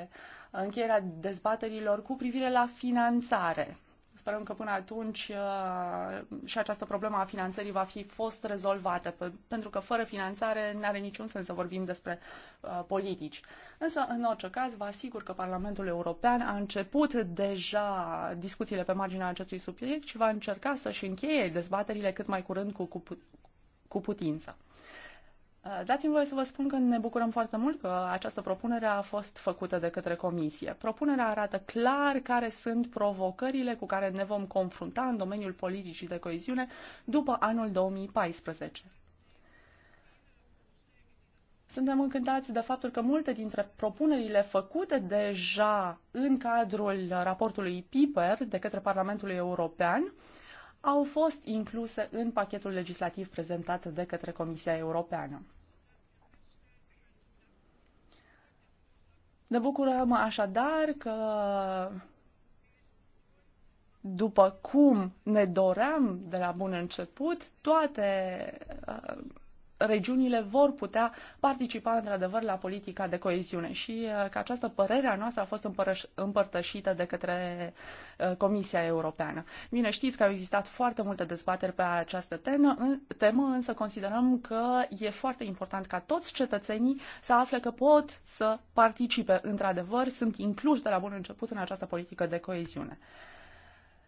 uh, încheierea dezbaterilor cu privire la finanțare. Sperăm că până atunci uh, și această problemă a finanțării va fi fost rezolvată, pentru că fără finanțare nu are niciun sens să vorbim despre uh, politici. Însă, în orice caz, vă asigur că Parlamentul European a început deja discuțiile pe marginea acestui subiect și va încerca să-și încheie dezbaterile cât mai curând cu, cu, cu putință. Uh, dați-mi voie să vă spun că ne bucurăm foarte mult că această propunere a fost făcută de către Comisie. Propunerea arată clar care sunt provocările cu care ne vom confrunta în domeniul politicii de coeziune după anul 2014. Suntem încântați de faptul că multe dintre propunerile făcute deja în cadrul raportului PIPER de către Parlamentul European au fost incluse în pachetul legislativ prezentat de către Comisia Europeană. Ne bucurăm așadar că după cum ne doream de la bun început, toate uh, regiunile vor putea participa într-adevăr la politica de coeziune și uh, că această părere a noastră a fost împărtășită de către uh, Comisia Europeană. Bine, știți că au existat foarte multe dezbateri pe această temă, însă considerăm că e foarte important ca toți cetățenii să afle că pot să participe într-adevăr, sunt incluși de la bun început în această politică de coeziune.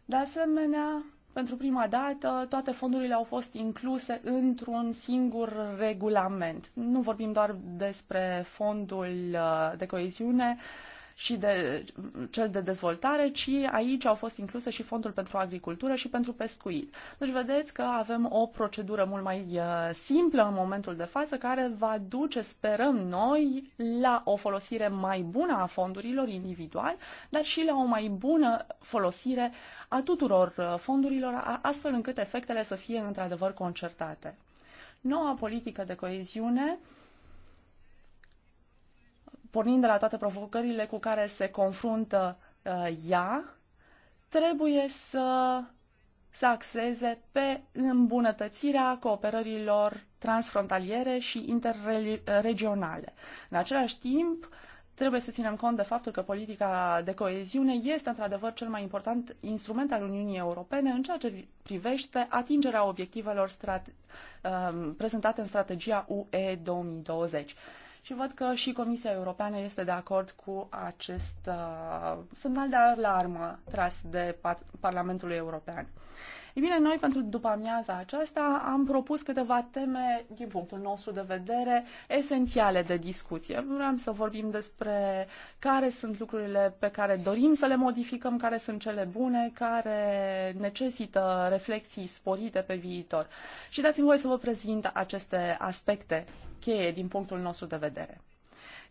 De asemenea, pentru prima dată toate fondurile au fost incluse într-un singur regulament. Nu vorbim doar despre fondul uh, de coeziune, și de cel de dezvoltare, ci aici au fost incluse și fondul pentru agricultură și pentru pescuit. Deci vedeți că avem o procedură mult mai uh, simplă în momentul de față care va duce, sperăm noi, la o folosire mai bună a fondurilor individual, dar și la o mai bună folosire a tuturor uh, fondurilor, astfel încât efectele să fie într-adevăr concertate. Noua politică de coeziune uh, pornind de la toate provocările cu care se confruntă uh, ea, trebuie să se axeze pe îmbunătățirea cooperărilor transfrontaliere și interregionale. În același timp, trebuie să ținem cont de faptul că politica de coeziune este într-adevăr cel mai important instrument al Uniunii Europene în ceea ce privește atingerea obiectivelor uh, prezentate în strategia UE 2020 și văd că și Comisia Europeană este de acord cu acest uh, semnal de alarmă tras de par- Parlamentul European. Ei bine, noi pentru după amiaza aceasta am propus câteva teme, din punctul nostru de vedere, esențiale de discuție. Vreau să vorbim despre care sunt lucrurile pe care dorim să le modificăm, care sunt cele bune, care necesită reflexii sporite pe viitor. Și dați-mi voie să vă prezint aceste aspecte cheie din punctul nostru de vedere.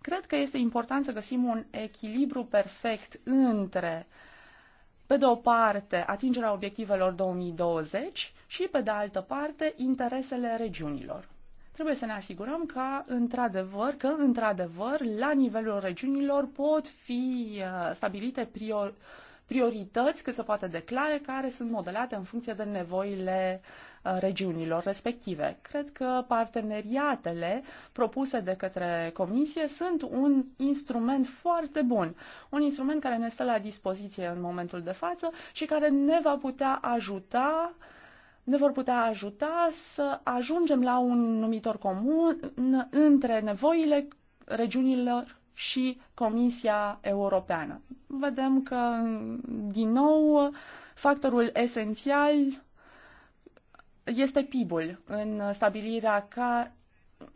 Cred că este important să găsim un echilibru perfect între pe de o parte, atingerea obiectivelor 2020 și, pe de altă parte, interesele regiunilor. Trebuie să ne asigurăm că, într-adevăr, că, într-adevăr, la nivelul regiunilor pot fi uh, stabilite prior- priorități cât se poate declare, care sunt modelate în funcție de nevoile uh, regiunilor respective. Cred că parteneriatele propuse de către Comisie sunt un instrument foarte bun, un instrument care ne stă la dispoziție în momentul de față și care ne va putea ajuta ne vor putea ajuta să ajungem la un numitor comun între nevoile regiunilor și Comisia Europeană. Vedem că, din nou, factorul esențial este PIB-ul în stabilirea ca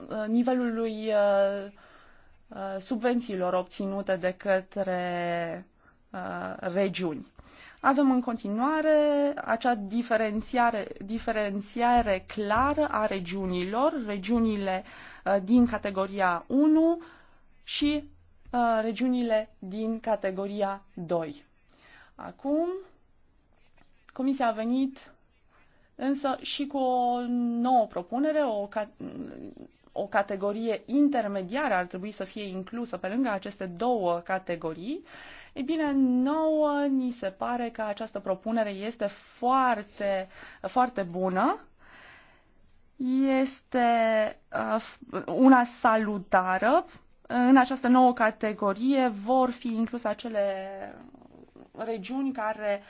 uh, nivelului uh, uh, subvențiilor obținute de către regiuni. Avem în continuare acea diferențiare, diferențiare clară a regiunilor, regiunile din categoria 1 și regiunile din categoria 2. Acum, Comisia a venit însă și cu o nouă propunere, o, ca- o categorie intermediară ar trebui să fie inclusă pe lângă aceste două categorii. Ei bine, nouă ni se pare că această propunere este foarte, foarte bună este uh, una salutară. În această nouă categorie vor fi incluse acele regiuni care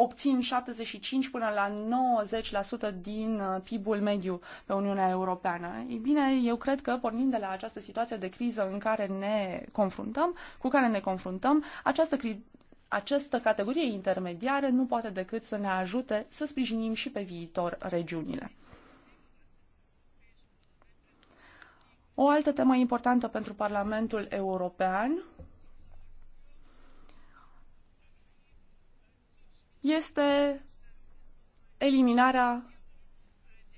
obțin 75 până la 90% din uh, PIB-ul mediu pe Uniunea Europeană. E bine, eu cred că pornind de la această situație de criză în care ne confruntăm, cu care ne confruntăm, această cri- această categorie intermediară nu poate decât să ne ajute să sprijinim și pe viitor regiunile. O altă temă importantă pentru Parlamentul European este eliminarea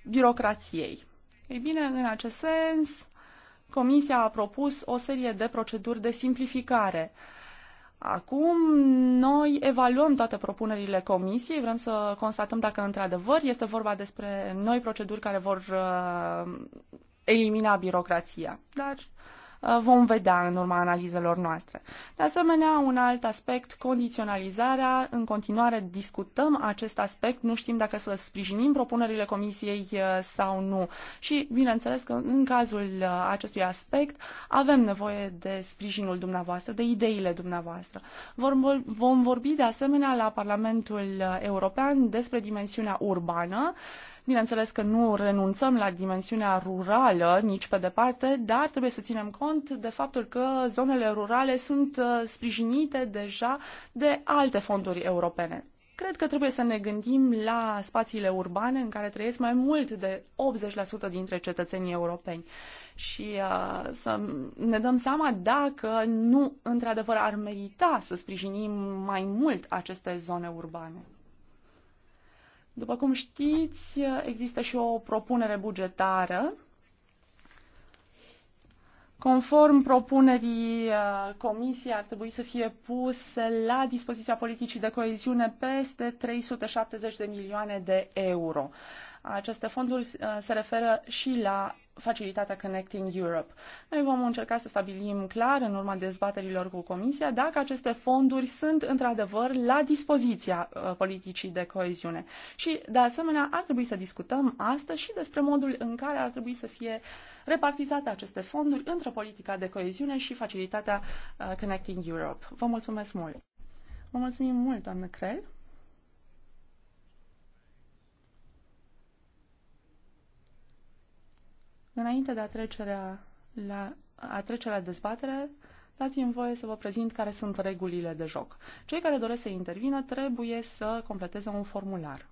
birocrației. Ei bine, în acest sens, Comisia a propus o serie de proceduri de simplificare. Acum noi evaluăm toate propunerile comisiei, vrem să constatăm dacă într-adevăr este vorba despre noi proceduri care vor uh, elimina birocrația. Dar Uh, vom vedea în urma analizelor noastre. De asemenea, un alt aspect, condiționalizarea. În continuare discutăm acest aspect, nu știm dacă să sprijinim propunerile Comisiei uh, sau nu. Și, bineînțeles, că în cazul uh, acestui aspect avem nevoie de sprijinul dumneavoastră, de ideile dumneavoastră. Vom, vom vorbi, de asemenea, la Parlamentul European despre dimensiunea urbană Bineînțeles că nu renunțăm la dimensiunea rurală nici pe departe, dar trebuie să ținem cont de faptul că zonele rurale sunt uh, sprijinite deja de alte fonduri europene cred că trebuie să ne gândim la spațiile urbane în care trăiesc mai mult de 80% dintre cetățenii europeni și uh, să ne dăm seama dacă nu, într-adevăr, ar merita să sprijinim mai mult aceste zone urbane. După cum știți, există și o propunere bugetară. Conform propunerii uh, comisiei, ar trebui să fie puse la dispoziția politicii de coeziune peste 370 de milioane de euro. Aceste fonduri uh, se referă și la facilitatea Connecting Europe. Noi vom încerca să stabilim clar, în urma dezbaterilor cu Comisia, dacă aceste fonduri sunt într-adevăr la dispoziția uh, politicii de coeziune. Și, de asemenea, ar trebui să discutăm astăzi și despre modul în care ar trebui să fie repartizate aceste fonduri între politica de coeziune și facilitatea uh, Connecting Europe. Vă mulțumesc mult! Vă mulțumim mult, doamnă Crel! Înainte de a trece la a trece la dezbatere, dați-mi voie să vă prezint care sunt regulile de joc. Cei care doresc să intervină trebuie să completeze un formular.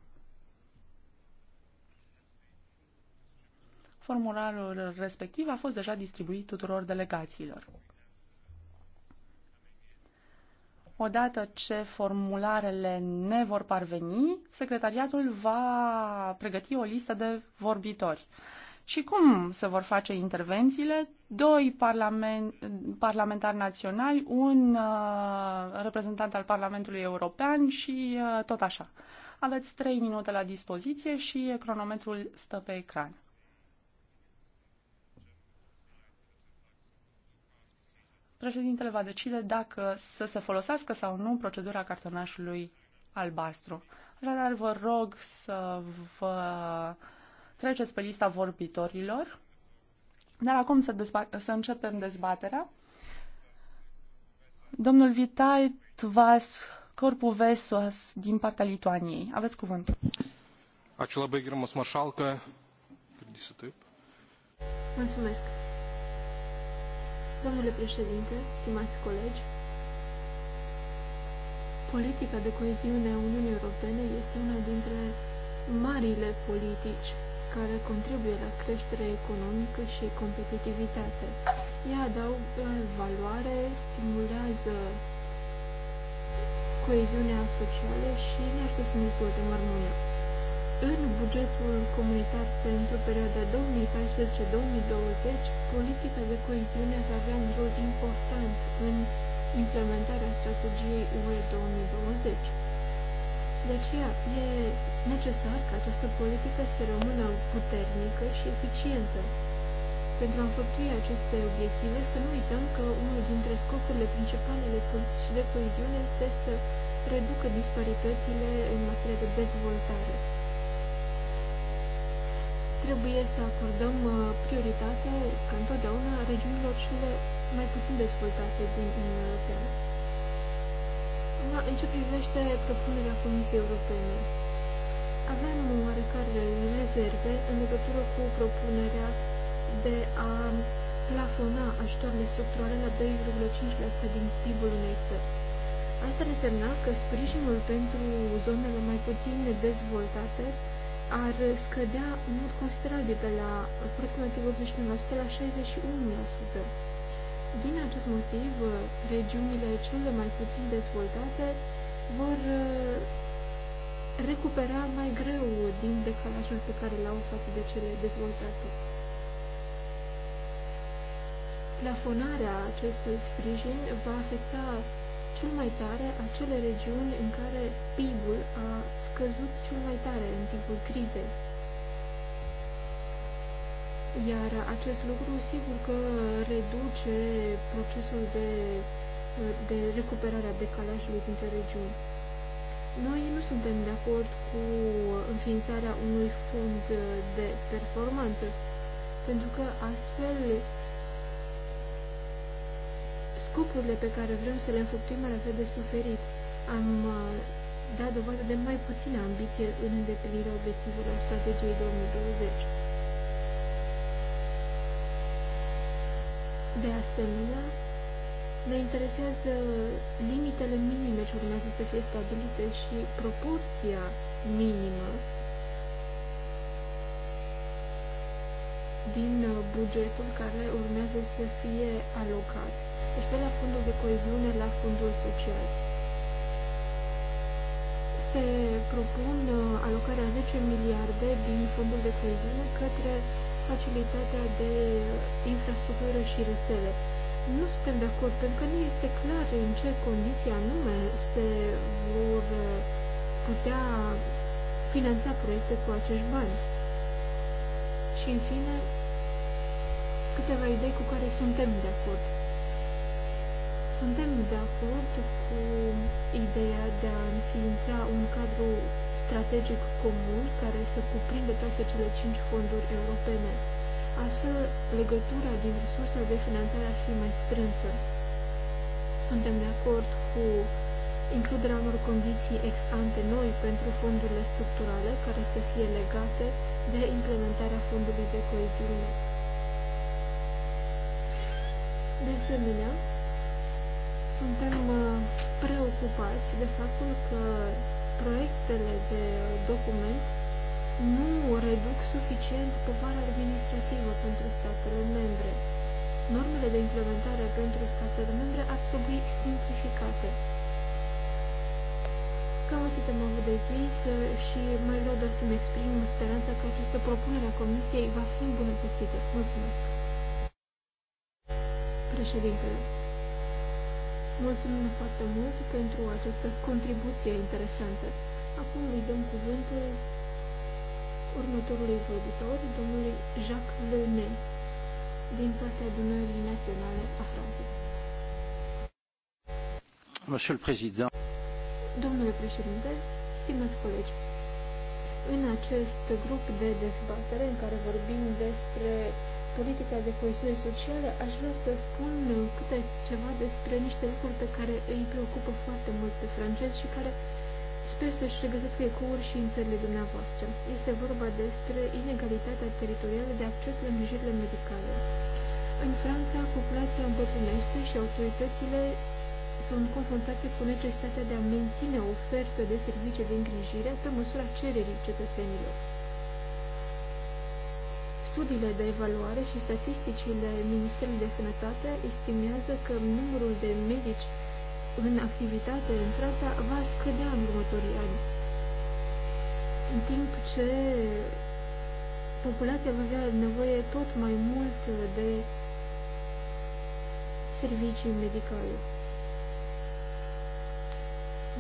Formularul respectiv a fost deja distribuit tuturor delegațiilor. Odată ce formularele ne vor parveni, secretariatul va pregăti o listă de vorbitori și cum se vor face intervențiile. Doi parlament, parlamentari naționali, un uh, reprezentant al Parlamentului European și uh, tot așa. Aveți trei minute la dispoziție și cronometrul stă pe ecran. Președintele va decide dacă să se folosească sau nu procedura cartonașului albastru. Așadar, vă rog să vă uh, treceți pe lista vorbitorilor. Dar acum să, să începem dezbaterea. Domnul Vitai Tvas Corpul Vesos din partea Lituaniei. Aveți cuvântul. Acela labai, gerbiamas maršalka. Mulțumesc. Domnule președinte, stimați colegi, politica de coeziune a Uniunii Europene este una dintre marile politici care contribuie la creștere economică și competitivitate. Ea adaugă valoare, stimulează coeziunea socială și ne ajută să ne dezvoltăm armonios. În bugetul comunitar pentru perioada 2014-2020, politica de coeziune va avea un rol important în implementarea strategiei UE 2020 de aceea e necesar ca această politică să rămână puternică și eficientă. Pentru a înfăptui aceste obiective, să nu uităm că unul dintre scopurile principale ale politicii de coeziune este să reducă disparitățile în materie de dezvoltare. Trebuie să acordăm uh, prioritate, ca întotdeauna, regiunilor cele mai puțin dezvoltate din Uniunea uh, Europeană. La, da, în ce privește propunerea Comisiei Europene, avem oarecare rezerve în legătură cu propunerea de a plafona ajutoarele structurale la 2,5% din PIB-ul unei țări. Asta însemna că sprijinul pentru zonele mai puțin dezvoltate ar scădea în mod considerabil de la aproximativ 81% la 61%. Din acest motiv, regiunile de mai puțin dezvoltate vor uh, recupera mai greu din decalajul pe care l-au față de cele dezvoltate. Plafonarea acestui sprijin va afecta cel mai tare acele regiuni în care PIB-ul a scăzut cel mai tare în timpul crizei iar acest lucru sigur că reduce procesul de, de recuperare a decalajului dintre regiuni. Noi nu suntem de acord cu înființarea unui fond de performanță, pentru că astfel scopurile pe care vrem să le înfăptuim ar avea de suferit. Am uh, dat dovadă de mai puțină ambiție în îndeplinirea obiectivelor strategiei 2020. De asemenea, ne interesează limitele minime ce urmează să fie stabilite și proporția minimă din uh, bugetul care urmează să fie alocat. Deci pe la fondul de coeziune la fondul social. Se propun uh, alocarea 10 miliarde din fondul de coeziune către facilitatea de uh, infrastructură și rețele. Nu suntem de acord, pentru că nu este clar în ce condiții anume se vor uh, putea finanța proiecte cu acești bani. Și, în fine, câteva idei cu care suntem de acord. Suntem de acord cu ideea de a înființa un cadru strategic comun care să cuprindă toate cele cinci fonduri europene. Astfel, legătura dintre sursele de finanțare ar fi mai strânsă. Suntem de acord cu includerea unor condiții ex ante noi pentru fondurile structurale care să fie legate de implementarea fondului de coeziune. De asemenea, suntem uh, preocupați de faptul că proiectele de uh, document nu reduc suficient povara administrativă pentru statele membre. Normele de implementare pentru statele membre ar trebui simplificate. Cam atât am avut de zis uh, și mai vreau doar să-mi exprim speranța că această propunere a Comisiei va fi îmbunătățită. Mulțumesc! Președintele Mulțumim foarte mult pentru această contribuție interesantă. Acum îi dăm cuvântul următorului vorbitor, domnului Jacques Leunet, din partea Dunării naționale a Franței. Domnule președinte, stimați colegi, în acest grup de dezbatere în care vorbim despre politica de coeziune socială, aș vrea să spun uh, câte ceva despre niște lucruri pe care îi preocupă foarte mult pe francezi și care sper să-și regăsesc ecouri și în țările dumneavoastră. Este vorba despre inegalitatea teritorială de acces la îngrijirile medicale. În Franța, populația îmbătrânește și autoritățile sunt confruntate cu necesitatea de a menține o ofertă de servicii de îngrijire pe măsura cererii cetățenilor studiile de evaluare și statisticile Ministerului de Sănătate estimează că numărul de medici în activitate în Franța va scădea în următorii ani, în timp ce populația va avea nevoie tot mai mult de servicii medicale.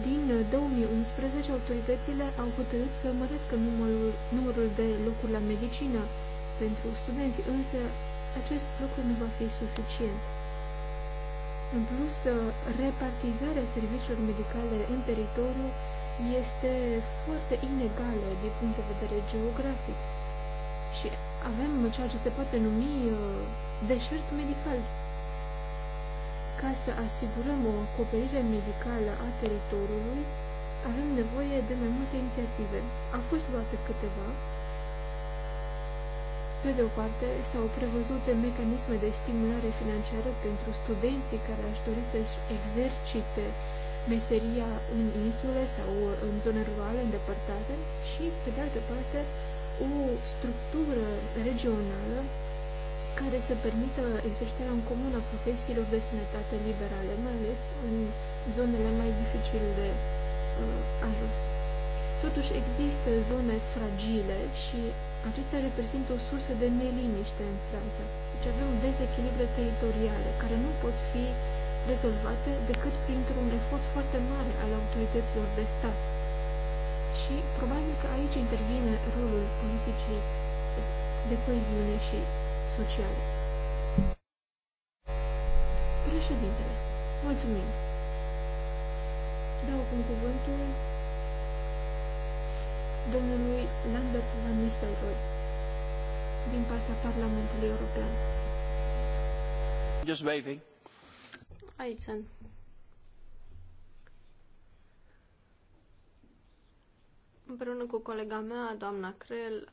Din 2011, autoritățile au hotărât să măresc numărul, numărul de locuri la medicină pentru studenți, însă acest lucru nu va fi suficient. În plus, repartizarea serviciilor medicale în teritoriu este foarte inegală din punct de vedere geografic și avem ceea ce se poate numi uh, deșert medical. Ca să asigurăm o acoperire medicală a teritoriului, avem nevoie de mai multe inițiative. Au fost luate câteva, pe de o parte, s-au prevăzut mecanisme de stimulare financiară pentru studenții care aș dori să-și exercite meseria în insule sau în zone rurale îndepărtate și, pe de altă parte, o structură regională care să permită exercitarea în comun a profesiilor de sănătate liberale, mai ales în zonele mai dificil de uh, ajuns. Totuși există zone fragile și Acestea reprezintă o sursă de neliniște în Franța. Deci avem dezechilibre teritoriale care nu pot fi rezolvate decât printr-un efort foarte mare al autorităților de stat. Și probabil că aici intervine rolul politicii de coeziune și sociale. Președintele, mulțumim! Dau cum cuvântul domnului Lambert Van Nistelrooy din partea Parlamentului European. Just waving. Aici sunt. Împreună cu colega mea, doamna Crel,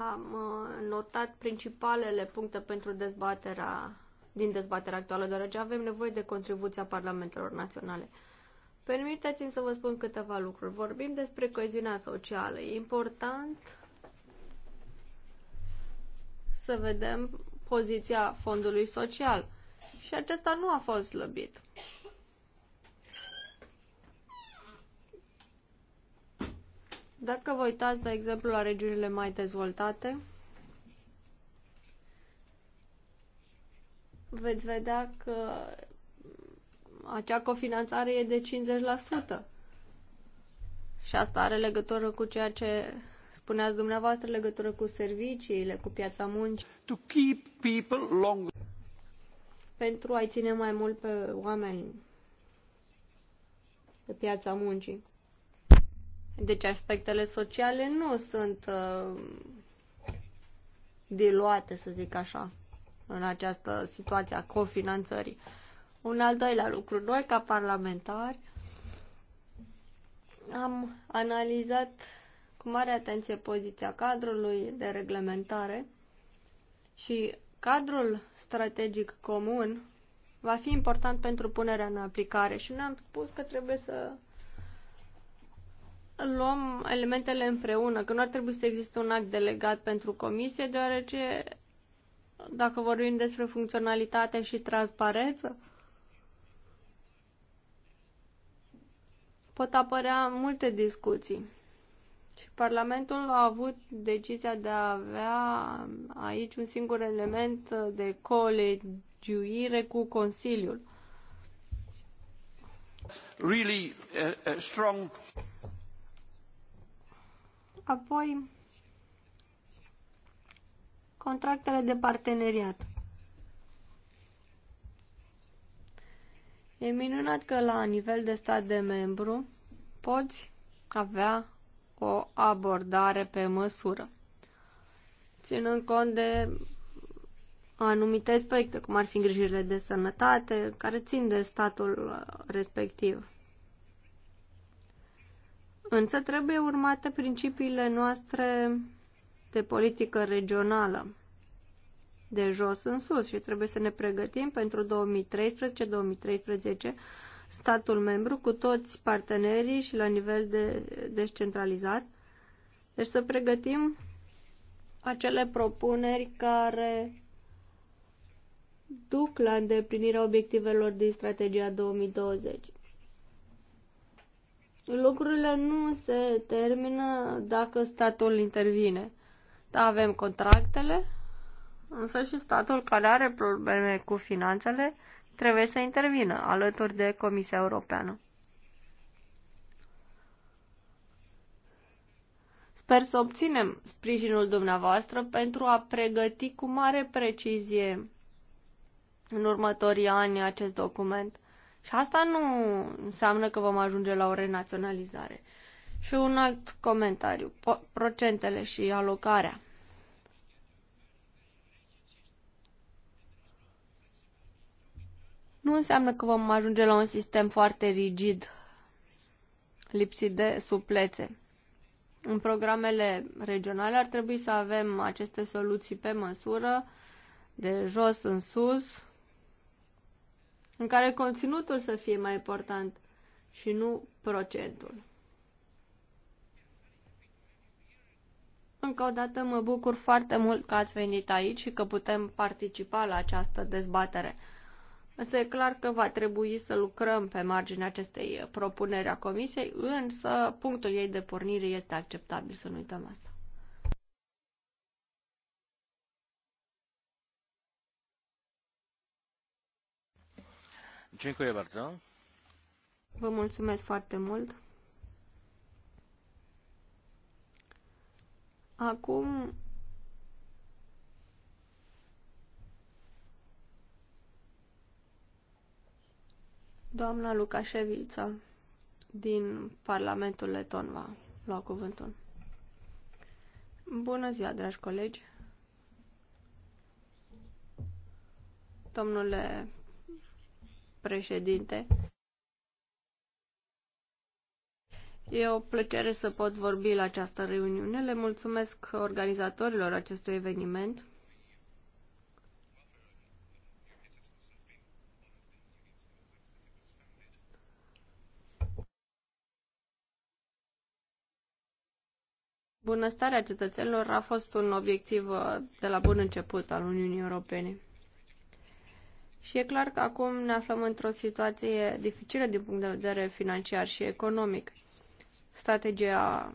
am uh, notat principalele puncte pentru dezbaterea din dezbaterea actuală, deoarece avem nevoie de contribuția parlamentelor naționale. Permiteți-mi să vă spun câteva lucruri. Vorbim despre coeziunea socială. E important să vedem poziția fondului social. Și acesta nu a fost slăbit. Dacă vă uitați, de exemplu, la regiunile mai dezvoltate, veți vedea că acea cofinanțare e de 50%. Și asta are legătură cu ceea ce spuneați dumneavoastră, legătură cu serviciile, cu piața muncii. To keep people long. Pentru a-i ține mai mult pe oameni pe piața muncii. Deci aspectele sociale nu sunt uh, diluate, să zic așa în această situație a cofinanțării. Un al doilea lucru, noi ca parlamentari am analizat cu mare atenție poziția cadrului de reglementare și cadrul strategic comun va fi important pentru punerea în aplicare și ne-am spus că trebuie să luăm elementele împreună, că nu ar trebui să existe un act delegat pentru comisie, deoarece dacă vorbim despre funcționalitate și transparență, pot apărea multe discuții. Și Parlamentul a avut decizia de a avea aici un singur element de colegiuire cu Consiliul. Really, uh, uh, strong. Apoi, contractele de parteneriat. E minunat că la nivel de stat de membru poți avea o abordare pe măsură, ținând cont de anumite aspecte, cum ar fi îngrijirile de sănătate, care țin de statul respectiv. Însă trebuie urmate principiile noastre de politică regională de jos în sus și trebuie să ne pregătim pentru 2013-2013 statul membru cu toți partenerii și la nivel de descentralizat. Deci să pregătim acele propuneri care duc la îndeplinirea obiectivelor din strategia 2020. Lucrurile nu se termină dacă statul intervine. Da, avem contractele, însă și statul care are probleme cu finanțele trebuie să intervină alături de Comisia Europeană. Sper să obținem sprijinul dumneavoastră pentru a pregăti cu mare precizie în următorii ani acest document. Și asta nu înseamnă că vom ajunge la o renaționalizare. Și un alt comentariu, procentele și alocarea. Nu înseamnă că vom ajunge la un sistem foarte rigid, lipsit de suplețe. În programele regionale ar trebui să avem aceste soluții pe măsură, de jos în sus, în care conținutul să fie mai important și nu procentul. Încă o dată mă bucur foarte mult că ați venit aici și că putem participa la această dezbatere. Însă e clar că va trebui să lucrăm pe marginea acestei propuneri a Comisiei, însă punctul ei de pornire este acceptabil, să nu uităm asta. Vă mulțumesc foarte mult. Acum doamna Lucașevița din Parlamentul Leton va lua cuvântul. Bună ziua, dragi colegi! Domnule președinte, E o plăcere să pot vorbi la această reuniune. Le mulțumesc organizatorilor acestui eveniment. Bunăstarea cetățenilor a fost un obiectiv uh, de la bun început al Uniunii Europene. Și e clar că acum ne aflăm într-o situație dificilă din punct de vedere financiar și economic. Strategia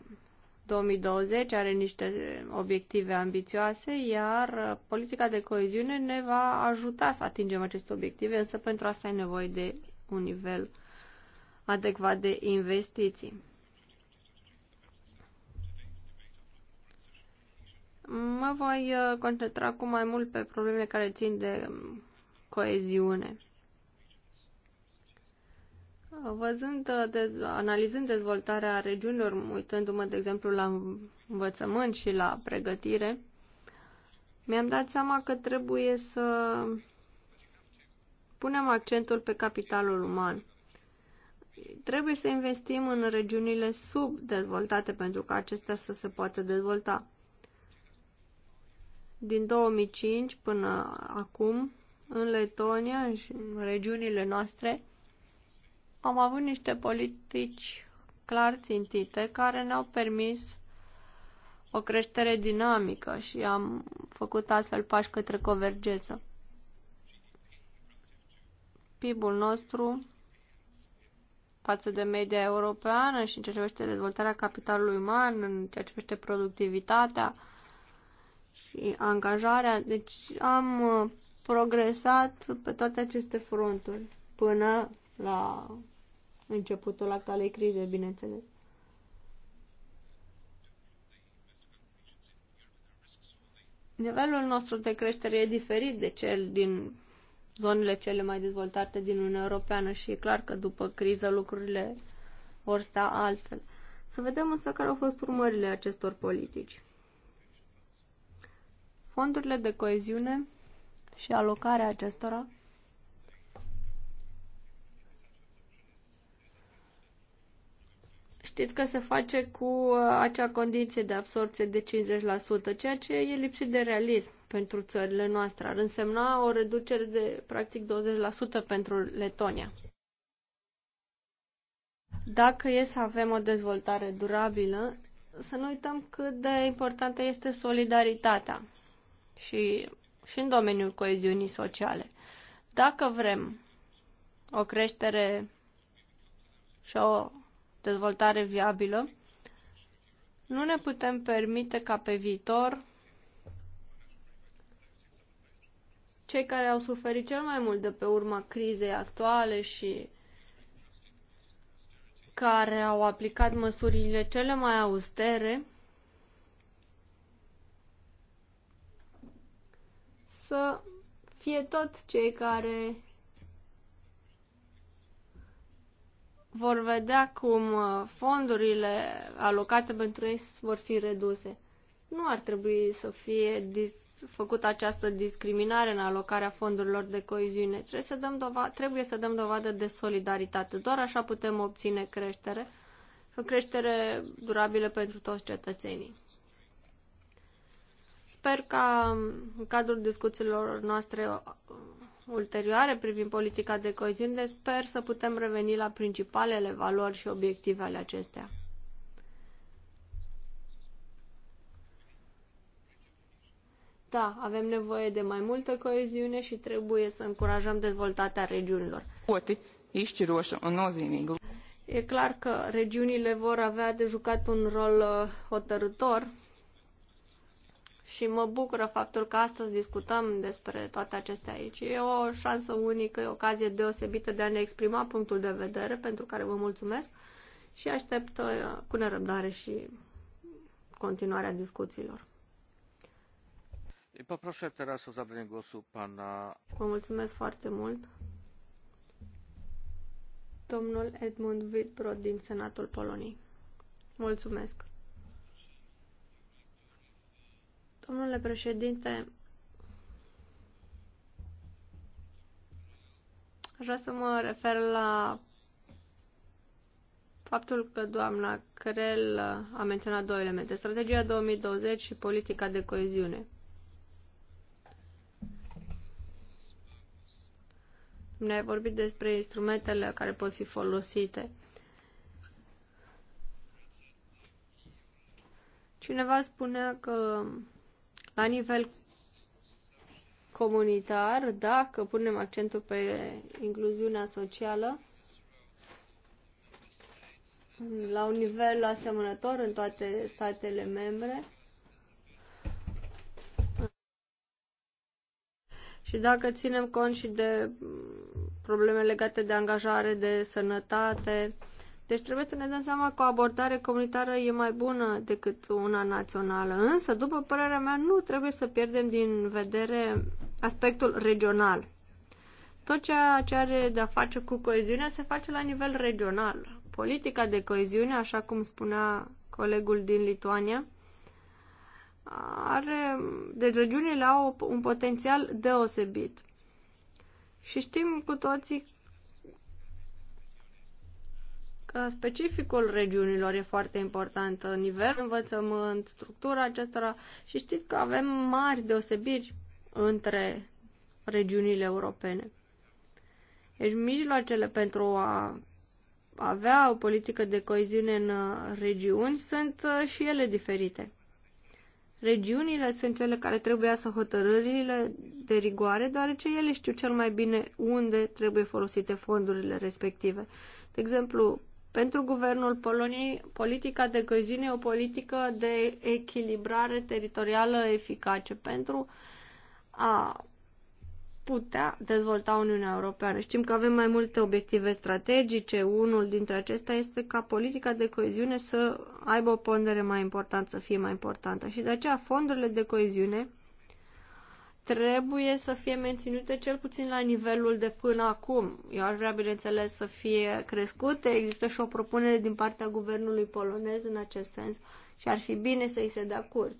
2020 are niște obiective ambițioase, iar politica de coeziune ne va ajuta să atingem aceste obiective, însă pentru asta ai nevoie de un nivel adecvat de investiții. Mă voi uh, concentra acum mai mult pe problemele care țin de coeziune. Văzând, uh, dez, analizând dezvoltarea regiunilor, uitându-mă, de exemplu, la învățământ și la pregătire, mi-am dat seama că trebuie să punem accentul pe capitalul uman. Trebuie să investim în regiunile subdezvoltate pentru ca acestea să se poată dezvolta. Din 2005 până acum, în Letonia și în regiunile noastre, am avut niște politici clar țintite care ne-au permis o creștere dinamică și am făcut astfel pași către convergență. PIB-ul nostru față de media europeană și în ceea ce privește dezvoltarea capitalului uman, în ceea ce privește productivitatea și angajarea. Deci am uh, progresat pe toate aceste fronturi până la începutul actualei crize, bineînțeles. Nivelul nostru de creștere e diferit de cel din zonele cele mai dezvoltate din Uniunea Europeană și e clar că după criză lucrurile vor sta altfel. Să vedem însă care au fost urmările acestor politici. Fondurile de coeziune și alocarea acestora știți că se face cu uh, acea condiție de absorție de 50%, ceea ce e lipsit de realism pentru țările noastre. Ar însemna o reducere de practic 20% pentru Letonia. Dacă e să avem o dezvoltare durabilă, să nu uităm cât de importantă este solidaritatea și, și în domeniul coeziunii sociale. Dacă vrem o creștere și o dezvoltare viabilă, nu ne putem permite ca pe viitor cei care au suferit cel mai mult de pe urma crizei actuale și care au aplicat măsurile cele mai austere să fie tot cei care vor vedea cum uh, fondurile alocate pentru ei vor fi reduse. Nu ar trebui să fie dis- făcută această discriminare în alocarea fondurilor de coeziune. Trebuie să, dăm dovadă, trebuie să dăm dovadă de solidaritate. Doar așa putem obține creștere, o creștere durabilă pentru toți cetățenii. Sper că în cadrul discuțiilor noastre ulterioare privind politica de coeziune, sper să putem reveni la principalele valori și obiective ale acestea. Da, avem nevoie de mai multă coeziune și trebuie să încurajăm dezvoltarea regiunilor. Poate, ești roșu, în E clar că regiunile vor avea de jucat un rol uh, hotărător și mă bucură faptul că astăzi discutăm despre toate acestea aici. E o șansă unică, e o ocazie deosebită de a ne exprima punctul de vedere, pentru care vă mulțumesc și aștept uh, cu nerăbdare și continuarea discuțiilor. Poproszę teraz o zabranie głosu pana... Vă mulțumesc foarte mult. Domnul Edmund Witbrod din Senatul Poloniei. Mulțumesc. Domnule președinte, aș vrea să mă refer la faptul că doamna Crel a menționat două elemente, strategia 2020 și politica de coeziune. Ne-ai vorbit despre instrumentele care pot fi folosite. Cineva spunea că la nivel comunitar, dacă punem accentul pe incluziunea socială, la un nivel asemănător în toate statele membre, Și dacă ținem cont și de probleme legate de angajare, de sănătate, deci trebuie să ne dăm seama că o abordare comunitară e mai bună decât una națională. Însă, după părerea mea, nu trebuie să pierdem din vedere aspectul regional. Tot ceea ce are de-a face cu coeziunea se face la nivel regional. Politica de coeziune, așa cum spunea colegul din Lituania, are, deci regiunile au un potențial deosebit. Și știm cu toții Uh, specificul regiunilor e foarte important, uh, nivel învățământ, structura acestora și știți că avem mari deosebiri între regiunile europene. Deci mijloacele pentru a avea o politică de coeziune în uh, regiuni sunt și ele diferite. Regiunile sunt cele care trebuie să hotărârile de rigoare, deoarece ele știu cel mai bine unde trebuie folosite fondurile respective. De exemplu, pentru guvernul Poloniei, politica de coeziune e o politică de echilibrare teritorială eficace pentru a putea dezvolta Uniunea Europeană. Știm că avem mai multe obiective strategice. Unul dintre acestea este ca politica de coeziune să aibă o pondere mai importantă, să fie mai importantă. Și de aceea fondurile de coeziune trebuie să fie menținute cel puțin la nivelul de până acum. Eu aș vrea, bineînțeles, să fie crescute. Există și o propunere din partea guvernului polonez în acest sens și ar fi bine să îi se dea curs.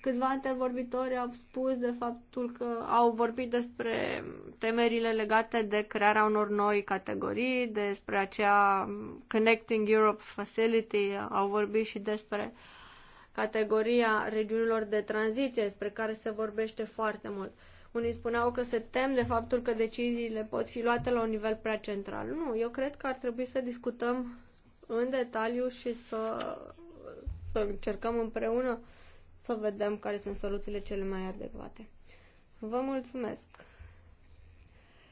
Câțiva antevorbitori au spus de faptul că au vorbit despre temerile legate de crearea unor noi categorii, despre acea Connecting Europe Facility, au vorbit și despre uh, categoria regiunilor de tranziție, despre care se vorbește foarte mult. Unii spuneau că se tem de faptul că deciziile pot fi luate la un nivel prea central. Nu, eu cred că ar trebui să discutăm în detaliu și să, să încercăm împreună să vedem care sunt soluțiile cele mai adecvate. Vă mulțumesc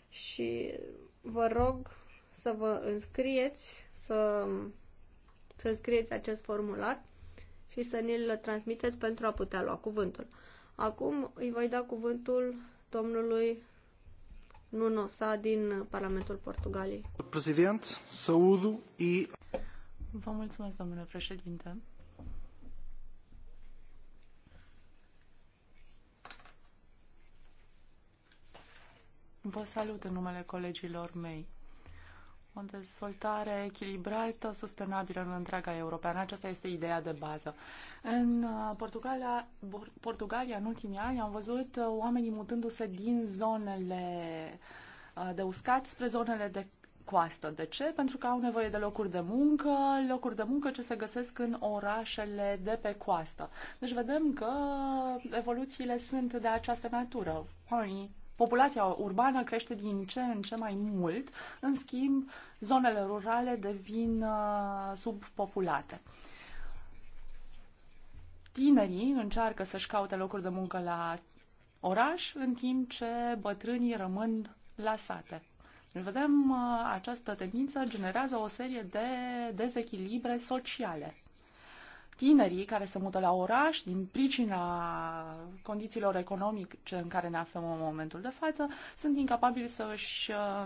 și vă rog să vă înscrieți, să, să înscrieți acest formular și să ne-l transmiteți pentru a putea lua cuvântul. Acum îi voi da cuvântul domnului Nuno Sá din Parlamentul Portugaliei. Prezident, saúdo și. Vă mulțumesc, domnule președinte. Vă salut în numele colegilor mei o dezvoltare echilibrată, sustenabilă în întreaga europeană. Aceasta este ideea de bază. În uh, Portugalia, Portugalia în ultimii ani, am văzut uh, oamenii mutându-se din zonele uh, de uscat spre zonele de coastă. De ce? Pentru că au nevoie de locuri de muncă, locuri de muncă ce se găsesc în orașele de pe coastă. Deci vedem că evoluțiile sunt de această natură. Oamenii populația urbană crește din ce în ce mai mult, în schimb, zonele rurale devin uh, subpopulate. Tinerii încearcă să-și caute locuri de muncă la oraș, în timp ce bătrânii rămân la sate. Deci vedem, uh, această tendință generează o serie de dezechilibre sociale tinerii care se mută la oraș din pricina condițiilor economice în care ne aflăm în momentul de față, sunt incapabili să își uh,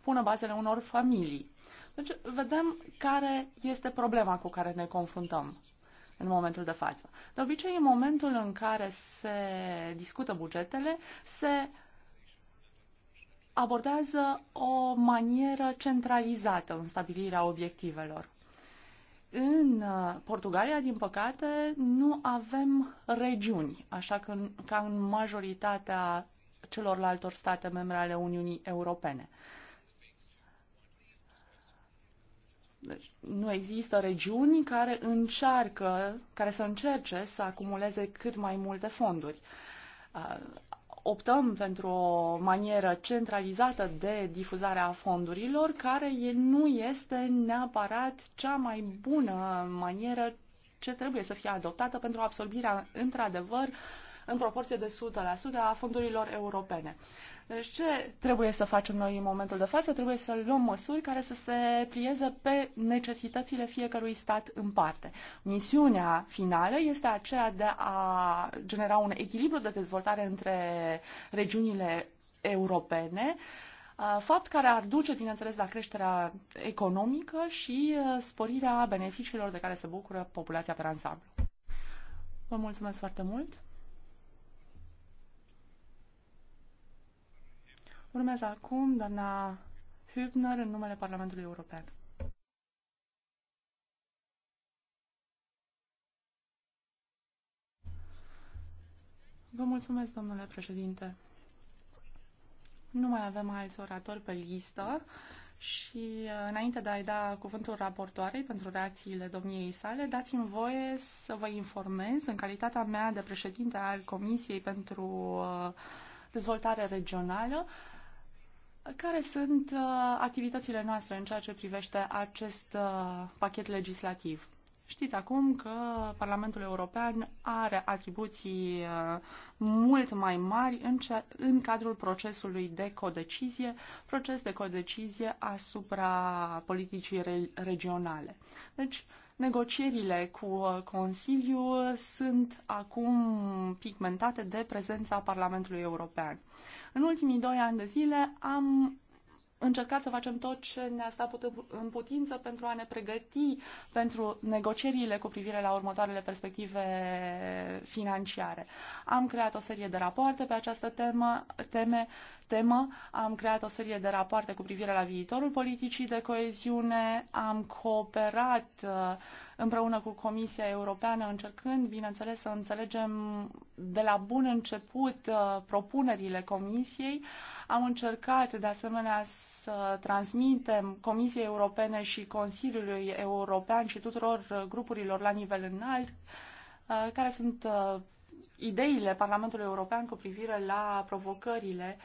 pună bazele unor familii. Deci vedem care este problema cu care ne confruntăm în momentul de față. De obicei, în momentul în care se discută bugetele, se abordează o manieră centralizată în stabilirea obiectivelor. În uh, Portugalia, din păcate, nu avem regiuni, așa că, ca în majoritatea celorlaltor state membre ale Uniunii Europene. Deci, nu există regiuni care încearcă, care să încerce să acumuleze cât mai multe fonduri. Uh, optăm pentru o manieră centralizată de difuzare a fondurilor, care nu este neapărat cea mai bună manieră ce trebuie să fie adoptată pentru absorbirea, într-adevăr, în proporție de 100% a fondurilor europene. Deci ce trebuie să facem noi în momentul de față? Trebuie să luăm măsuri care să se plieze pe necesitățile fiecărui stat în parte. Misiunea finală este aceea de a genera un echilibru de dezvoltare între regiunile europene, fapt care ar duce, bineînțeles, la creșterea economică și sporirea beneficiilor de care se bucură populația pe ansamblu. Vă mulțumesc foarte mult! Urmează acum doamna Hübner în numele Parlamentului European. Vă mulțumesc, domnule președinte. Nu mai avem alți oratori pe listă și uh, înainte de a-i da cuvântul raportoarei pentru reacțiile domniei sale, dați-mi voie să vă informez în calitatea mea de președinte al Comisiei pentru uh, Dezvoltare Regională. Care sunt uh, activitățile noastre în ceea ce privește acest uh, pachet legislativ? Știți acum că Parlamentul European are atribuții uh, mult mai mari în, ce, în cadrul procesului de codecizie, proces de codecizie asupra politicii re, regionale. Deci, negocierile cu uh, Consiliul sunt acum pigmentate de prezența Parlamentului European. În ultimii doi ani de zile am încercat să facem tot ce ne-a stat în putință pentru a ne pregăti pentru negocierile cu privire la următoarele perspective financiare. Am creat o serie de rapoarte pe această temă, teme, temă, am creat o serie de rapoarte cu privire la viitorul politicii de coeziune, am cooperat uh, împreună cu Comisia Europeană, încercând, bineînțeles, să înțelegem de la bun început uh, propunerile Comisiei, am încercat de asemenea să transmitem Comisiei Europene și Consiliului European și tuturor uh, grupurilor la nivel înalt uh, care sunt uh, ideile Parlamentului European cu privire la provocările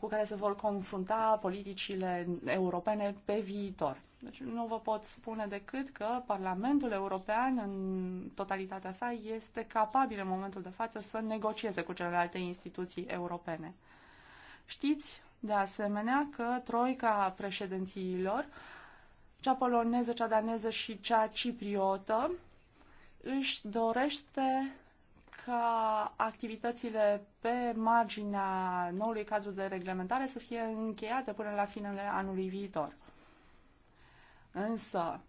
cu care se vor confrunta politicile europene pe viitor. Deci nu vă pot spune decât că Parlamentul European în totalitatea sa este capabil în momentul de față să negocieze cu celelalte instituții europene. Știți, de asemenea, că troica președințiilor, cea poloneză, cea daneză și cea cipriotă, își dorește ca activitățile pe marginea noului cadru de reglementare să fie încheiate până la finele anului viitor. Însă,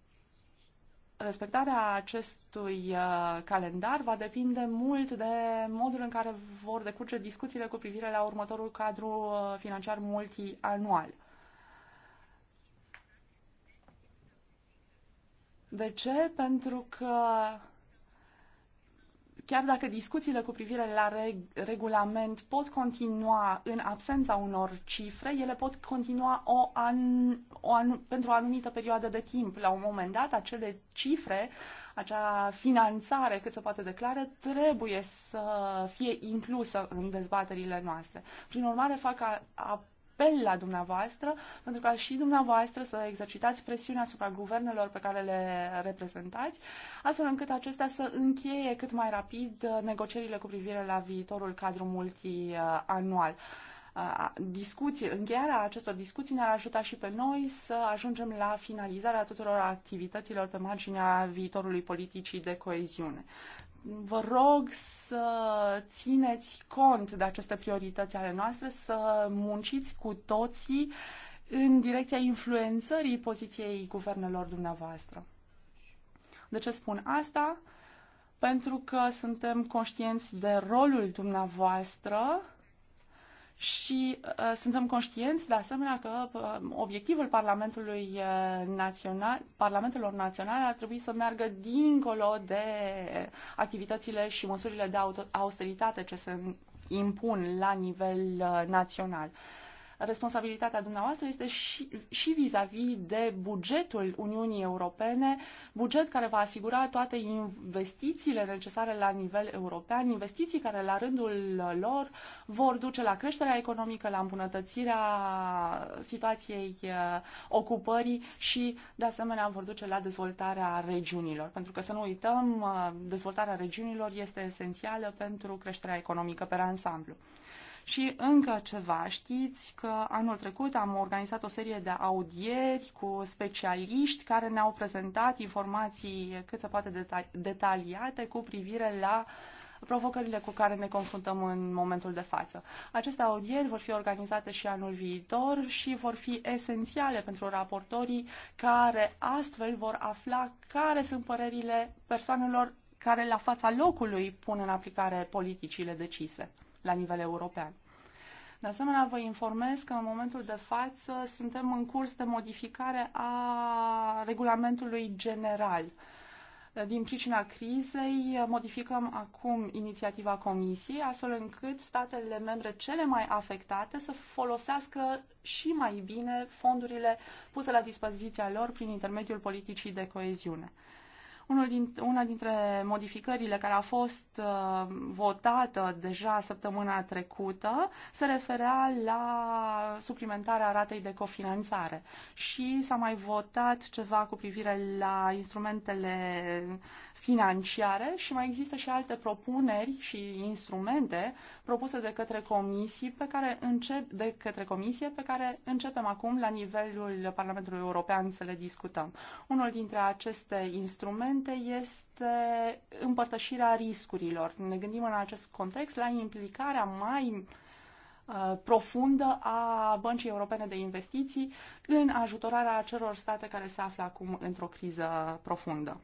Respectarea acestui uh, calendar va depinde mult de modul în care vor decurge discuțiile cu privire la următorul cadru uh, financiar multianual. De ce? Pentru că chiar dacă discuțiile cu privire la reg- regulament pot continua în absența unor cifre, ele pot continua o an- o an- pentru o anumită perioadă de timp. La un moment dat, acele cifre, acea finanțare cât se poate declară, trebuie să fie inclusă în dezbaterile noastre. Prin urmare, fac a- a- apel la dumneavoastră pentru ca și dumneavoastră să exercitați presiunea asupra guvernelor pe care le reprezentați, astfel încât acestea să încheie cât mai rapid uh, negocierile cu privire la viitorul cadru multianual. Uh, discuții, încheierea acestor discuții ne-ar ajuta și pe noi să ajungem la finalizarea tuturor activităților pe marginea viitorului politicii de coeziune vă rog să țineți cont de aceste priorități ale noastre, să munciți cu toții în direcția influențării poziției guvernelor dumneavoastră. De ce spun asta? Pentru că suntem conștienți de rolul dumneavoastră și uh, suntem conștienți de asemenea că uh, obiectivul Parlamentului uh, Național, Parlamentelor Naționale ar trebui să meargă dincolo de activitățile și măsurile de auto- austeritate ce se impun la nivel uh, național. Uh, responsabilitatea dumneavoastră este și, și vis-a-vis -vis de bugetul Uniunii Europene, buget care va asigura toate investițiile necesare la nivel european, investiții care la rândul lor vor duce la creșterea economică, la îmbunătățirea situației uh, ocupării și, de asemenea, vor duce la dezvoltarea regiunilor. Pentru că, să nu uităm, uh, dezvoltarea regiunilor este esențială pentru creșterea economică pe ansamblu. Și încă ceva, știți că anul trecut am organizat o serie de audieri cu specialiști care ne-au prezentat informații cât se poate deta- detaliate cu privire la provocările cu care ne confruntăm în momentul de față. Aceste audieri vor fi organizate și anul viitor și vor fi esențiale pentru raportorii care astfel vor afla care sunt părerile persoanelor care la fața locului pun în aplicare politicile decise la nivel european. De asemenea, vă informez că în momentul de față suntem în curs de modificare a regulamentului general. Din pricina crizei, modificăm acum inițiativa Comisiei, astfel încât statele membre cele mai afectate să folosească și mai bine fondurile puse la dispoziția lor prin intermediul politicii de coeziune. Unul din, una dintre modificările care a fost uh, votată deja săptămâna trecută se referea la suplimentarea ratei de cofinanțare și s-a mai votat ceva cu privire la instrumentele financiare și mai există și alte propuneri și instrumente propuse de către comisii pe care încep, de către comisie pe care începem acum la nivelul Parlamentului European să le discutăm. Unul dintre aceste instrumente este împărtășirea riscurilor. Ne gândim în acest context la implicarea mai uh, profundă a Băncii Europene de Investiții în ajutorarea acelor state care se află acum într-o criză profundă.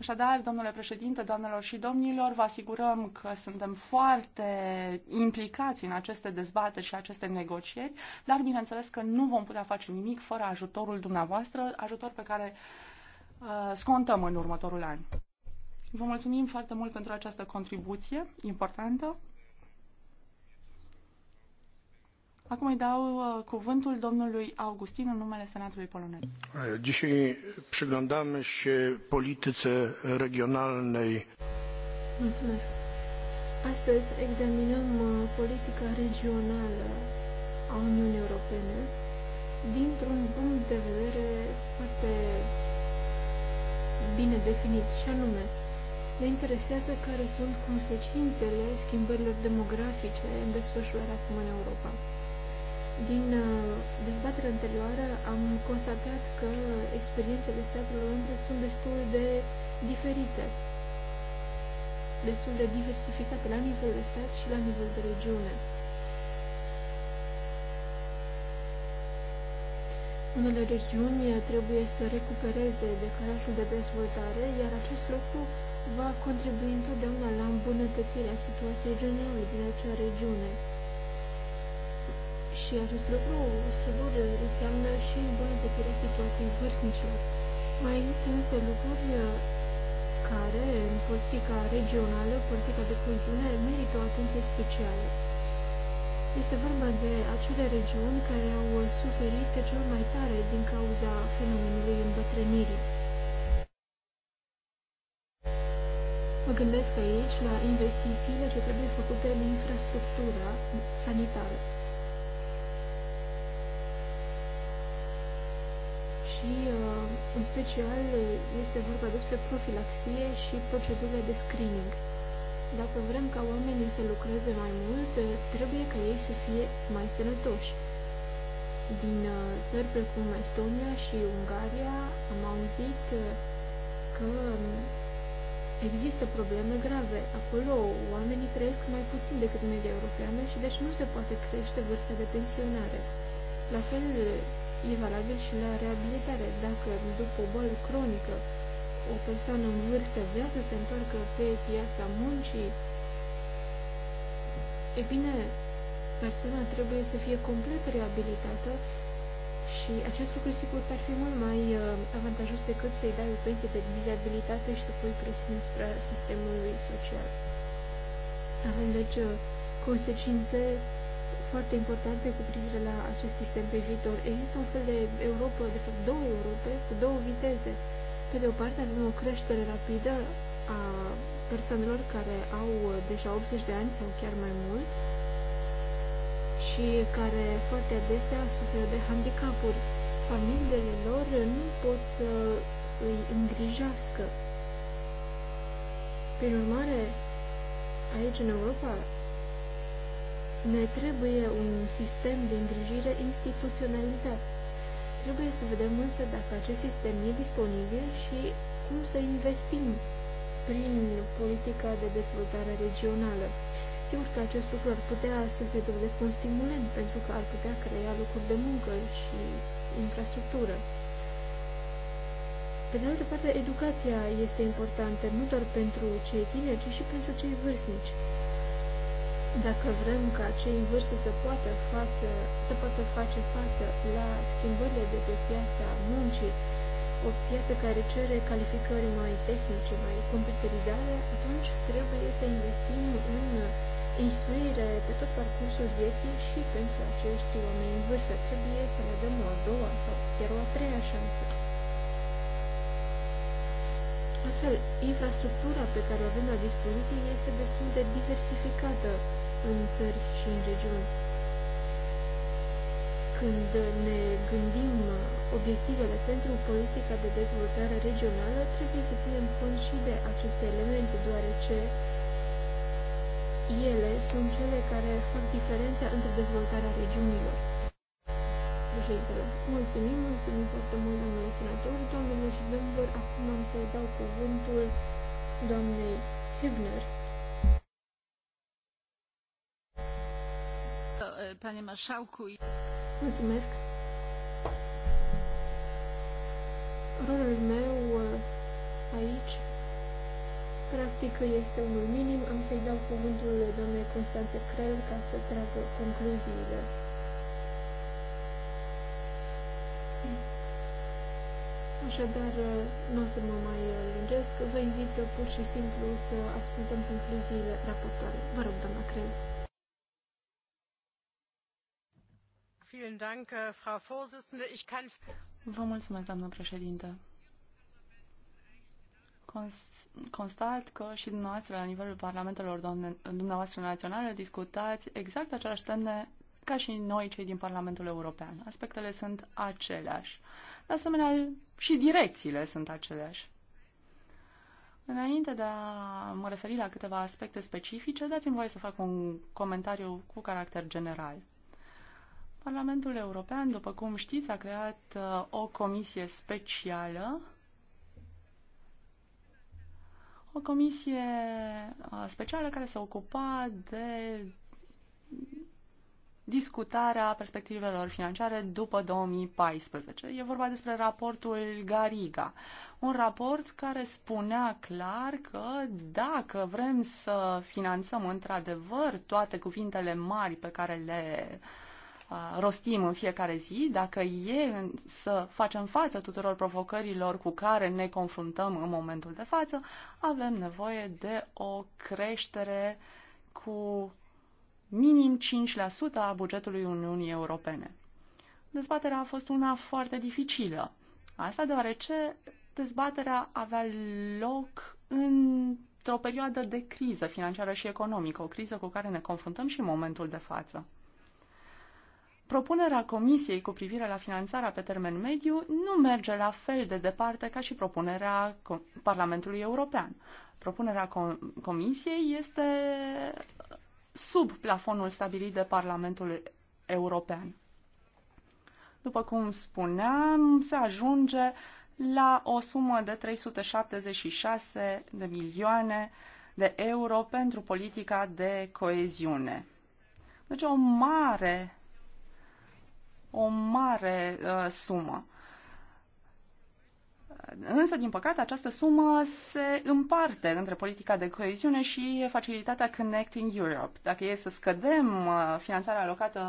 Așadar, domnule președinte, doamnelor și domnilor, vă asigurăm că suntem foarte implicați în aceste dezbateri și aceste negocieri, dar bineînțeles că nu vom putea face nimic fără ajutorul dumneavoastră, ajutor pe care uh, scontăm în următorul an. Vă mulțumim foarte mult pentru această contribuție importantă. Acum îi dau uh, cuvântul domnului Augustin în numele Senatului polonez. Dzisiaj przyglądamy się polityce regionalnej. Mulțumesc. Astăzi examinăm uh, politica regională a Uniunii Europene dintr-un punct de vedere foarte bine definit, și anume, ne interesează care sunt consecințele schimbărilor demografice în desfășurare acum în Europa. Din uh, dezbaterea anterioară am constatat că experiențele statelor membre sunt destul de diferite, destul de diversificate la nivel de stat și la nivel de regiune. Unele regiuni trebuie să recupereze decalajul de dezvoltare, iar acest lucru va contribui întotdeauna la îmbunătățirea situației generale din acea regiune. Și acest lucru, sigur, înseamnă și îmbunătățirea situației vârstnicilor. Mai există însă lucruri uh, care, în politica regională, politica de coeziune, merită o atenție specială. Este vorba de acele regiuni care au uh, suferit cel mai tare din cauza fenomenului îmbătrânirii. Mă gândesc aici la investițiile ce trebuie făcute în infrastructura sanitară. și uh, în special este vorba despre profilaxie și procedurile de screening. Dacă vrem ca oamenii să lucreze mai mult, trebuie ca ei să fie mai sănătoși. Din uh, țări precum Estonia și Ungaria am auzit uh, că um, există probleme grave. Acolo oamenii trăiesc mai puțin decât media europeană și deci nu se poate crește vârsta de pensionare. La fel, e valabil și la reabilitare. Dacă după o boală cronică o persoană în vârstă vrea să se întoarcă pe piața muncii, e bine, persoana trebuie să fie complet reabilitată și acest lucru sigur ar fi mult mai uh, avantajos decât să-i dai o pensie de dizabilitate și să pui presiune asupra sistemului social. Avem deci uh, consecințe foarte importante cu privire la acest sistem pe viitor. Există un fel de Europa, de fapt două Europe, cu două viteze. Pe de o parte avem o creștere rapidă a persoanelor care au uh, deja 80 de ani sau chiar mai mult și care foarte adesea suferă de handicapuri. Familiile lor nu pot să îi îngrijească. Prin urmare, aici în Europa ne trebuie un sistem de îngrijire instituționalizat. Trebuie să vedem însă dacă acest sistem e disponibil și cum să investim prin politica de dezvoltare regională. Sigur că acest lucru ar putea să se dovedească un stimulent pentru că ar putea crea locuri de muncă și infrastructură. Pe de altă parte, educația este importantă nu doar pentru cei tineri, ci și pentru cei vârstnici. Dacă vrem ca cei în vârstă să poată, față, să poată face față la schimbările de pe piața muncii, o piață care cere calificări mai tehnice, mai computerizare, atunci trebuie să investim în instruire pe tot parcursul vieții și pentru acești oameni în vârstă. Trebuie să le dăm o a doua sau chiar o a treia șansă. Astfel, infrastructura pe care o avem la dispoziție este destul de diversificată în țări și în regiuni. Când ne gândim uh, obiectivele pentru politica de dezvoltare regională, trebuie să ținem cont și de aceste elemente, deoarece ele sunt cele care fac diferența între dezvoltarea regiunilor. Președintele, mulțumim, mulțumim foarte mult, domnule senator, doamnelor și domnilor, acum am să dau cuvântul doamnei Hübner. panie marszałku. Mulțumesc. Rolul meu uh, aici practic este unul minim. Am să-i dau cuvântul doamnei Constanțe Crel ca să tragă concluziile. Așadar, uh, nu o să mă mai uh, lungesc. Vă invit pur și simplu să ascultăm concluziile raportoare. Vă rog, doamna Crel. Äh, Vă mulțumesc, doamnă președinte. Constat că și dumneavoastră, la nivelul parlamentelor dumneavoastră naționale, discutați exact aceleași teme ca și noi, cei din Parlamentul European. Aspectele sunt aceleași. De asemenea, și direcțiile sunt aceleași. Înainte de a mă referi la câteva aspecte specifice, dați-mi voie să fac un comentariu cu caracter general. Parlamentul European, după cum știți, a creat uh, o comisie specială o comisie uh, specială care se ocupa de discutarea perspectivelor financiare după 2014. E vorba despre raportul Gariga, un raport care spunea clar că dacă vrem să finanțăm într-adevăr toate cuvintele mari pe care le uh, rostim în fiecare zi, dacă e să facem față tuturor provocărilor cu care ne confruntăm în momentul de față, avem nevoie de o creștere cu minim 5% a bugetului Uniunii Europene. Dezbaterea a fost una foarte dificilă. Asta deoarece dezbaterea avea loc într-o perioadă de criză financiară și economică, o criză cu care ne confruntăm și în momentul de față. Propunerea Comisiei cu privire la finanțarea pe termen mediu nu merge la fel de departe ca și propunerea Parlamentului European. Propunerea Comisiei este sub plafonul stabilit de Parlamentul European. După cum spuneam, se ajunge la o sumă de 376 de milioane de euro pentru politica de coeziune. Deci o mare o mare uh, sumă. Însă, din păcate, această sumă se împarte între politica de coeziune și facilitatea Connecting Europe. Dacă e să scădem uh, finanțarea alocată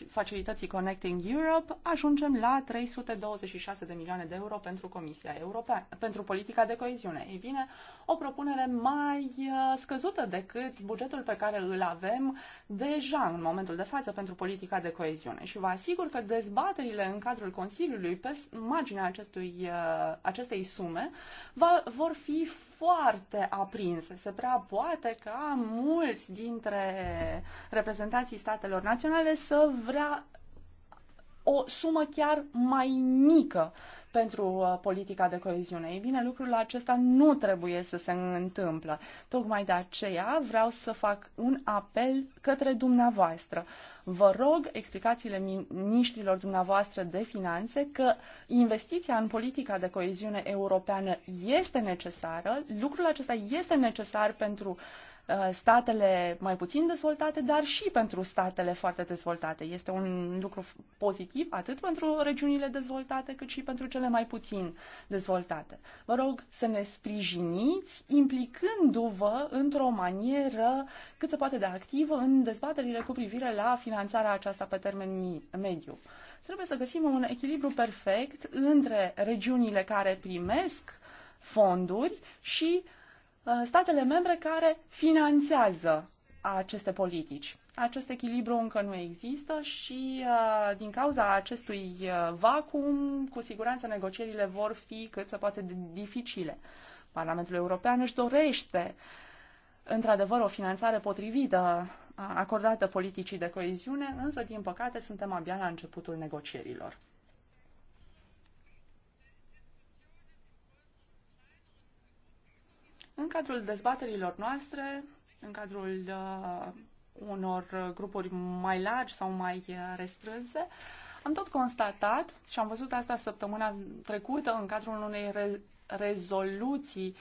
uh, facilității Connecting Europe, ajungem la 326 de milioane de euro pentru Comisia Europeană, pentru politica de coeziune. Ei bine, o propunere mai uh, scăzută decât bugetul pe care îl avem deja în momentul de față pentru politica de coeziune. Și vă asigur că dezbaterile în cadrul Consiliului pe marginea acestui uh, acestei sume va, vor fi foarte aprinse. Se prea poate ca mulți dintre reprezentanții statelor naționale să vrea o sumă chiar mai mică uh, pentru uh, politica de coeziune. Ei bine, lucrul acesta nu trebuie să se întâmplă. Tocmai de aceea vreau să fac un apel către dumneavoastră. Vă rog explicațiile miniștrilor dumneavoastră de finanțe că investiția în politica de coeziune europeană este necesară, lucrul acesta este necesar pentru uh, Uh, statele mai puțin dezvoltate, dar și pentru statele foarte dezvoltate. Este un lucru pozitiv atât pentru regiunile dezvoltate, cât și pentru cele mai puțin dezvoltate. Vă rog să ne sprijiniți implicându-vă într-o manieră cât se poate de activă în dezbaterile cu privire la finanțarea aceasta pe termen mediu. Trebuie să găsim un echilibru perfect între regiunile care primesc fonduri și uh, Uh, statele membre care finanțează aceste politici. Acest echilibru încă nu există și uh, din cauza acestui uh, vacuum, cu siguranță negocierile vor fi cât se poate de dificile. Parlamentul European își dorește într-adevăr o finanțare potrivită acordată politicii de coeziune, însă din păcate suntem abia la începutul negocierilor. În cadrul dezbaterilor noastre, în cadrul uh, unor grupuri mai largi sau mai uh, restrânse, am tot constatat și am văzut asta săptămâna trecută în cadrul unei re- rezoluții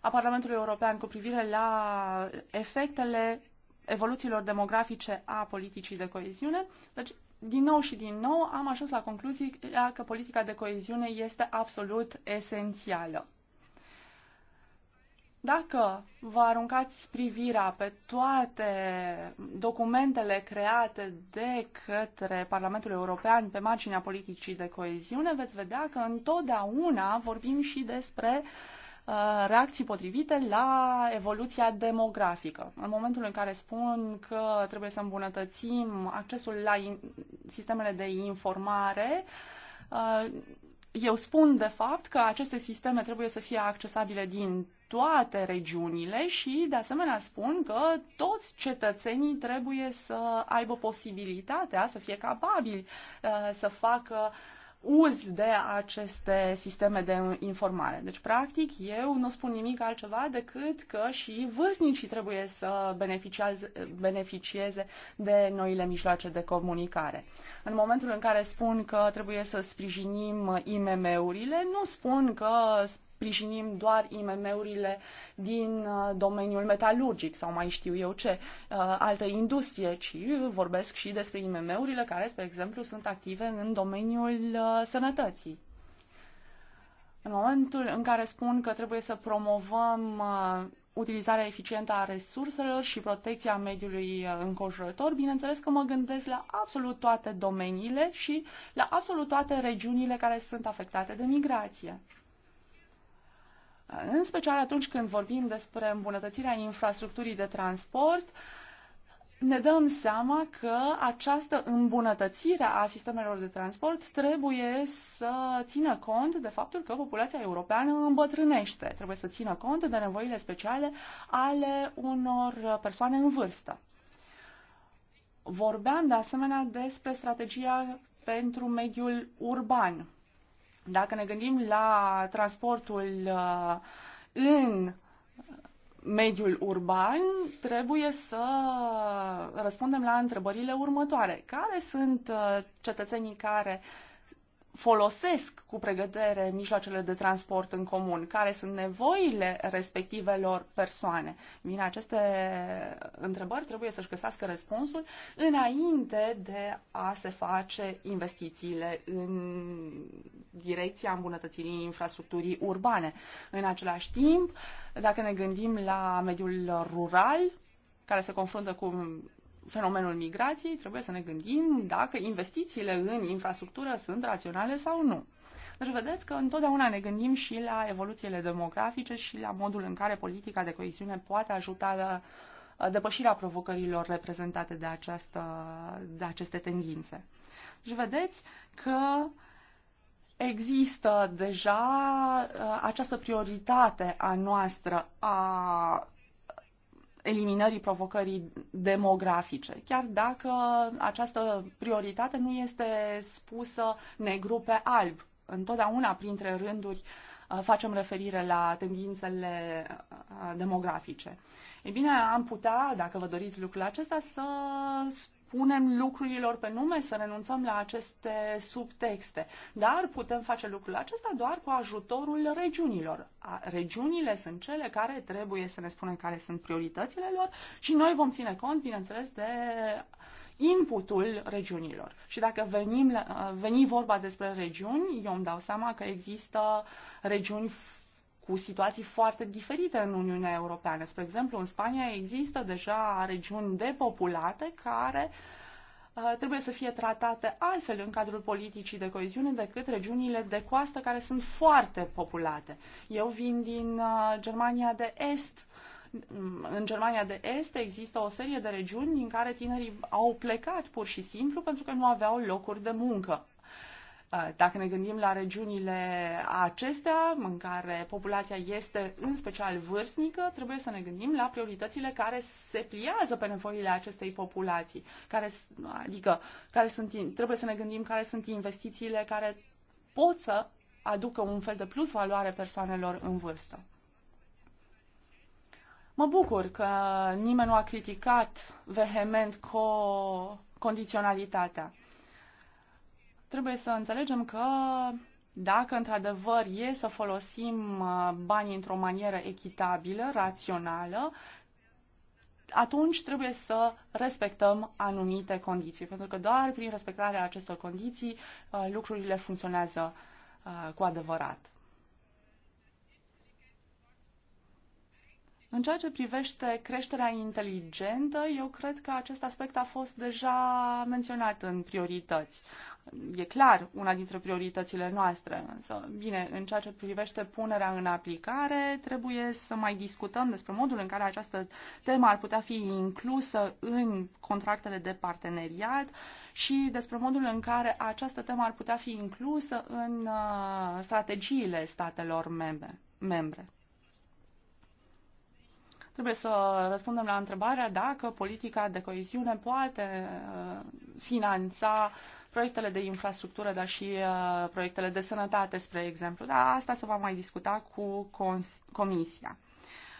a Parlamentului European cu privire la efectele evoluțiilor demografice a politicii de coeziune. Deci, din nou și din nou am ajuns la concluzia că politica de coeziune este absolut esențială. Dacă vă aruncați privirea pe toate documentele create de către Parlamentul European pe marginea politicii de coeziune, veți vedea că întotdeauna vorbim și despre uh, reacții potrivite la evoluția demografică. În momentul în care spun că trebuie să îmbunătățim accesul la sistemele de informare, uh, eu spun, de fapt, că aceste sisteme trebuie să fie accesabile din toate regiunile și, de asemenea, spun că toți cetățenii trebuie să aibă posibilitatea, să fie capabili uh, să facă uz de aceste sisteme de informare. Deci, practic, eu nu spun nimic altceva decât că și vârstnicii trebuie să beneficieze de noile mijloace de comunicare. În momentul în care spun că trebuie să sprijinim IMM-urile, nu spun că sprijinim doar IMM-urile din uh, domeniul metalurgic sau mai știu eu ce uh, altă industrie, ci vorbesc și despre IMM-urile care, spre exemplu, sunt active în domeniul uh, sănătății. În momentul în care spun că trebuie să promovăm utilizarea eficientă a resurselor și protecția mediului înconjurător, bineînțeles că mă gândesc la absolut toate domeniile și la absolut toate regiunile care sunt afectate de migrație. În special atunci când vorbim despre îmbunătățirea infrastructurii de transport, ne dăm seama că această îmbunătățire a sistemelor de transport trebuie să țină cont de faptul că populația europeană îmbătrânește. Trebuie să țină cont de nevoile speciale ale unor persoane în vârstă. Vorbeam de asemenea despre strategia pentru mediul urban dacă ne gândim la transportul uh, în mediul urban, trebuie să răspundem la întrebările următoare. Care sunt uh, cetățenii care folosesc cu pregătere mijloacele de transport în comun, care sunt nevoile respectivelor persoane. Din aceste întrebări trebuie să-și găsească răspunsul înainte de a se face investițiile în direcția îmbunătățirii infrastructurii urbane. În același timp, dacă ne gândim la mediul rural, care se confruntă cu fenomenul migrației, trebuie să ne gândim dacă investițiile în infrastructură sunt raționale sau nu. Deci vedeți că întotdeauna ne gândim și la evoluțiile demografice și la modul în care politica de coeziune poate ajuta la uh, depășirea provocărilor reprezentate de, această, de aceste tendințe. Deci vedeți că există deja uh, această prioritate a noastră a eliminării provocării demografice, chiar dacă această prioritate nu este spusă negru pe alb. Întotdeauna, printre rânduri, uh, facem referire la tendințele uh, demografice. Ei bine, am putea, dacă vă doriți lucrul acesta, să punem lucrurilor pe nume, să renunțăm la aceste subtexte. Dar putem face lucrul acesta doar cu ajutorul regiunilor. Regiunile sunt cele care trebuie să ne spună care sunt prioritățile lor și noi vom ține cont, bineînțeles, de inputul regiunilor. Și dacă venim, veni vorba despre regiuni, eu îmi dau seama că există regiuni cu situații foarte diferite în Uniunea Europeană. Spre exemplu, în Spania există deja regiuni depopulate care uh, trebuie să fie tratate altfel în cadrul politicii de coeziune decât regiunile de coastă care sunt foarte populate. Eu vin din uh, Germania de Est. Mm, în Germania de Est există o serie de regiuni din care tinerii au plecat pur și simplu pentru că nu aveau locuri de muncă. Uh, dacă ne gândim la regiunile acestea, în care populația este în special vârstnică, trebuie să ne gândim la prioritățile care se pliază pe nevoile acestei populații, care, adică care sunt, trebuie să ne gândim care sunt investițiile care pot să aducă un fel de plus valoare persoanelor în vârstă. Mă bucur că nimeni nu a criticat vehement co- condiționalitatea. Trebuie să înțelegem că dacă într-adevăr e să folosim uh, banii într-o manieră echitabilă, rațională, atunci trebuie să respectăm anumite condiții, pentru că doar prin respectarea acestor condiții uh, lucrurile funcționează uh, cu adevărat. În ceea ce privește creșterea inteligentă, eu cred că acest aspect a fost deja menționat în priorități. E clar una dintre prioritățile noastre, însă, bine, în ceea ce privește punerea în aplicare, trebuie să mai discutăm despre modul în care această temă ar putea fi inclusă în contractele de parteneriat și despre modul în care această temă ar putea fi inclusă în uh, strategiile statelor membre. membre. Trebuie să răspundem la întrebarea dacă politica de coeziune poate uh, finanța proiectele de infrastructură, dar și uh, proiectele de sănătate, spre exemplu. Dar asta se va mai discuta cu Comisia.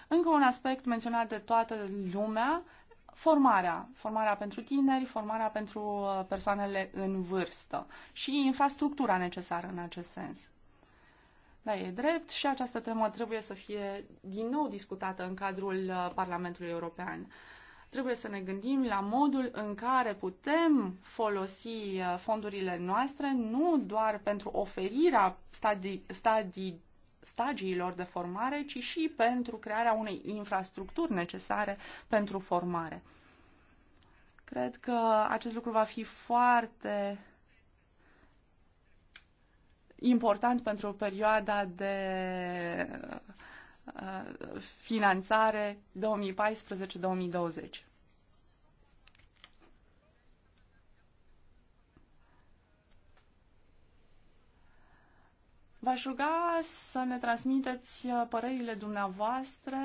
Încă un aspect menționat de toată lumea, formarea. Formarea pentru tineri, formarea pentru uh, persoanele în vârstă și infrastructura necesară în acest sens. Da, e drept și această temă trebuie să fie din nou discutată în cadrul uh, Parlamentului European. Trebuie să ne gândim la modul în care putem folosi uh, fondurile noastre nu doar pentru oferirea stadii, stadii stagiilor de formare, ci și pentru crearea unei infrastructuri necesare pentru formare. Cred că acest lucru va fi foarte important pentru perioada de uh, finanțare 2014-2020. V-aș ruga să ne transmiteți uh, părerile dumneavoastră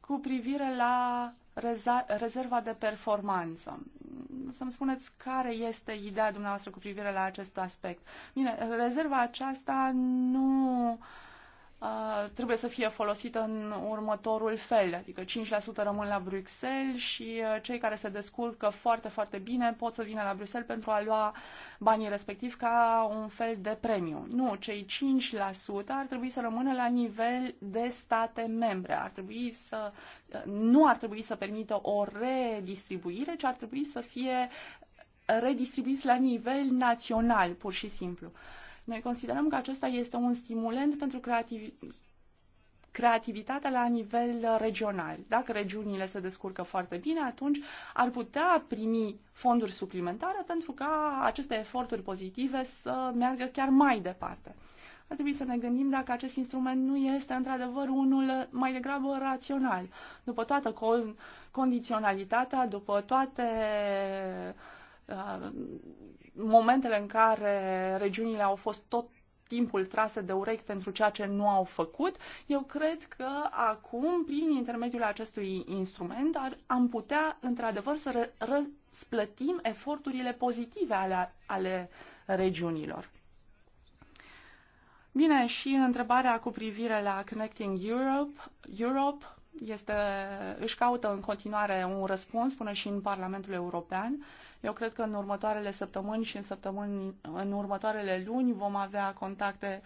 cu privire la rezerva de performanță să-mi spuneți care este ideea dumneavoastră cu privire la acest aspect. Bine, rezerva aceasta nu uh, Uh, trebuie să fie folosită în următorul fel, adică 5% rămân la Bruxelles și uh, cei care se descurcă foarte, foarte bine pot să vină la Bruxelles pentru a lua banii respectiv ca un fel de premiu. Nu, cei 5% ar trebui să rămână la nivel de state membre. Ar trebui să, uh, nu ar trebui să permită o redistribuire, ci ar trebui să fie redistribuiți la nivel național, pur și simplu. Uh, noi considerăm că acesta este un stimulent pentru creativ- creativitatea la nivel regional. Dacă regiunile se descurcă foarte bine, atunci ar putea primi fonduri suplimentare pentru ca aceste eforturi pozitive să meargă chiar mai departe. Ar trebui să ne gândim dacă acest instrument nu este într-adevăr unul mai degrabă rațional. După toată condiționalitatea, după toate uh, Uh, momentele în care regiunile au fost tot timpul trase de urechi pentru ceea ce nu au făcut, eu cred că acum, prin intermediul acestui instrument, ar, am putea, într-adevăr, să răsplătim eforturile pozitive ale, ale regiunilor. Bine, și întrebarea cu privire la Connecting Europe, Europe este, își caută în continuare un răspuns până și în Parlamentul European. Uh, eu cred că în următoarele săptămâni și în, săptămâni, în următoarele luni vom avea contacte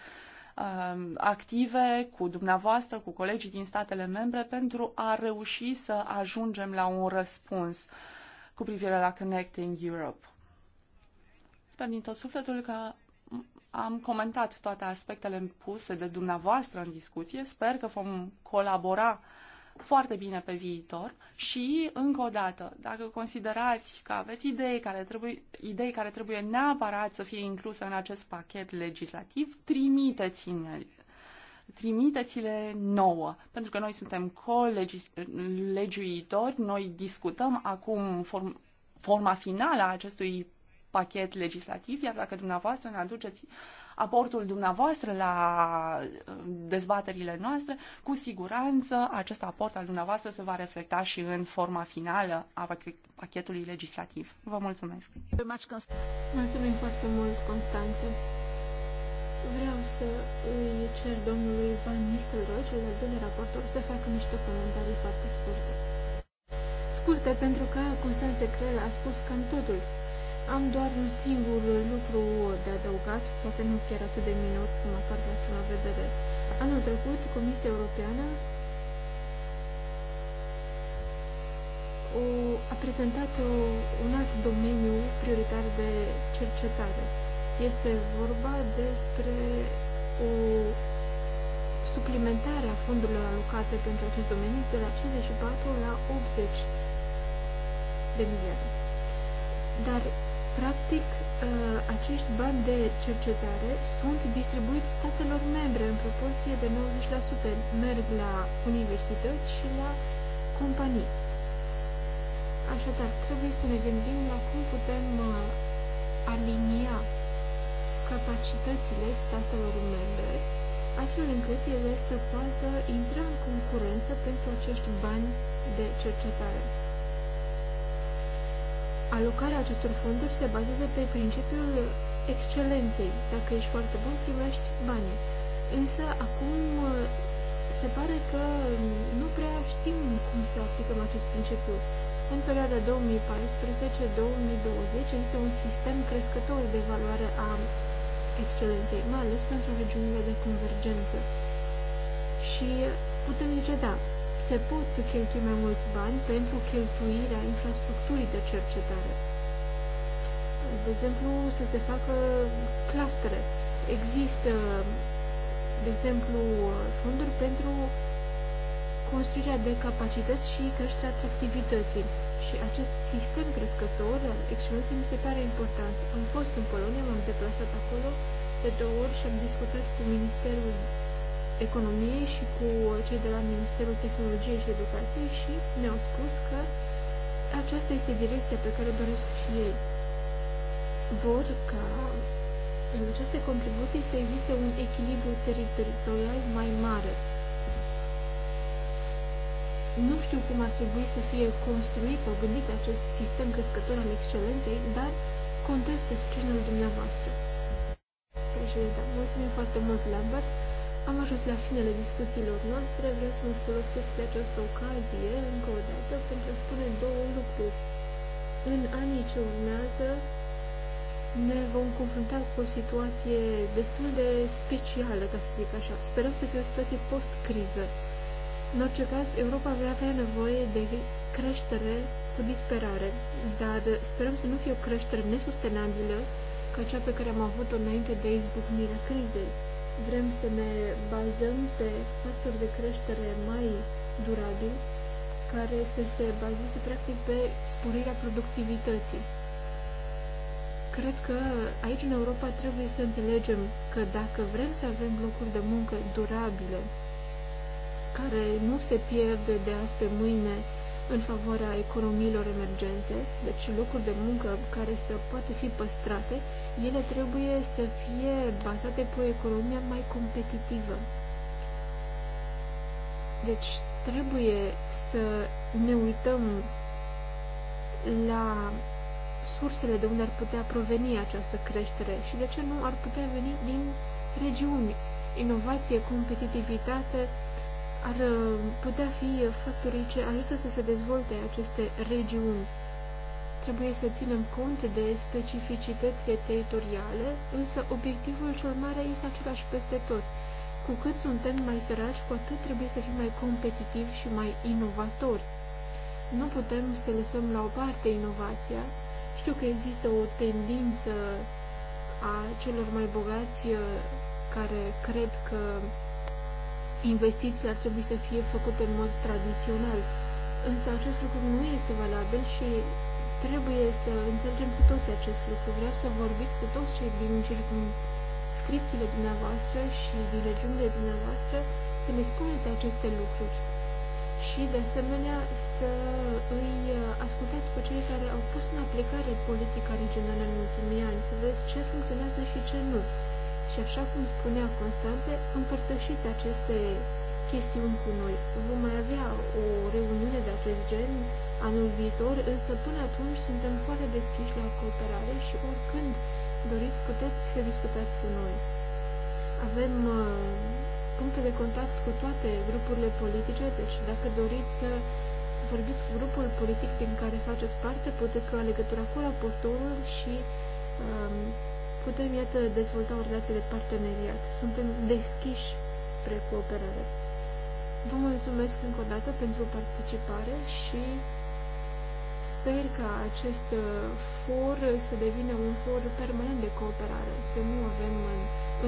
uh, active cu dumneavoastră, cu colegii din statele membre pentru a reuși să ajungem la un răspuns cu privire la Connecting Europe. Sper din tot sufletul că am comentat toate aspectele puse de dumneavoastră în discuție. Sper că vom colabora uh, foarte bine pe viitor și, încă o dată, dacă considerați că aveți idei care trebuie, idei care trebuie neapărat să fie incluse în acest pachet legislativ, trimiteți-ne trimiteți-le nouă, pentru că noi suntem colegiuitori, noi discutăm acum form, forma finală a acestui pachet legislativ, iar dacă dumneavoastră ne aduceți uh, aportul dumneavoastră la uh, dezbaterile noastre, cu siguranță acest aport al dumneavoastră se va reflecta și în forma finală a pachetului legislativ. Vă mulțumesc! Mulțumim foarte mult, Constanță! Vreau să îi cer domnului Van Nistelrooy, cel de-al doilea raportor, să facă niște comentarii foarte scurte. Scurte, pentru că Constanțe Crel a spus cam totul. Am doar un singur lucru de adăugat, poate nu chiar atât de minor cum apar la prima vedere. Anul trecut, Comisia Europeană o, a prezentat o, un alt domeniu prioritar de cercetare. Este vorba despre o suplimentare a fondurilor alocate pentru acest domeniu de la 54 la 80 de miliarde. Dar Practic, uh, acești bani de cercetare sunt distribuiți statelor membre în proporție de 90%. Merg la universități și la companii. Așadar, trebuie să ne gândim la cum putem uh, alinia capacitățile statelor membre, astfel încât ele să poată intra în concurență pentru acești bani de cercetare. Alocarea acestor fonduri se bazează pe principiul excelenței. Dacă ești foarte bun, primești banii. Însă, acum se pare că nu prea știm cum să aplicăm acest principiu. În perioada 2014-2020 este un sistem crescător de valoare a excelenței, mai ales pentru regiunile de convergență. Și putem zice, da, se pot cheltui mai mulți bani pentru cheltuirea infrastructurii de cercetare. De exemplu, să se facă clustere. Există, de exemplu, fonduri pentru construirea de capacități și creșterea atractivității. Și acest sistem crescător al excelenței mi se pare important. Am fost în Polonia, m-am deplasat acolo de două ori și am discutat cu Ministerul Economiei și cu cei de la Ministerul Tehnologiei și Educației și mi-au spus că aceasta este direcția pe care doresc și ei. Vor ca în aceste contribuții să existe un echilibru teritorial mai mare. Nu știu cum ar trebui să fie construit sau gândit acest sistem crescător al excelenței, dar contez pe sprijinul dumneavoastră. Președinte, mulțumim foarte mult, Lambert. Am ajuns la finele discuțiilor noastre, vreau să-mi folosesc de această ocazie încă o dată pentru a spune două lucruri. În anii ce urmează ne vom confrunta cu o situație destul de specială, ca să zic așa. Sperăm să fie o situație post-criză. În orice caz, Europa va avea nevoie de creștere cu disperare, dar sperăm să nu fie o creștere nesustenabilă ca cea pe care am avut-o înainte de izbucnirea crizei vrem să ne bazăm pe factori de creștere mai durabil, care să se bazeze practic pe sporirea productivității. Cred că aici în Europa trebuie să înțelegem că dacă vrem să avem locuri de muncă durabile, care nu se pierd de azi pe mâine în favoarea economiilor emergente, deci locuri de muncă care să poate fi păstrate, ele trebuie să fie bazate pe o economie mai competitivă. Deci trebuie să ne uităm la sursele de unde ar putea proveni această creștere și de ce nu ar putea veni din regiuni. Inovație, competitivitate, ar uh, putea fi factorii ce ajută să se dezvolte aceste regiuni. Trebuie să ținem cont de specificitățile teritoriale, însă obiectivul cel mare este același peste tot. Cu cât suntem mai săraci, cu atât trebuie să fim mai competitivi și mai inovatori. Nu putem să lăsăm la o parte inovația. Știu că există o tendință a celor mai bogați uh, care cred că investițiile ar trebui să fie făcute în mod tradițional. Însă acest lucru nu este valabil și trebuie să înțelegem cu toți acest lucru. Vreau să vorbiți cu toți cei din scripțiile dumneavoastră și din regiunile dumneavoastră să le spuneți aceste lucruri și, de asemenea, să îi uh, ascultați pe cei care au pus în aplicare politica regională în ultimii ani, să vedeți ce funcționează și ce nu așa cum spunea Constanțe, împărtășiți aceste chestiuni cu noi. Vom mai avea o reuniune de acest gen anul viitor, însă până atunci suntem foarte deschiși la cooperare și oricând doriți puteți să discutați cu noi. Avem uh, puncte de contact cu toate grupurile politice, deci dacă doriți să vorbiți cu grupul politic din care faceți parte, puteți lua legătura cu raportorul și uh, putem, iată, dezvolta o relație de parteneriat. Suntem deschiși spre cooperare. Vă mulțumesc încă o dată pentru participare și sper ca acest uh, for să devină un for permanent de cooperare, să nu avem uh,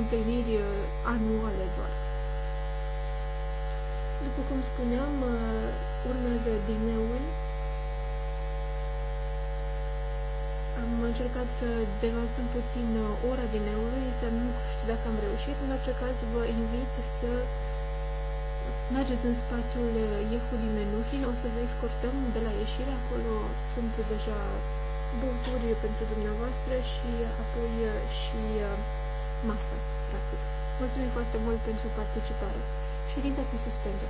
întâlniri uh, anuale doar. După cum spuneam, urmează nou. Am încercat să devansăm puțin uh, ora din euro, însă nu știu dacă am reușit. În orice caz, vă invit să mergeți în spațiul uh, Iehu din Menuhin, o să vă escortăm de la ieșire, acolo sunt deja băuturi pentru dumneavoastră și apoi uh, și masa, practic. Mulțumim foarte mult pentru participare. Ședința se suspendă.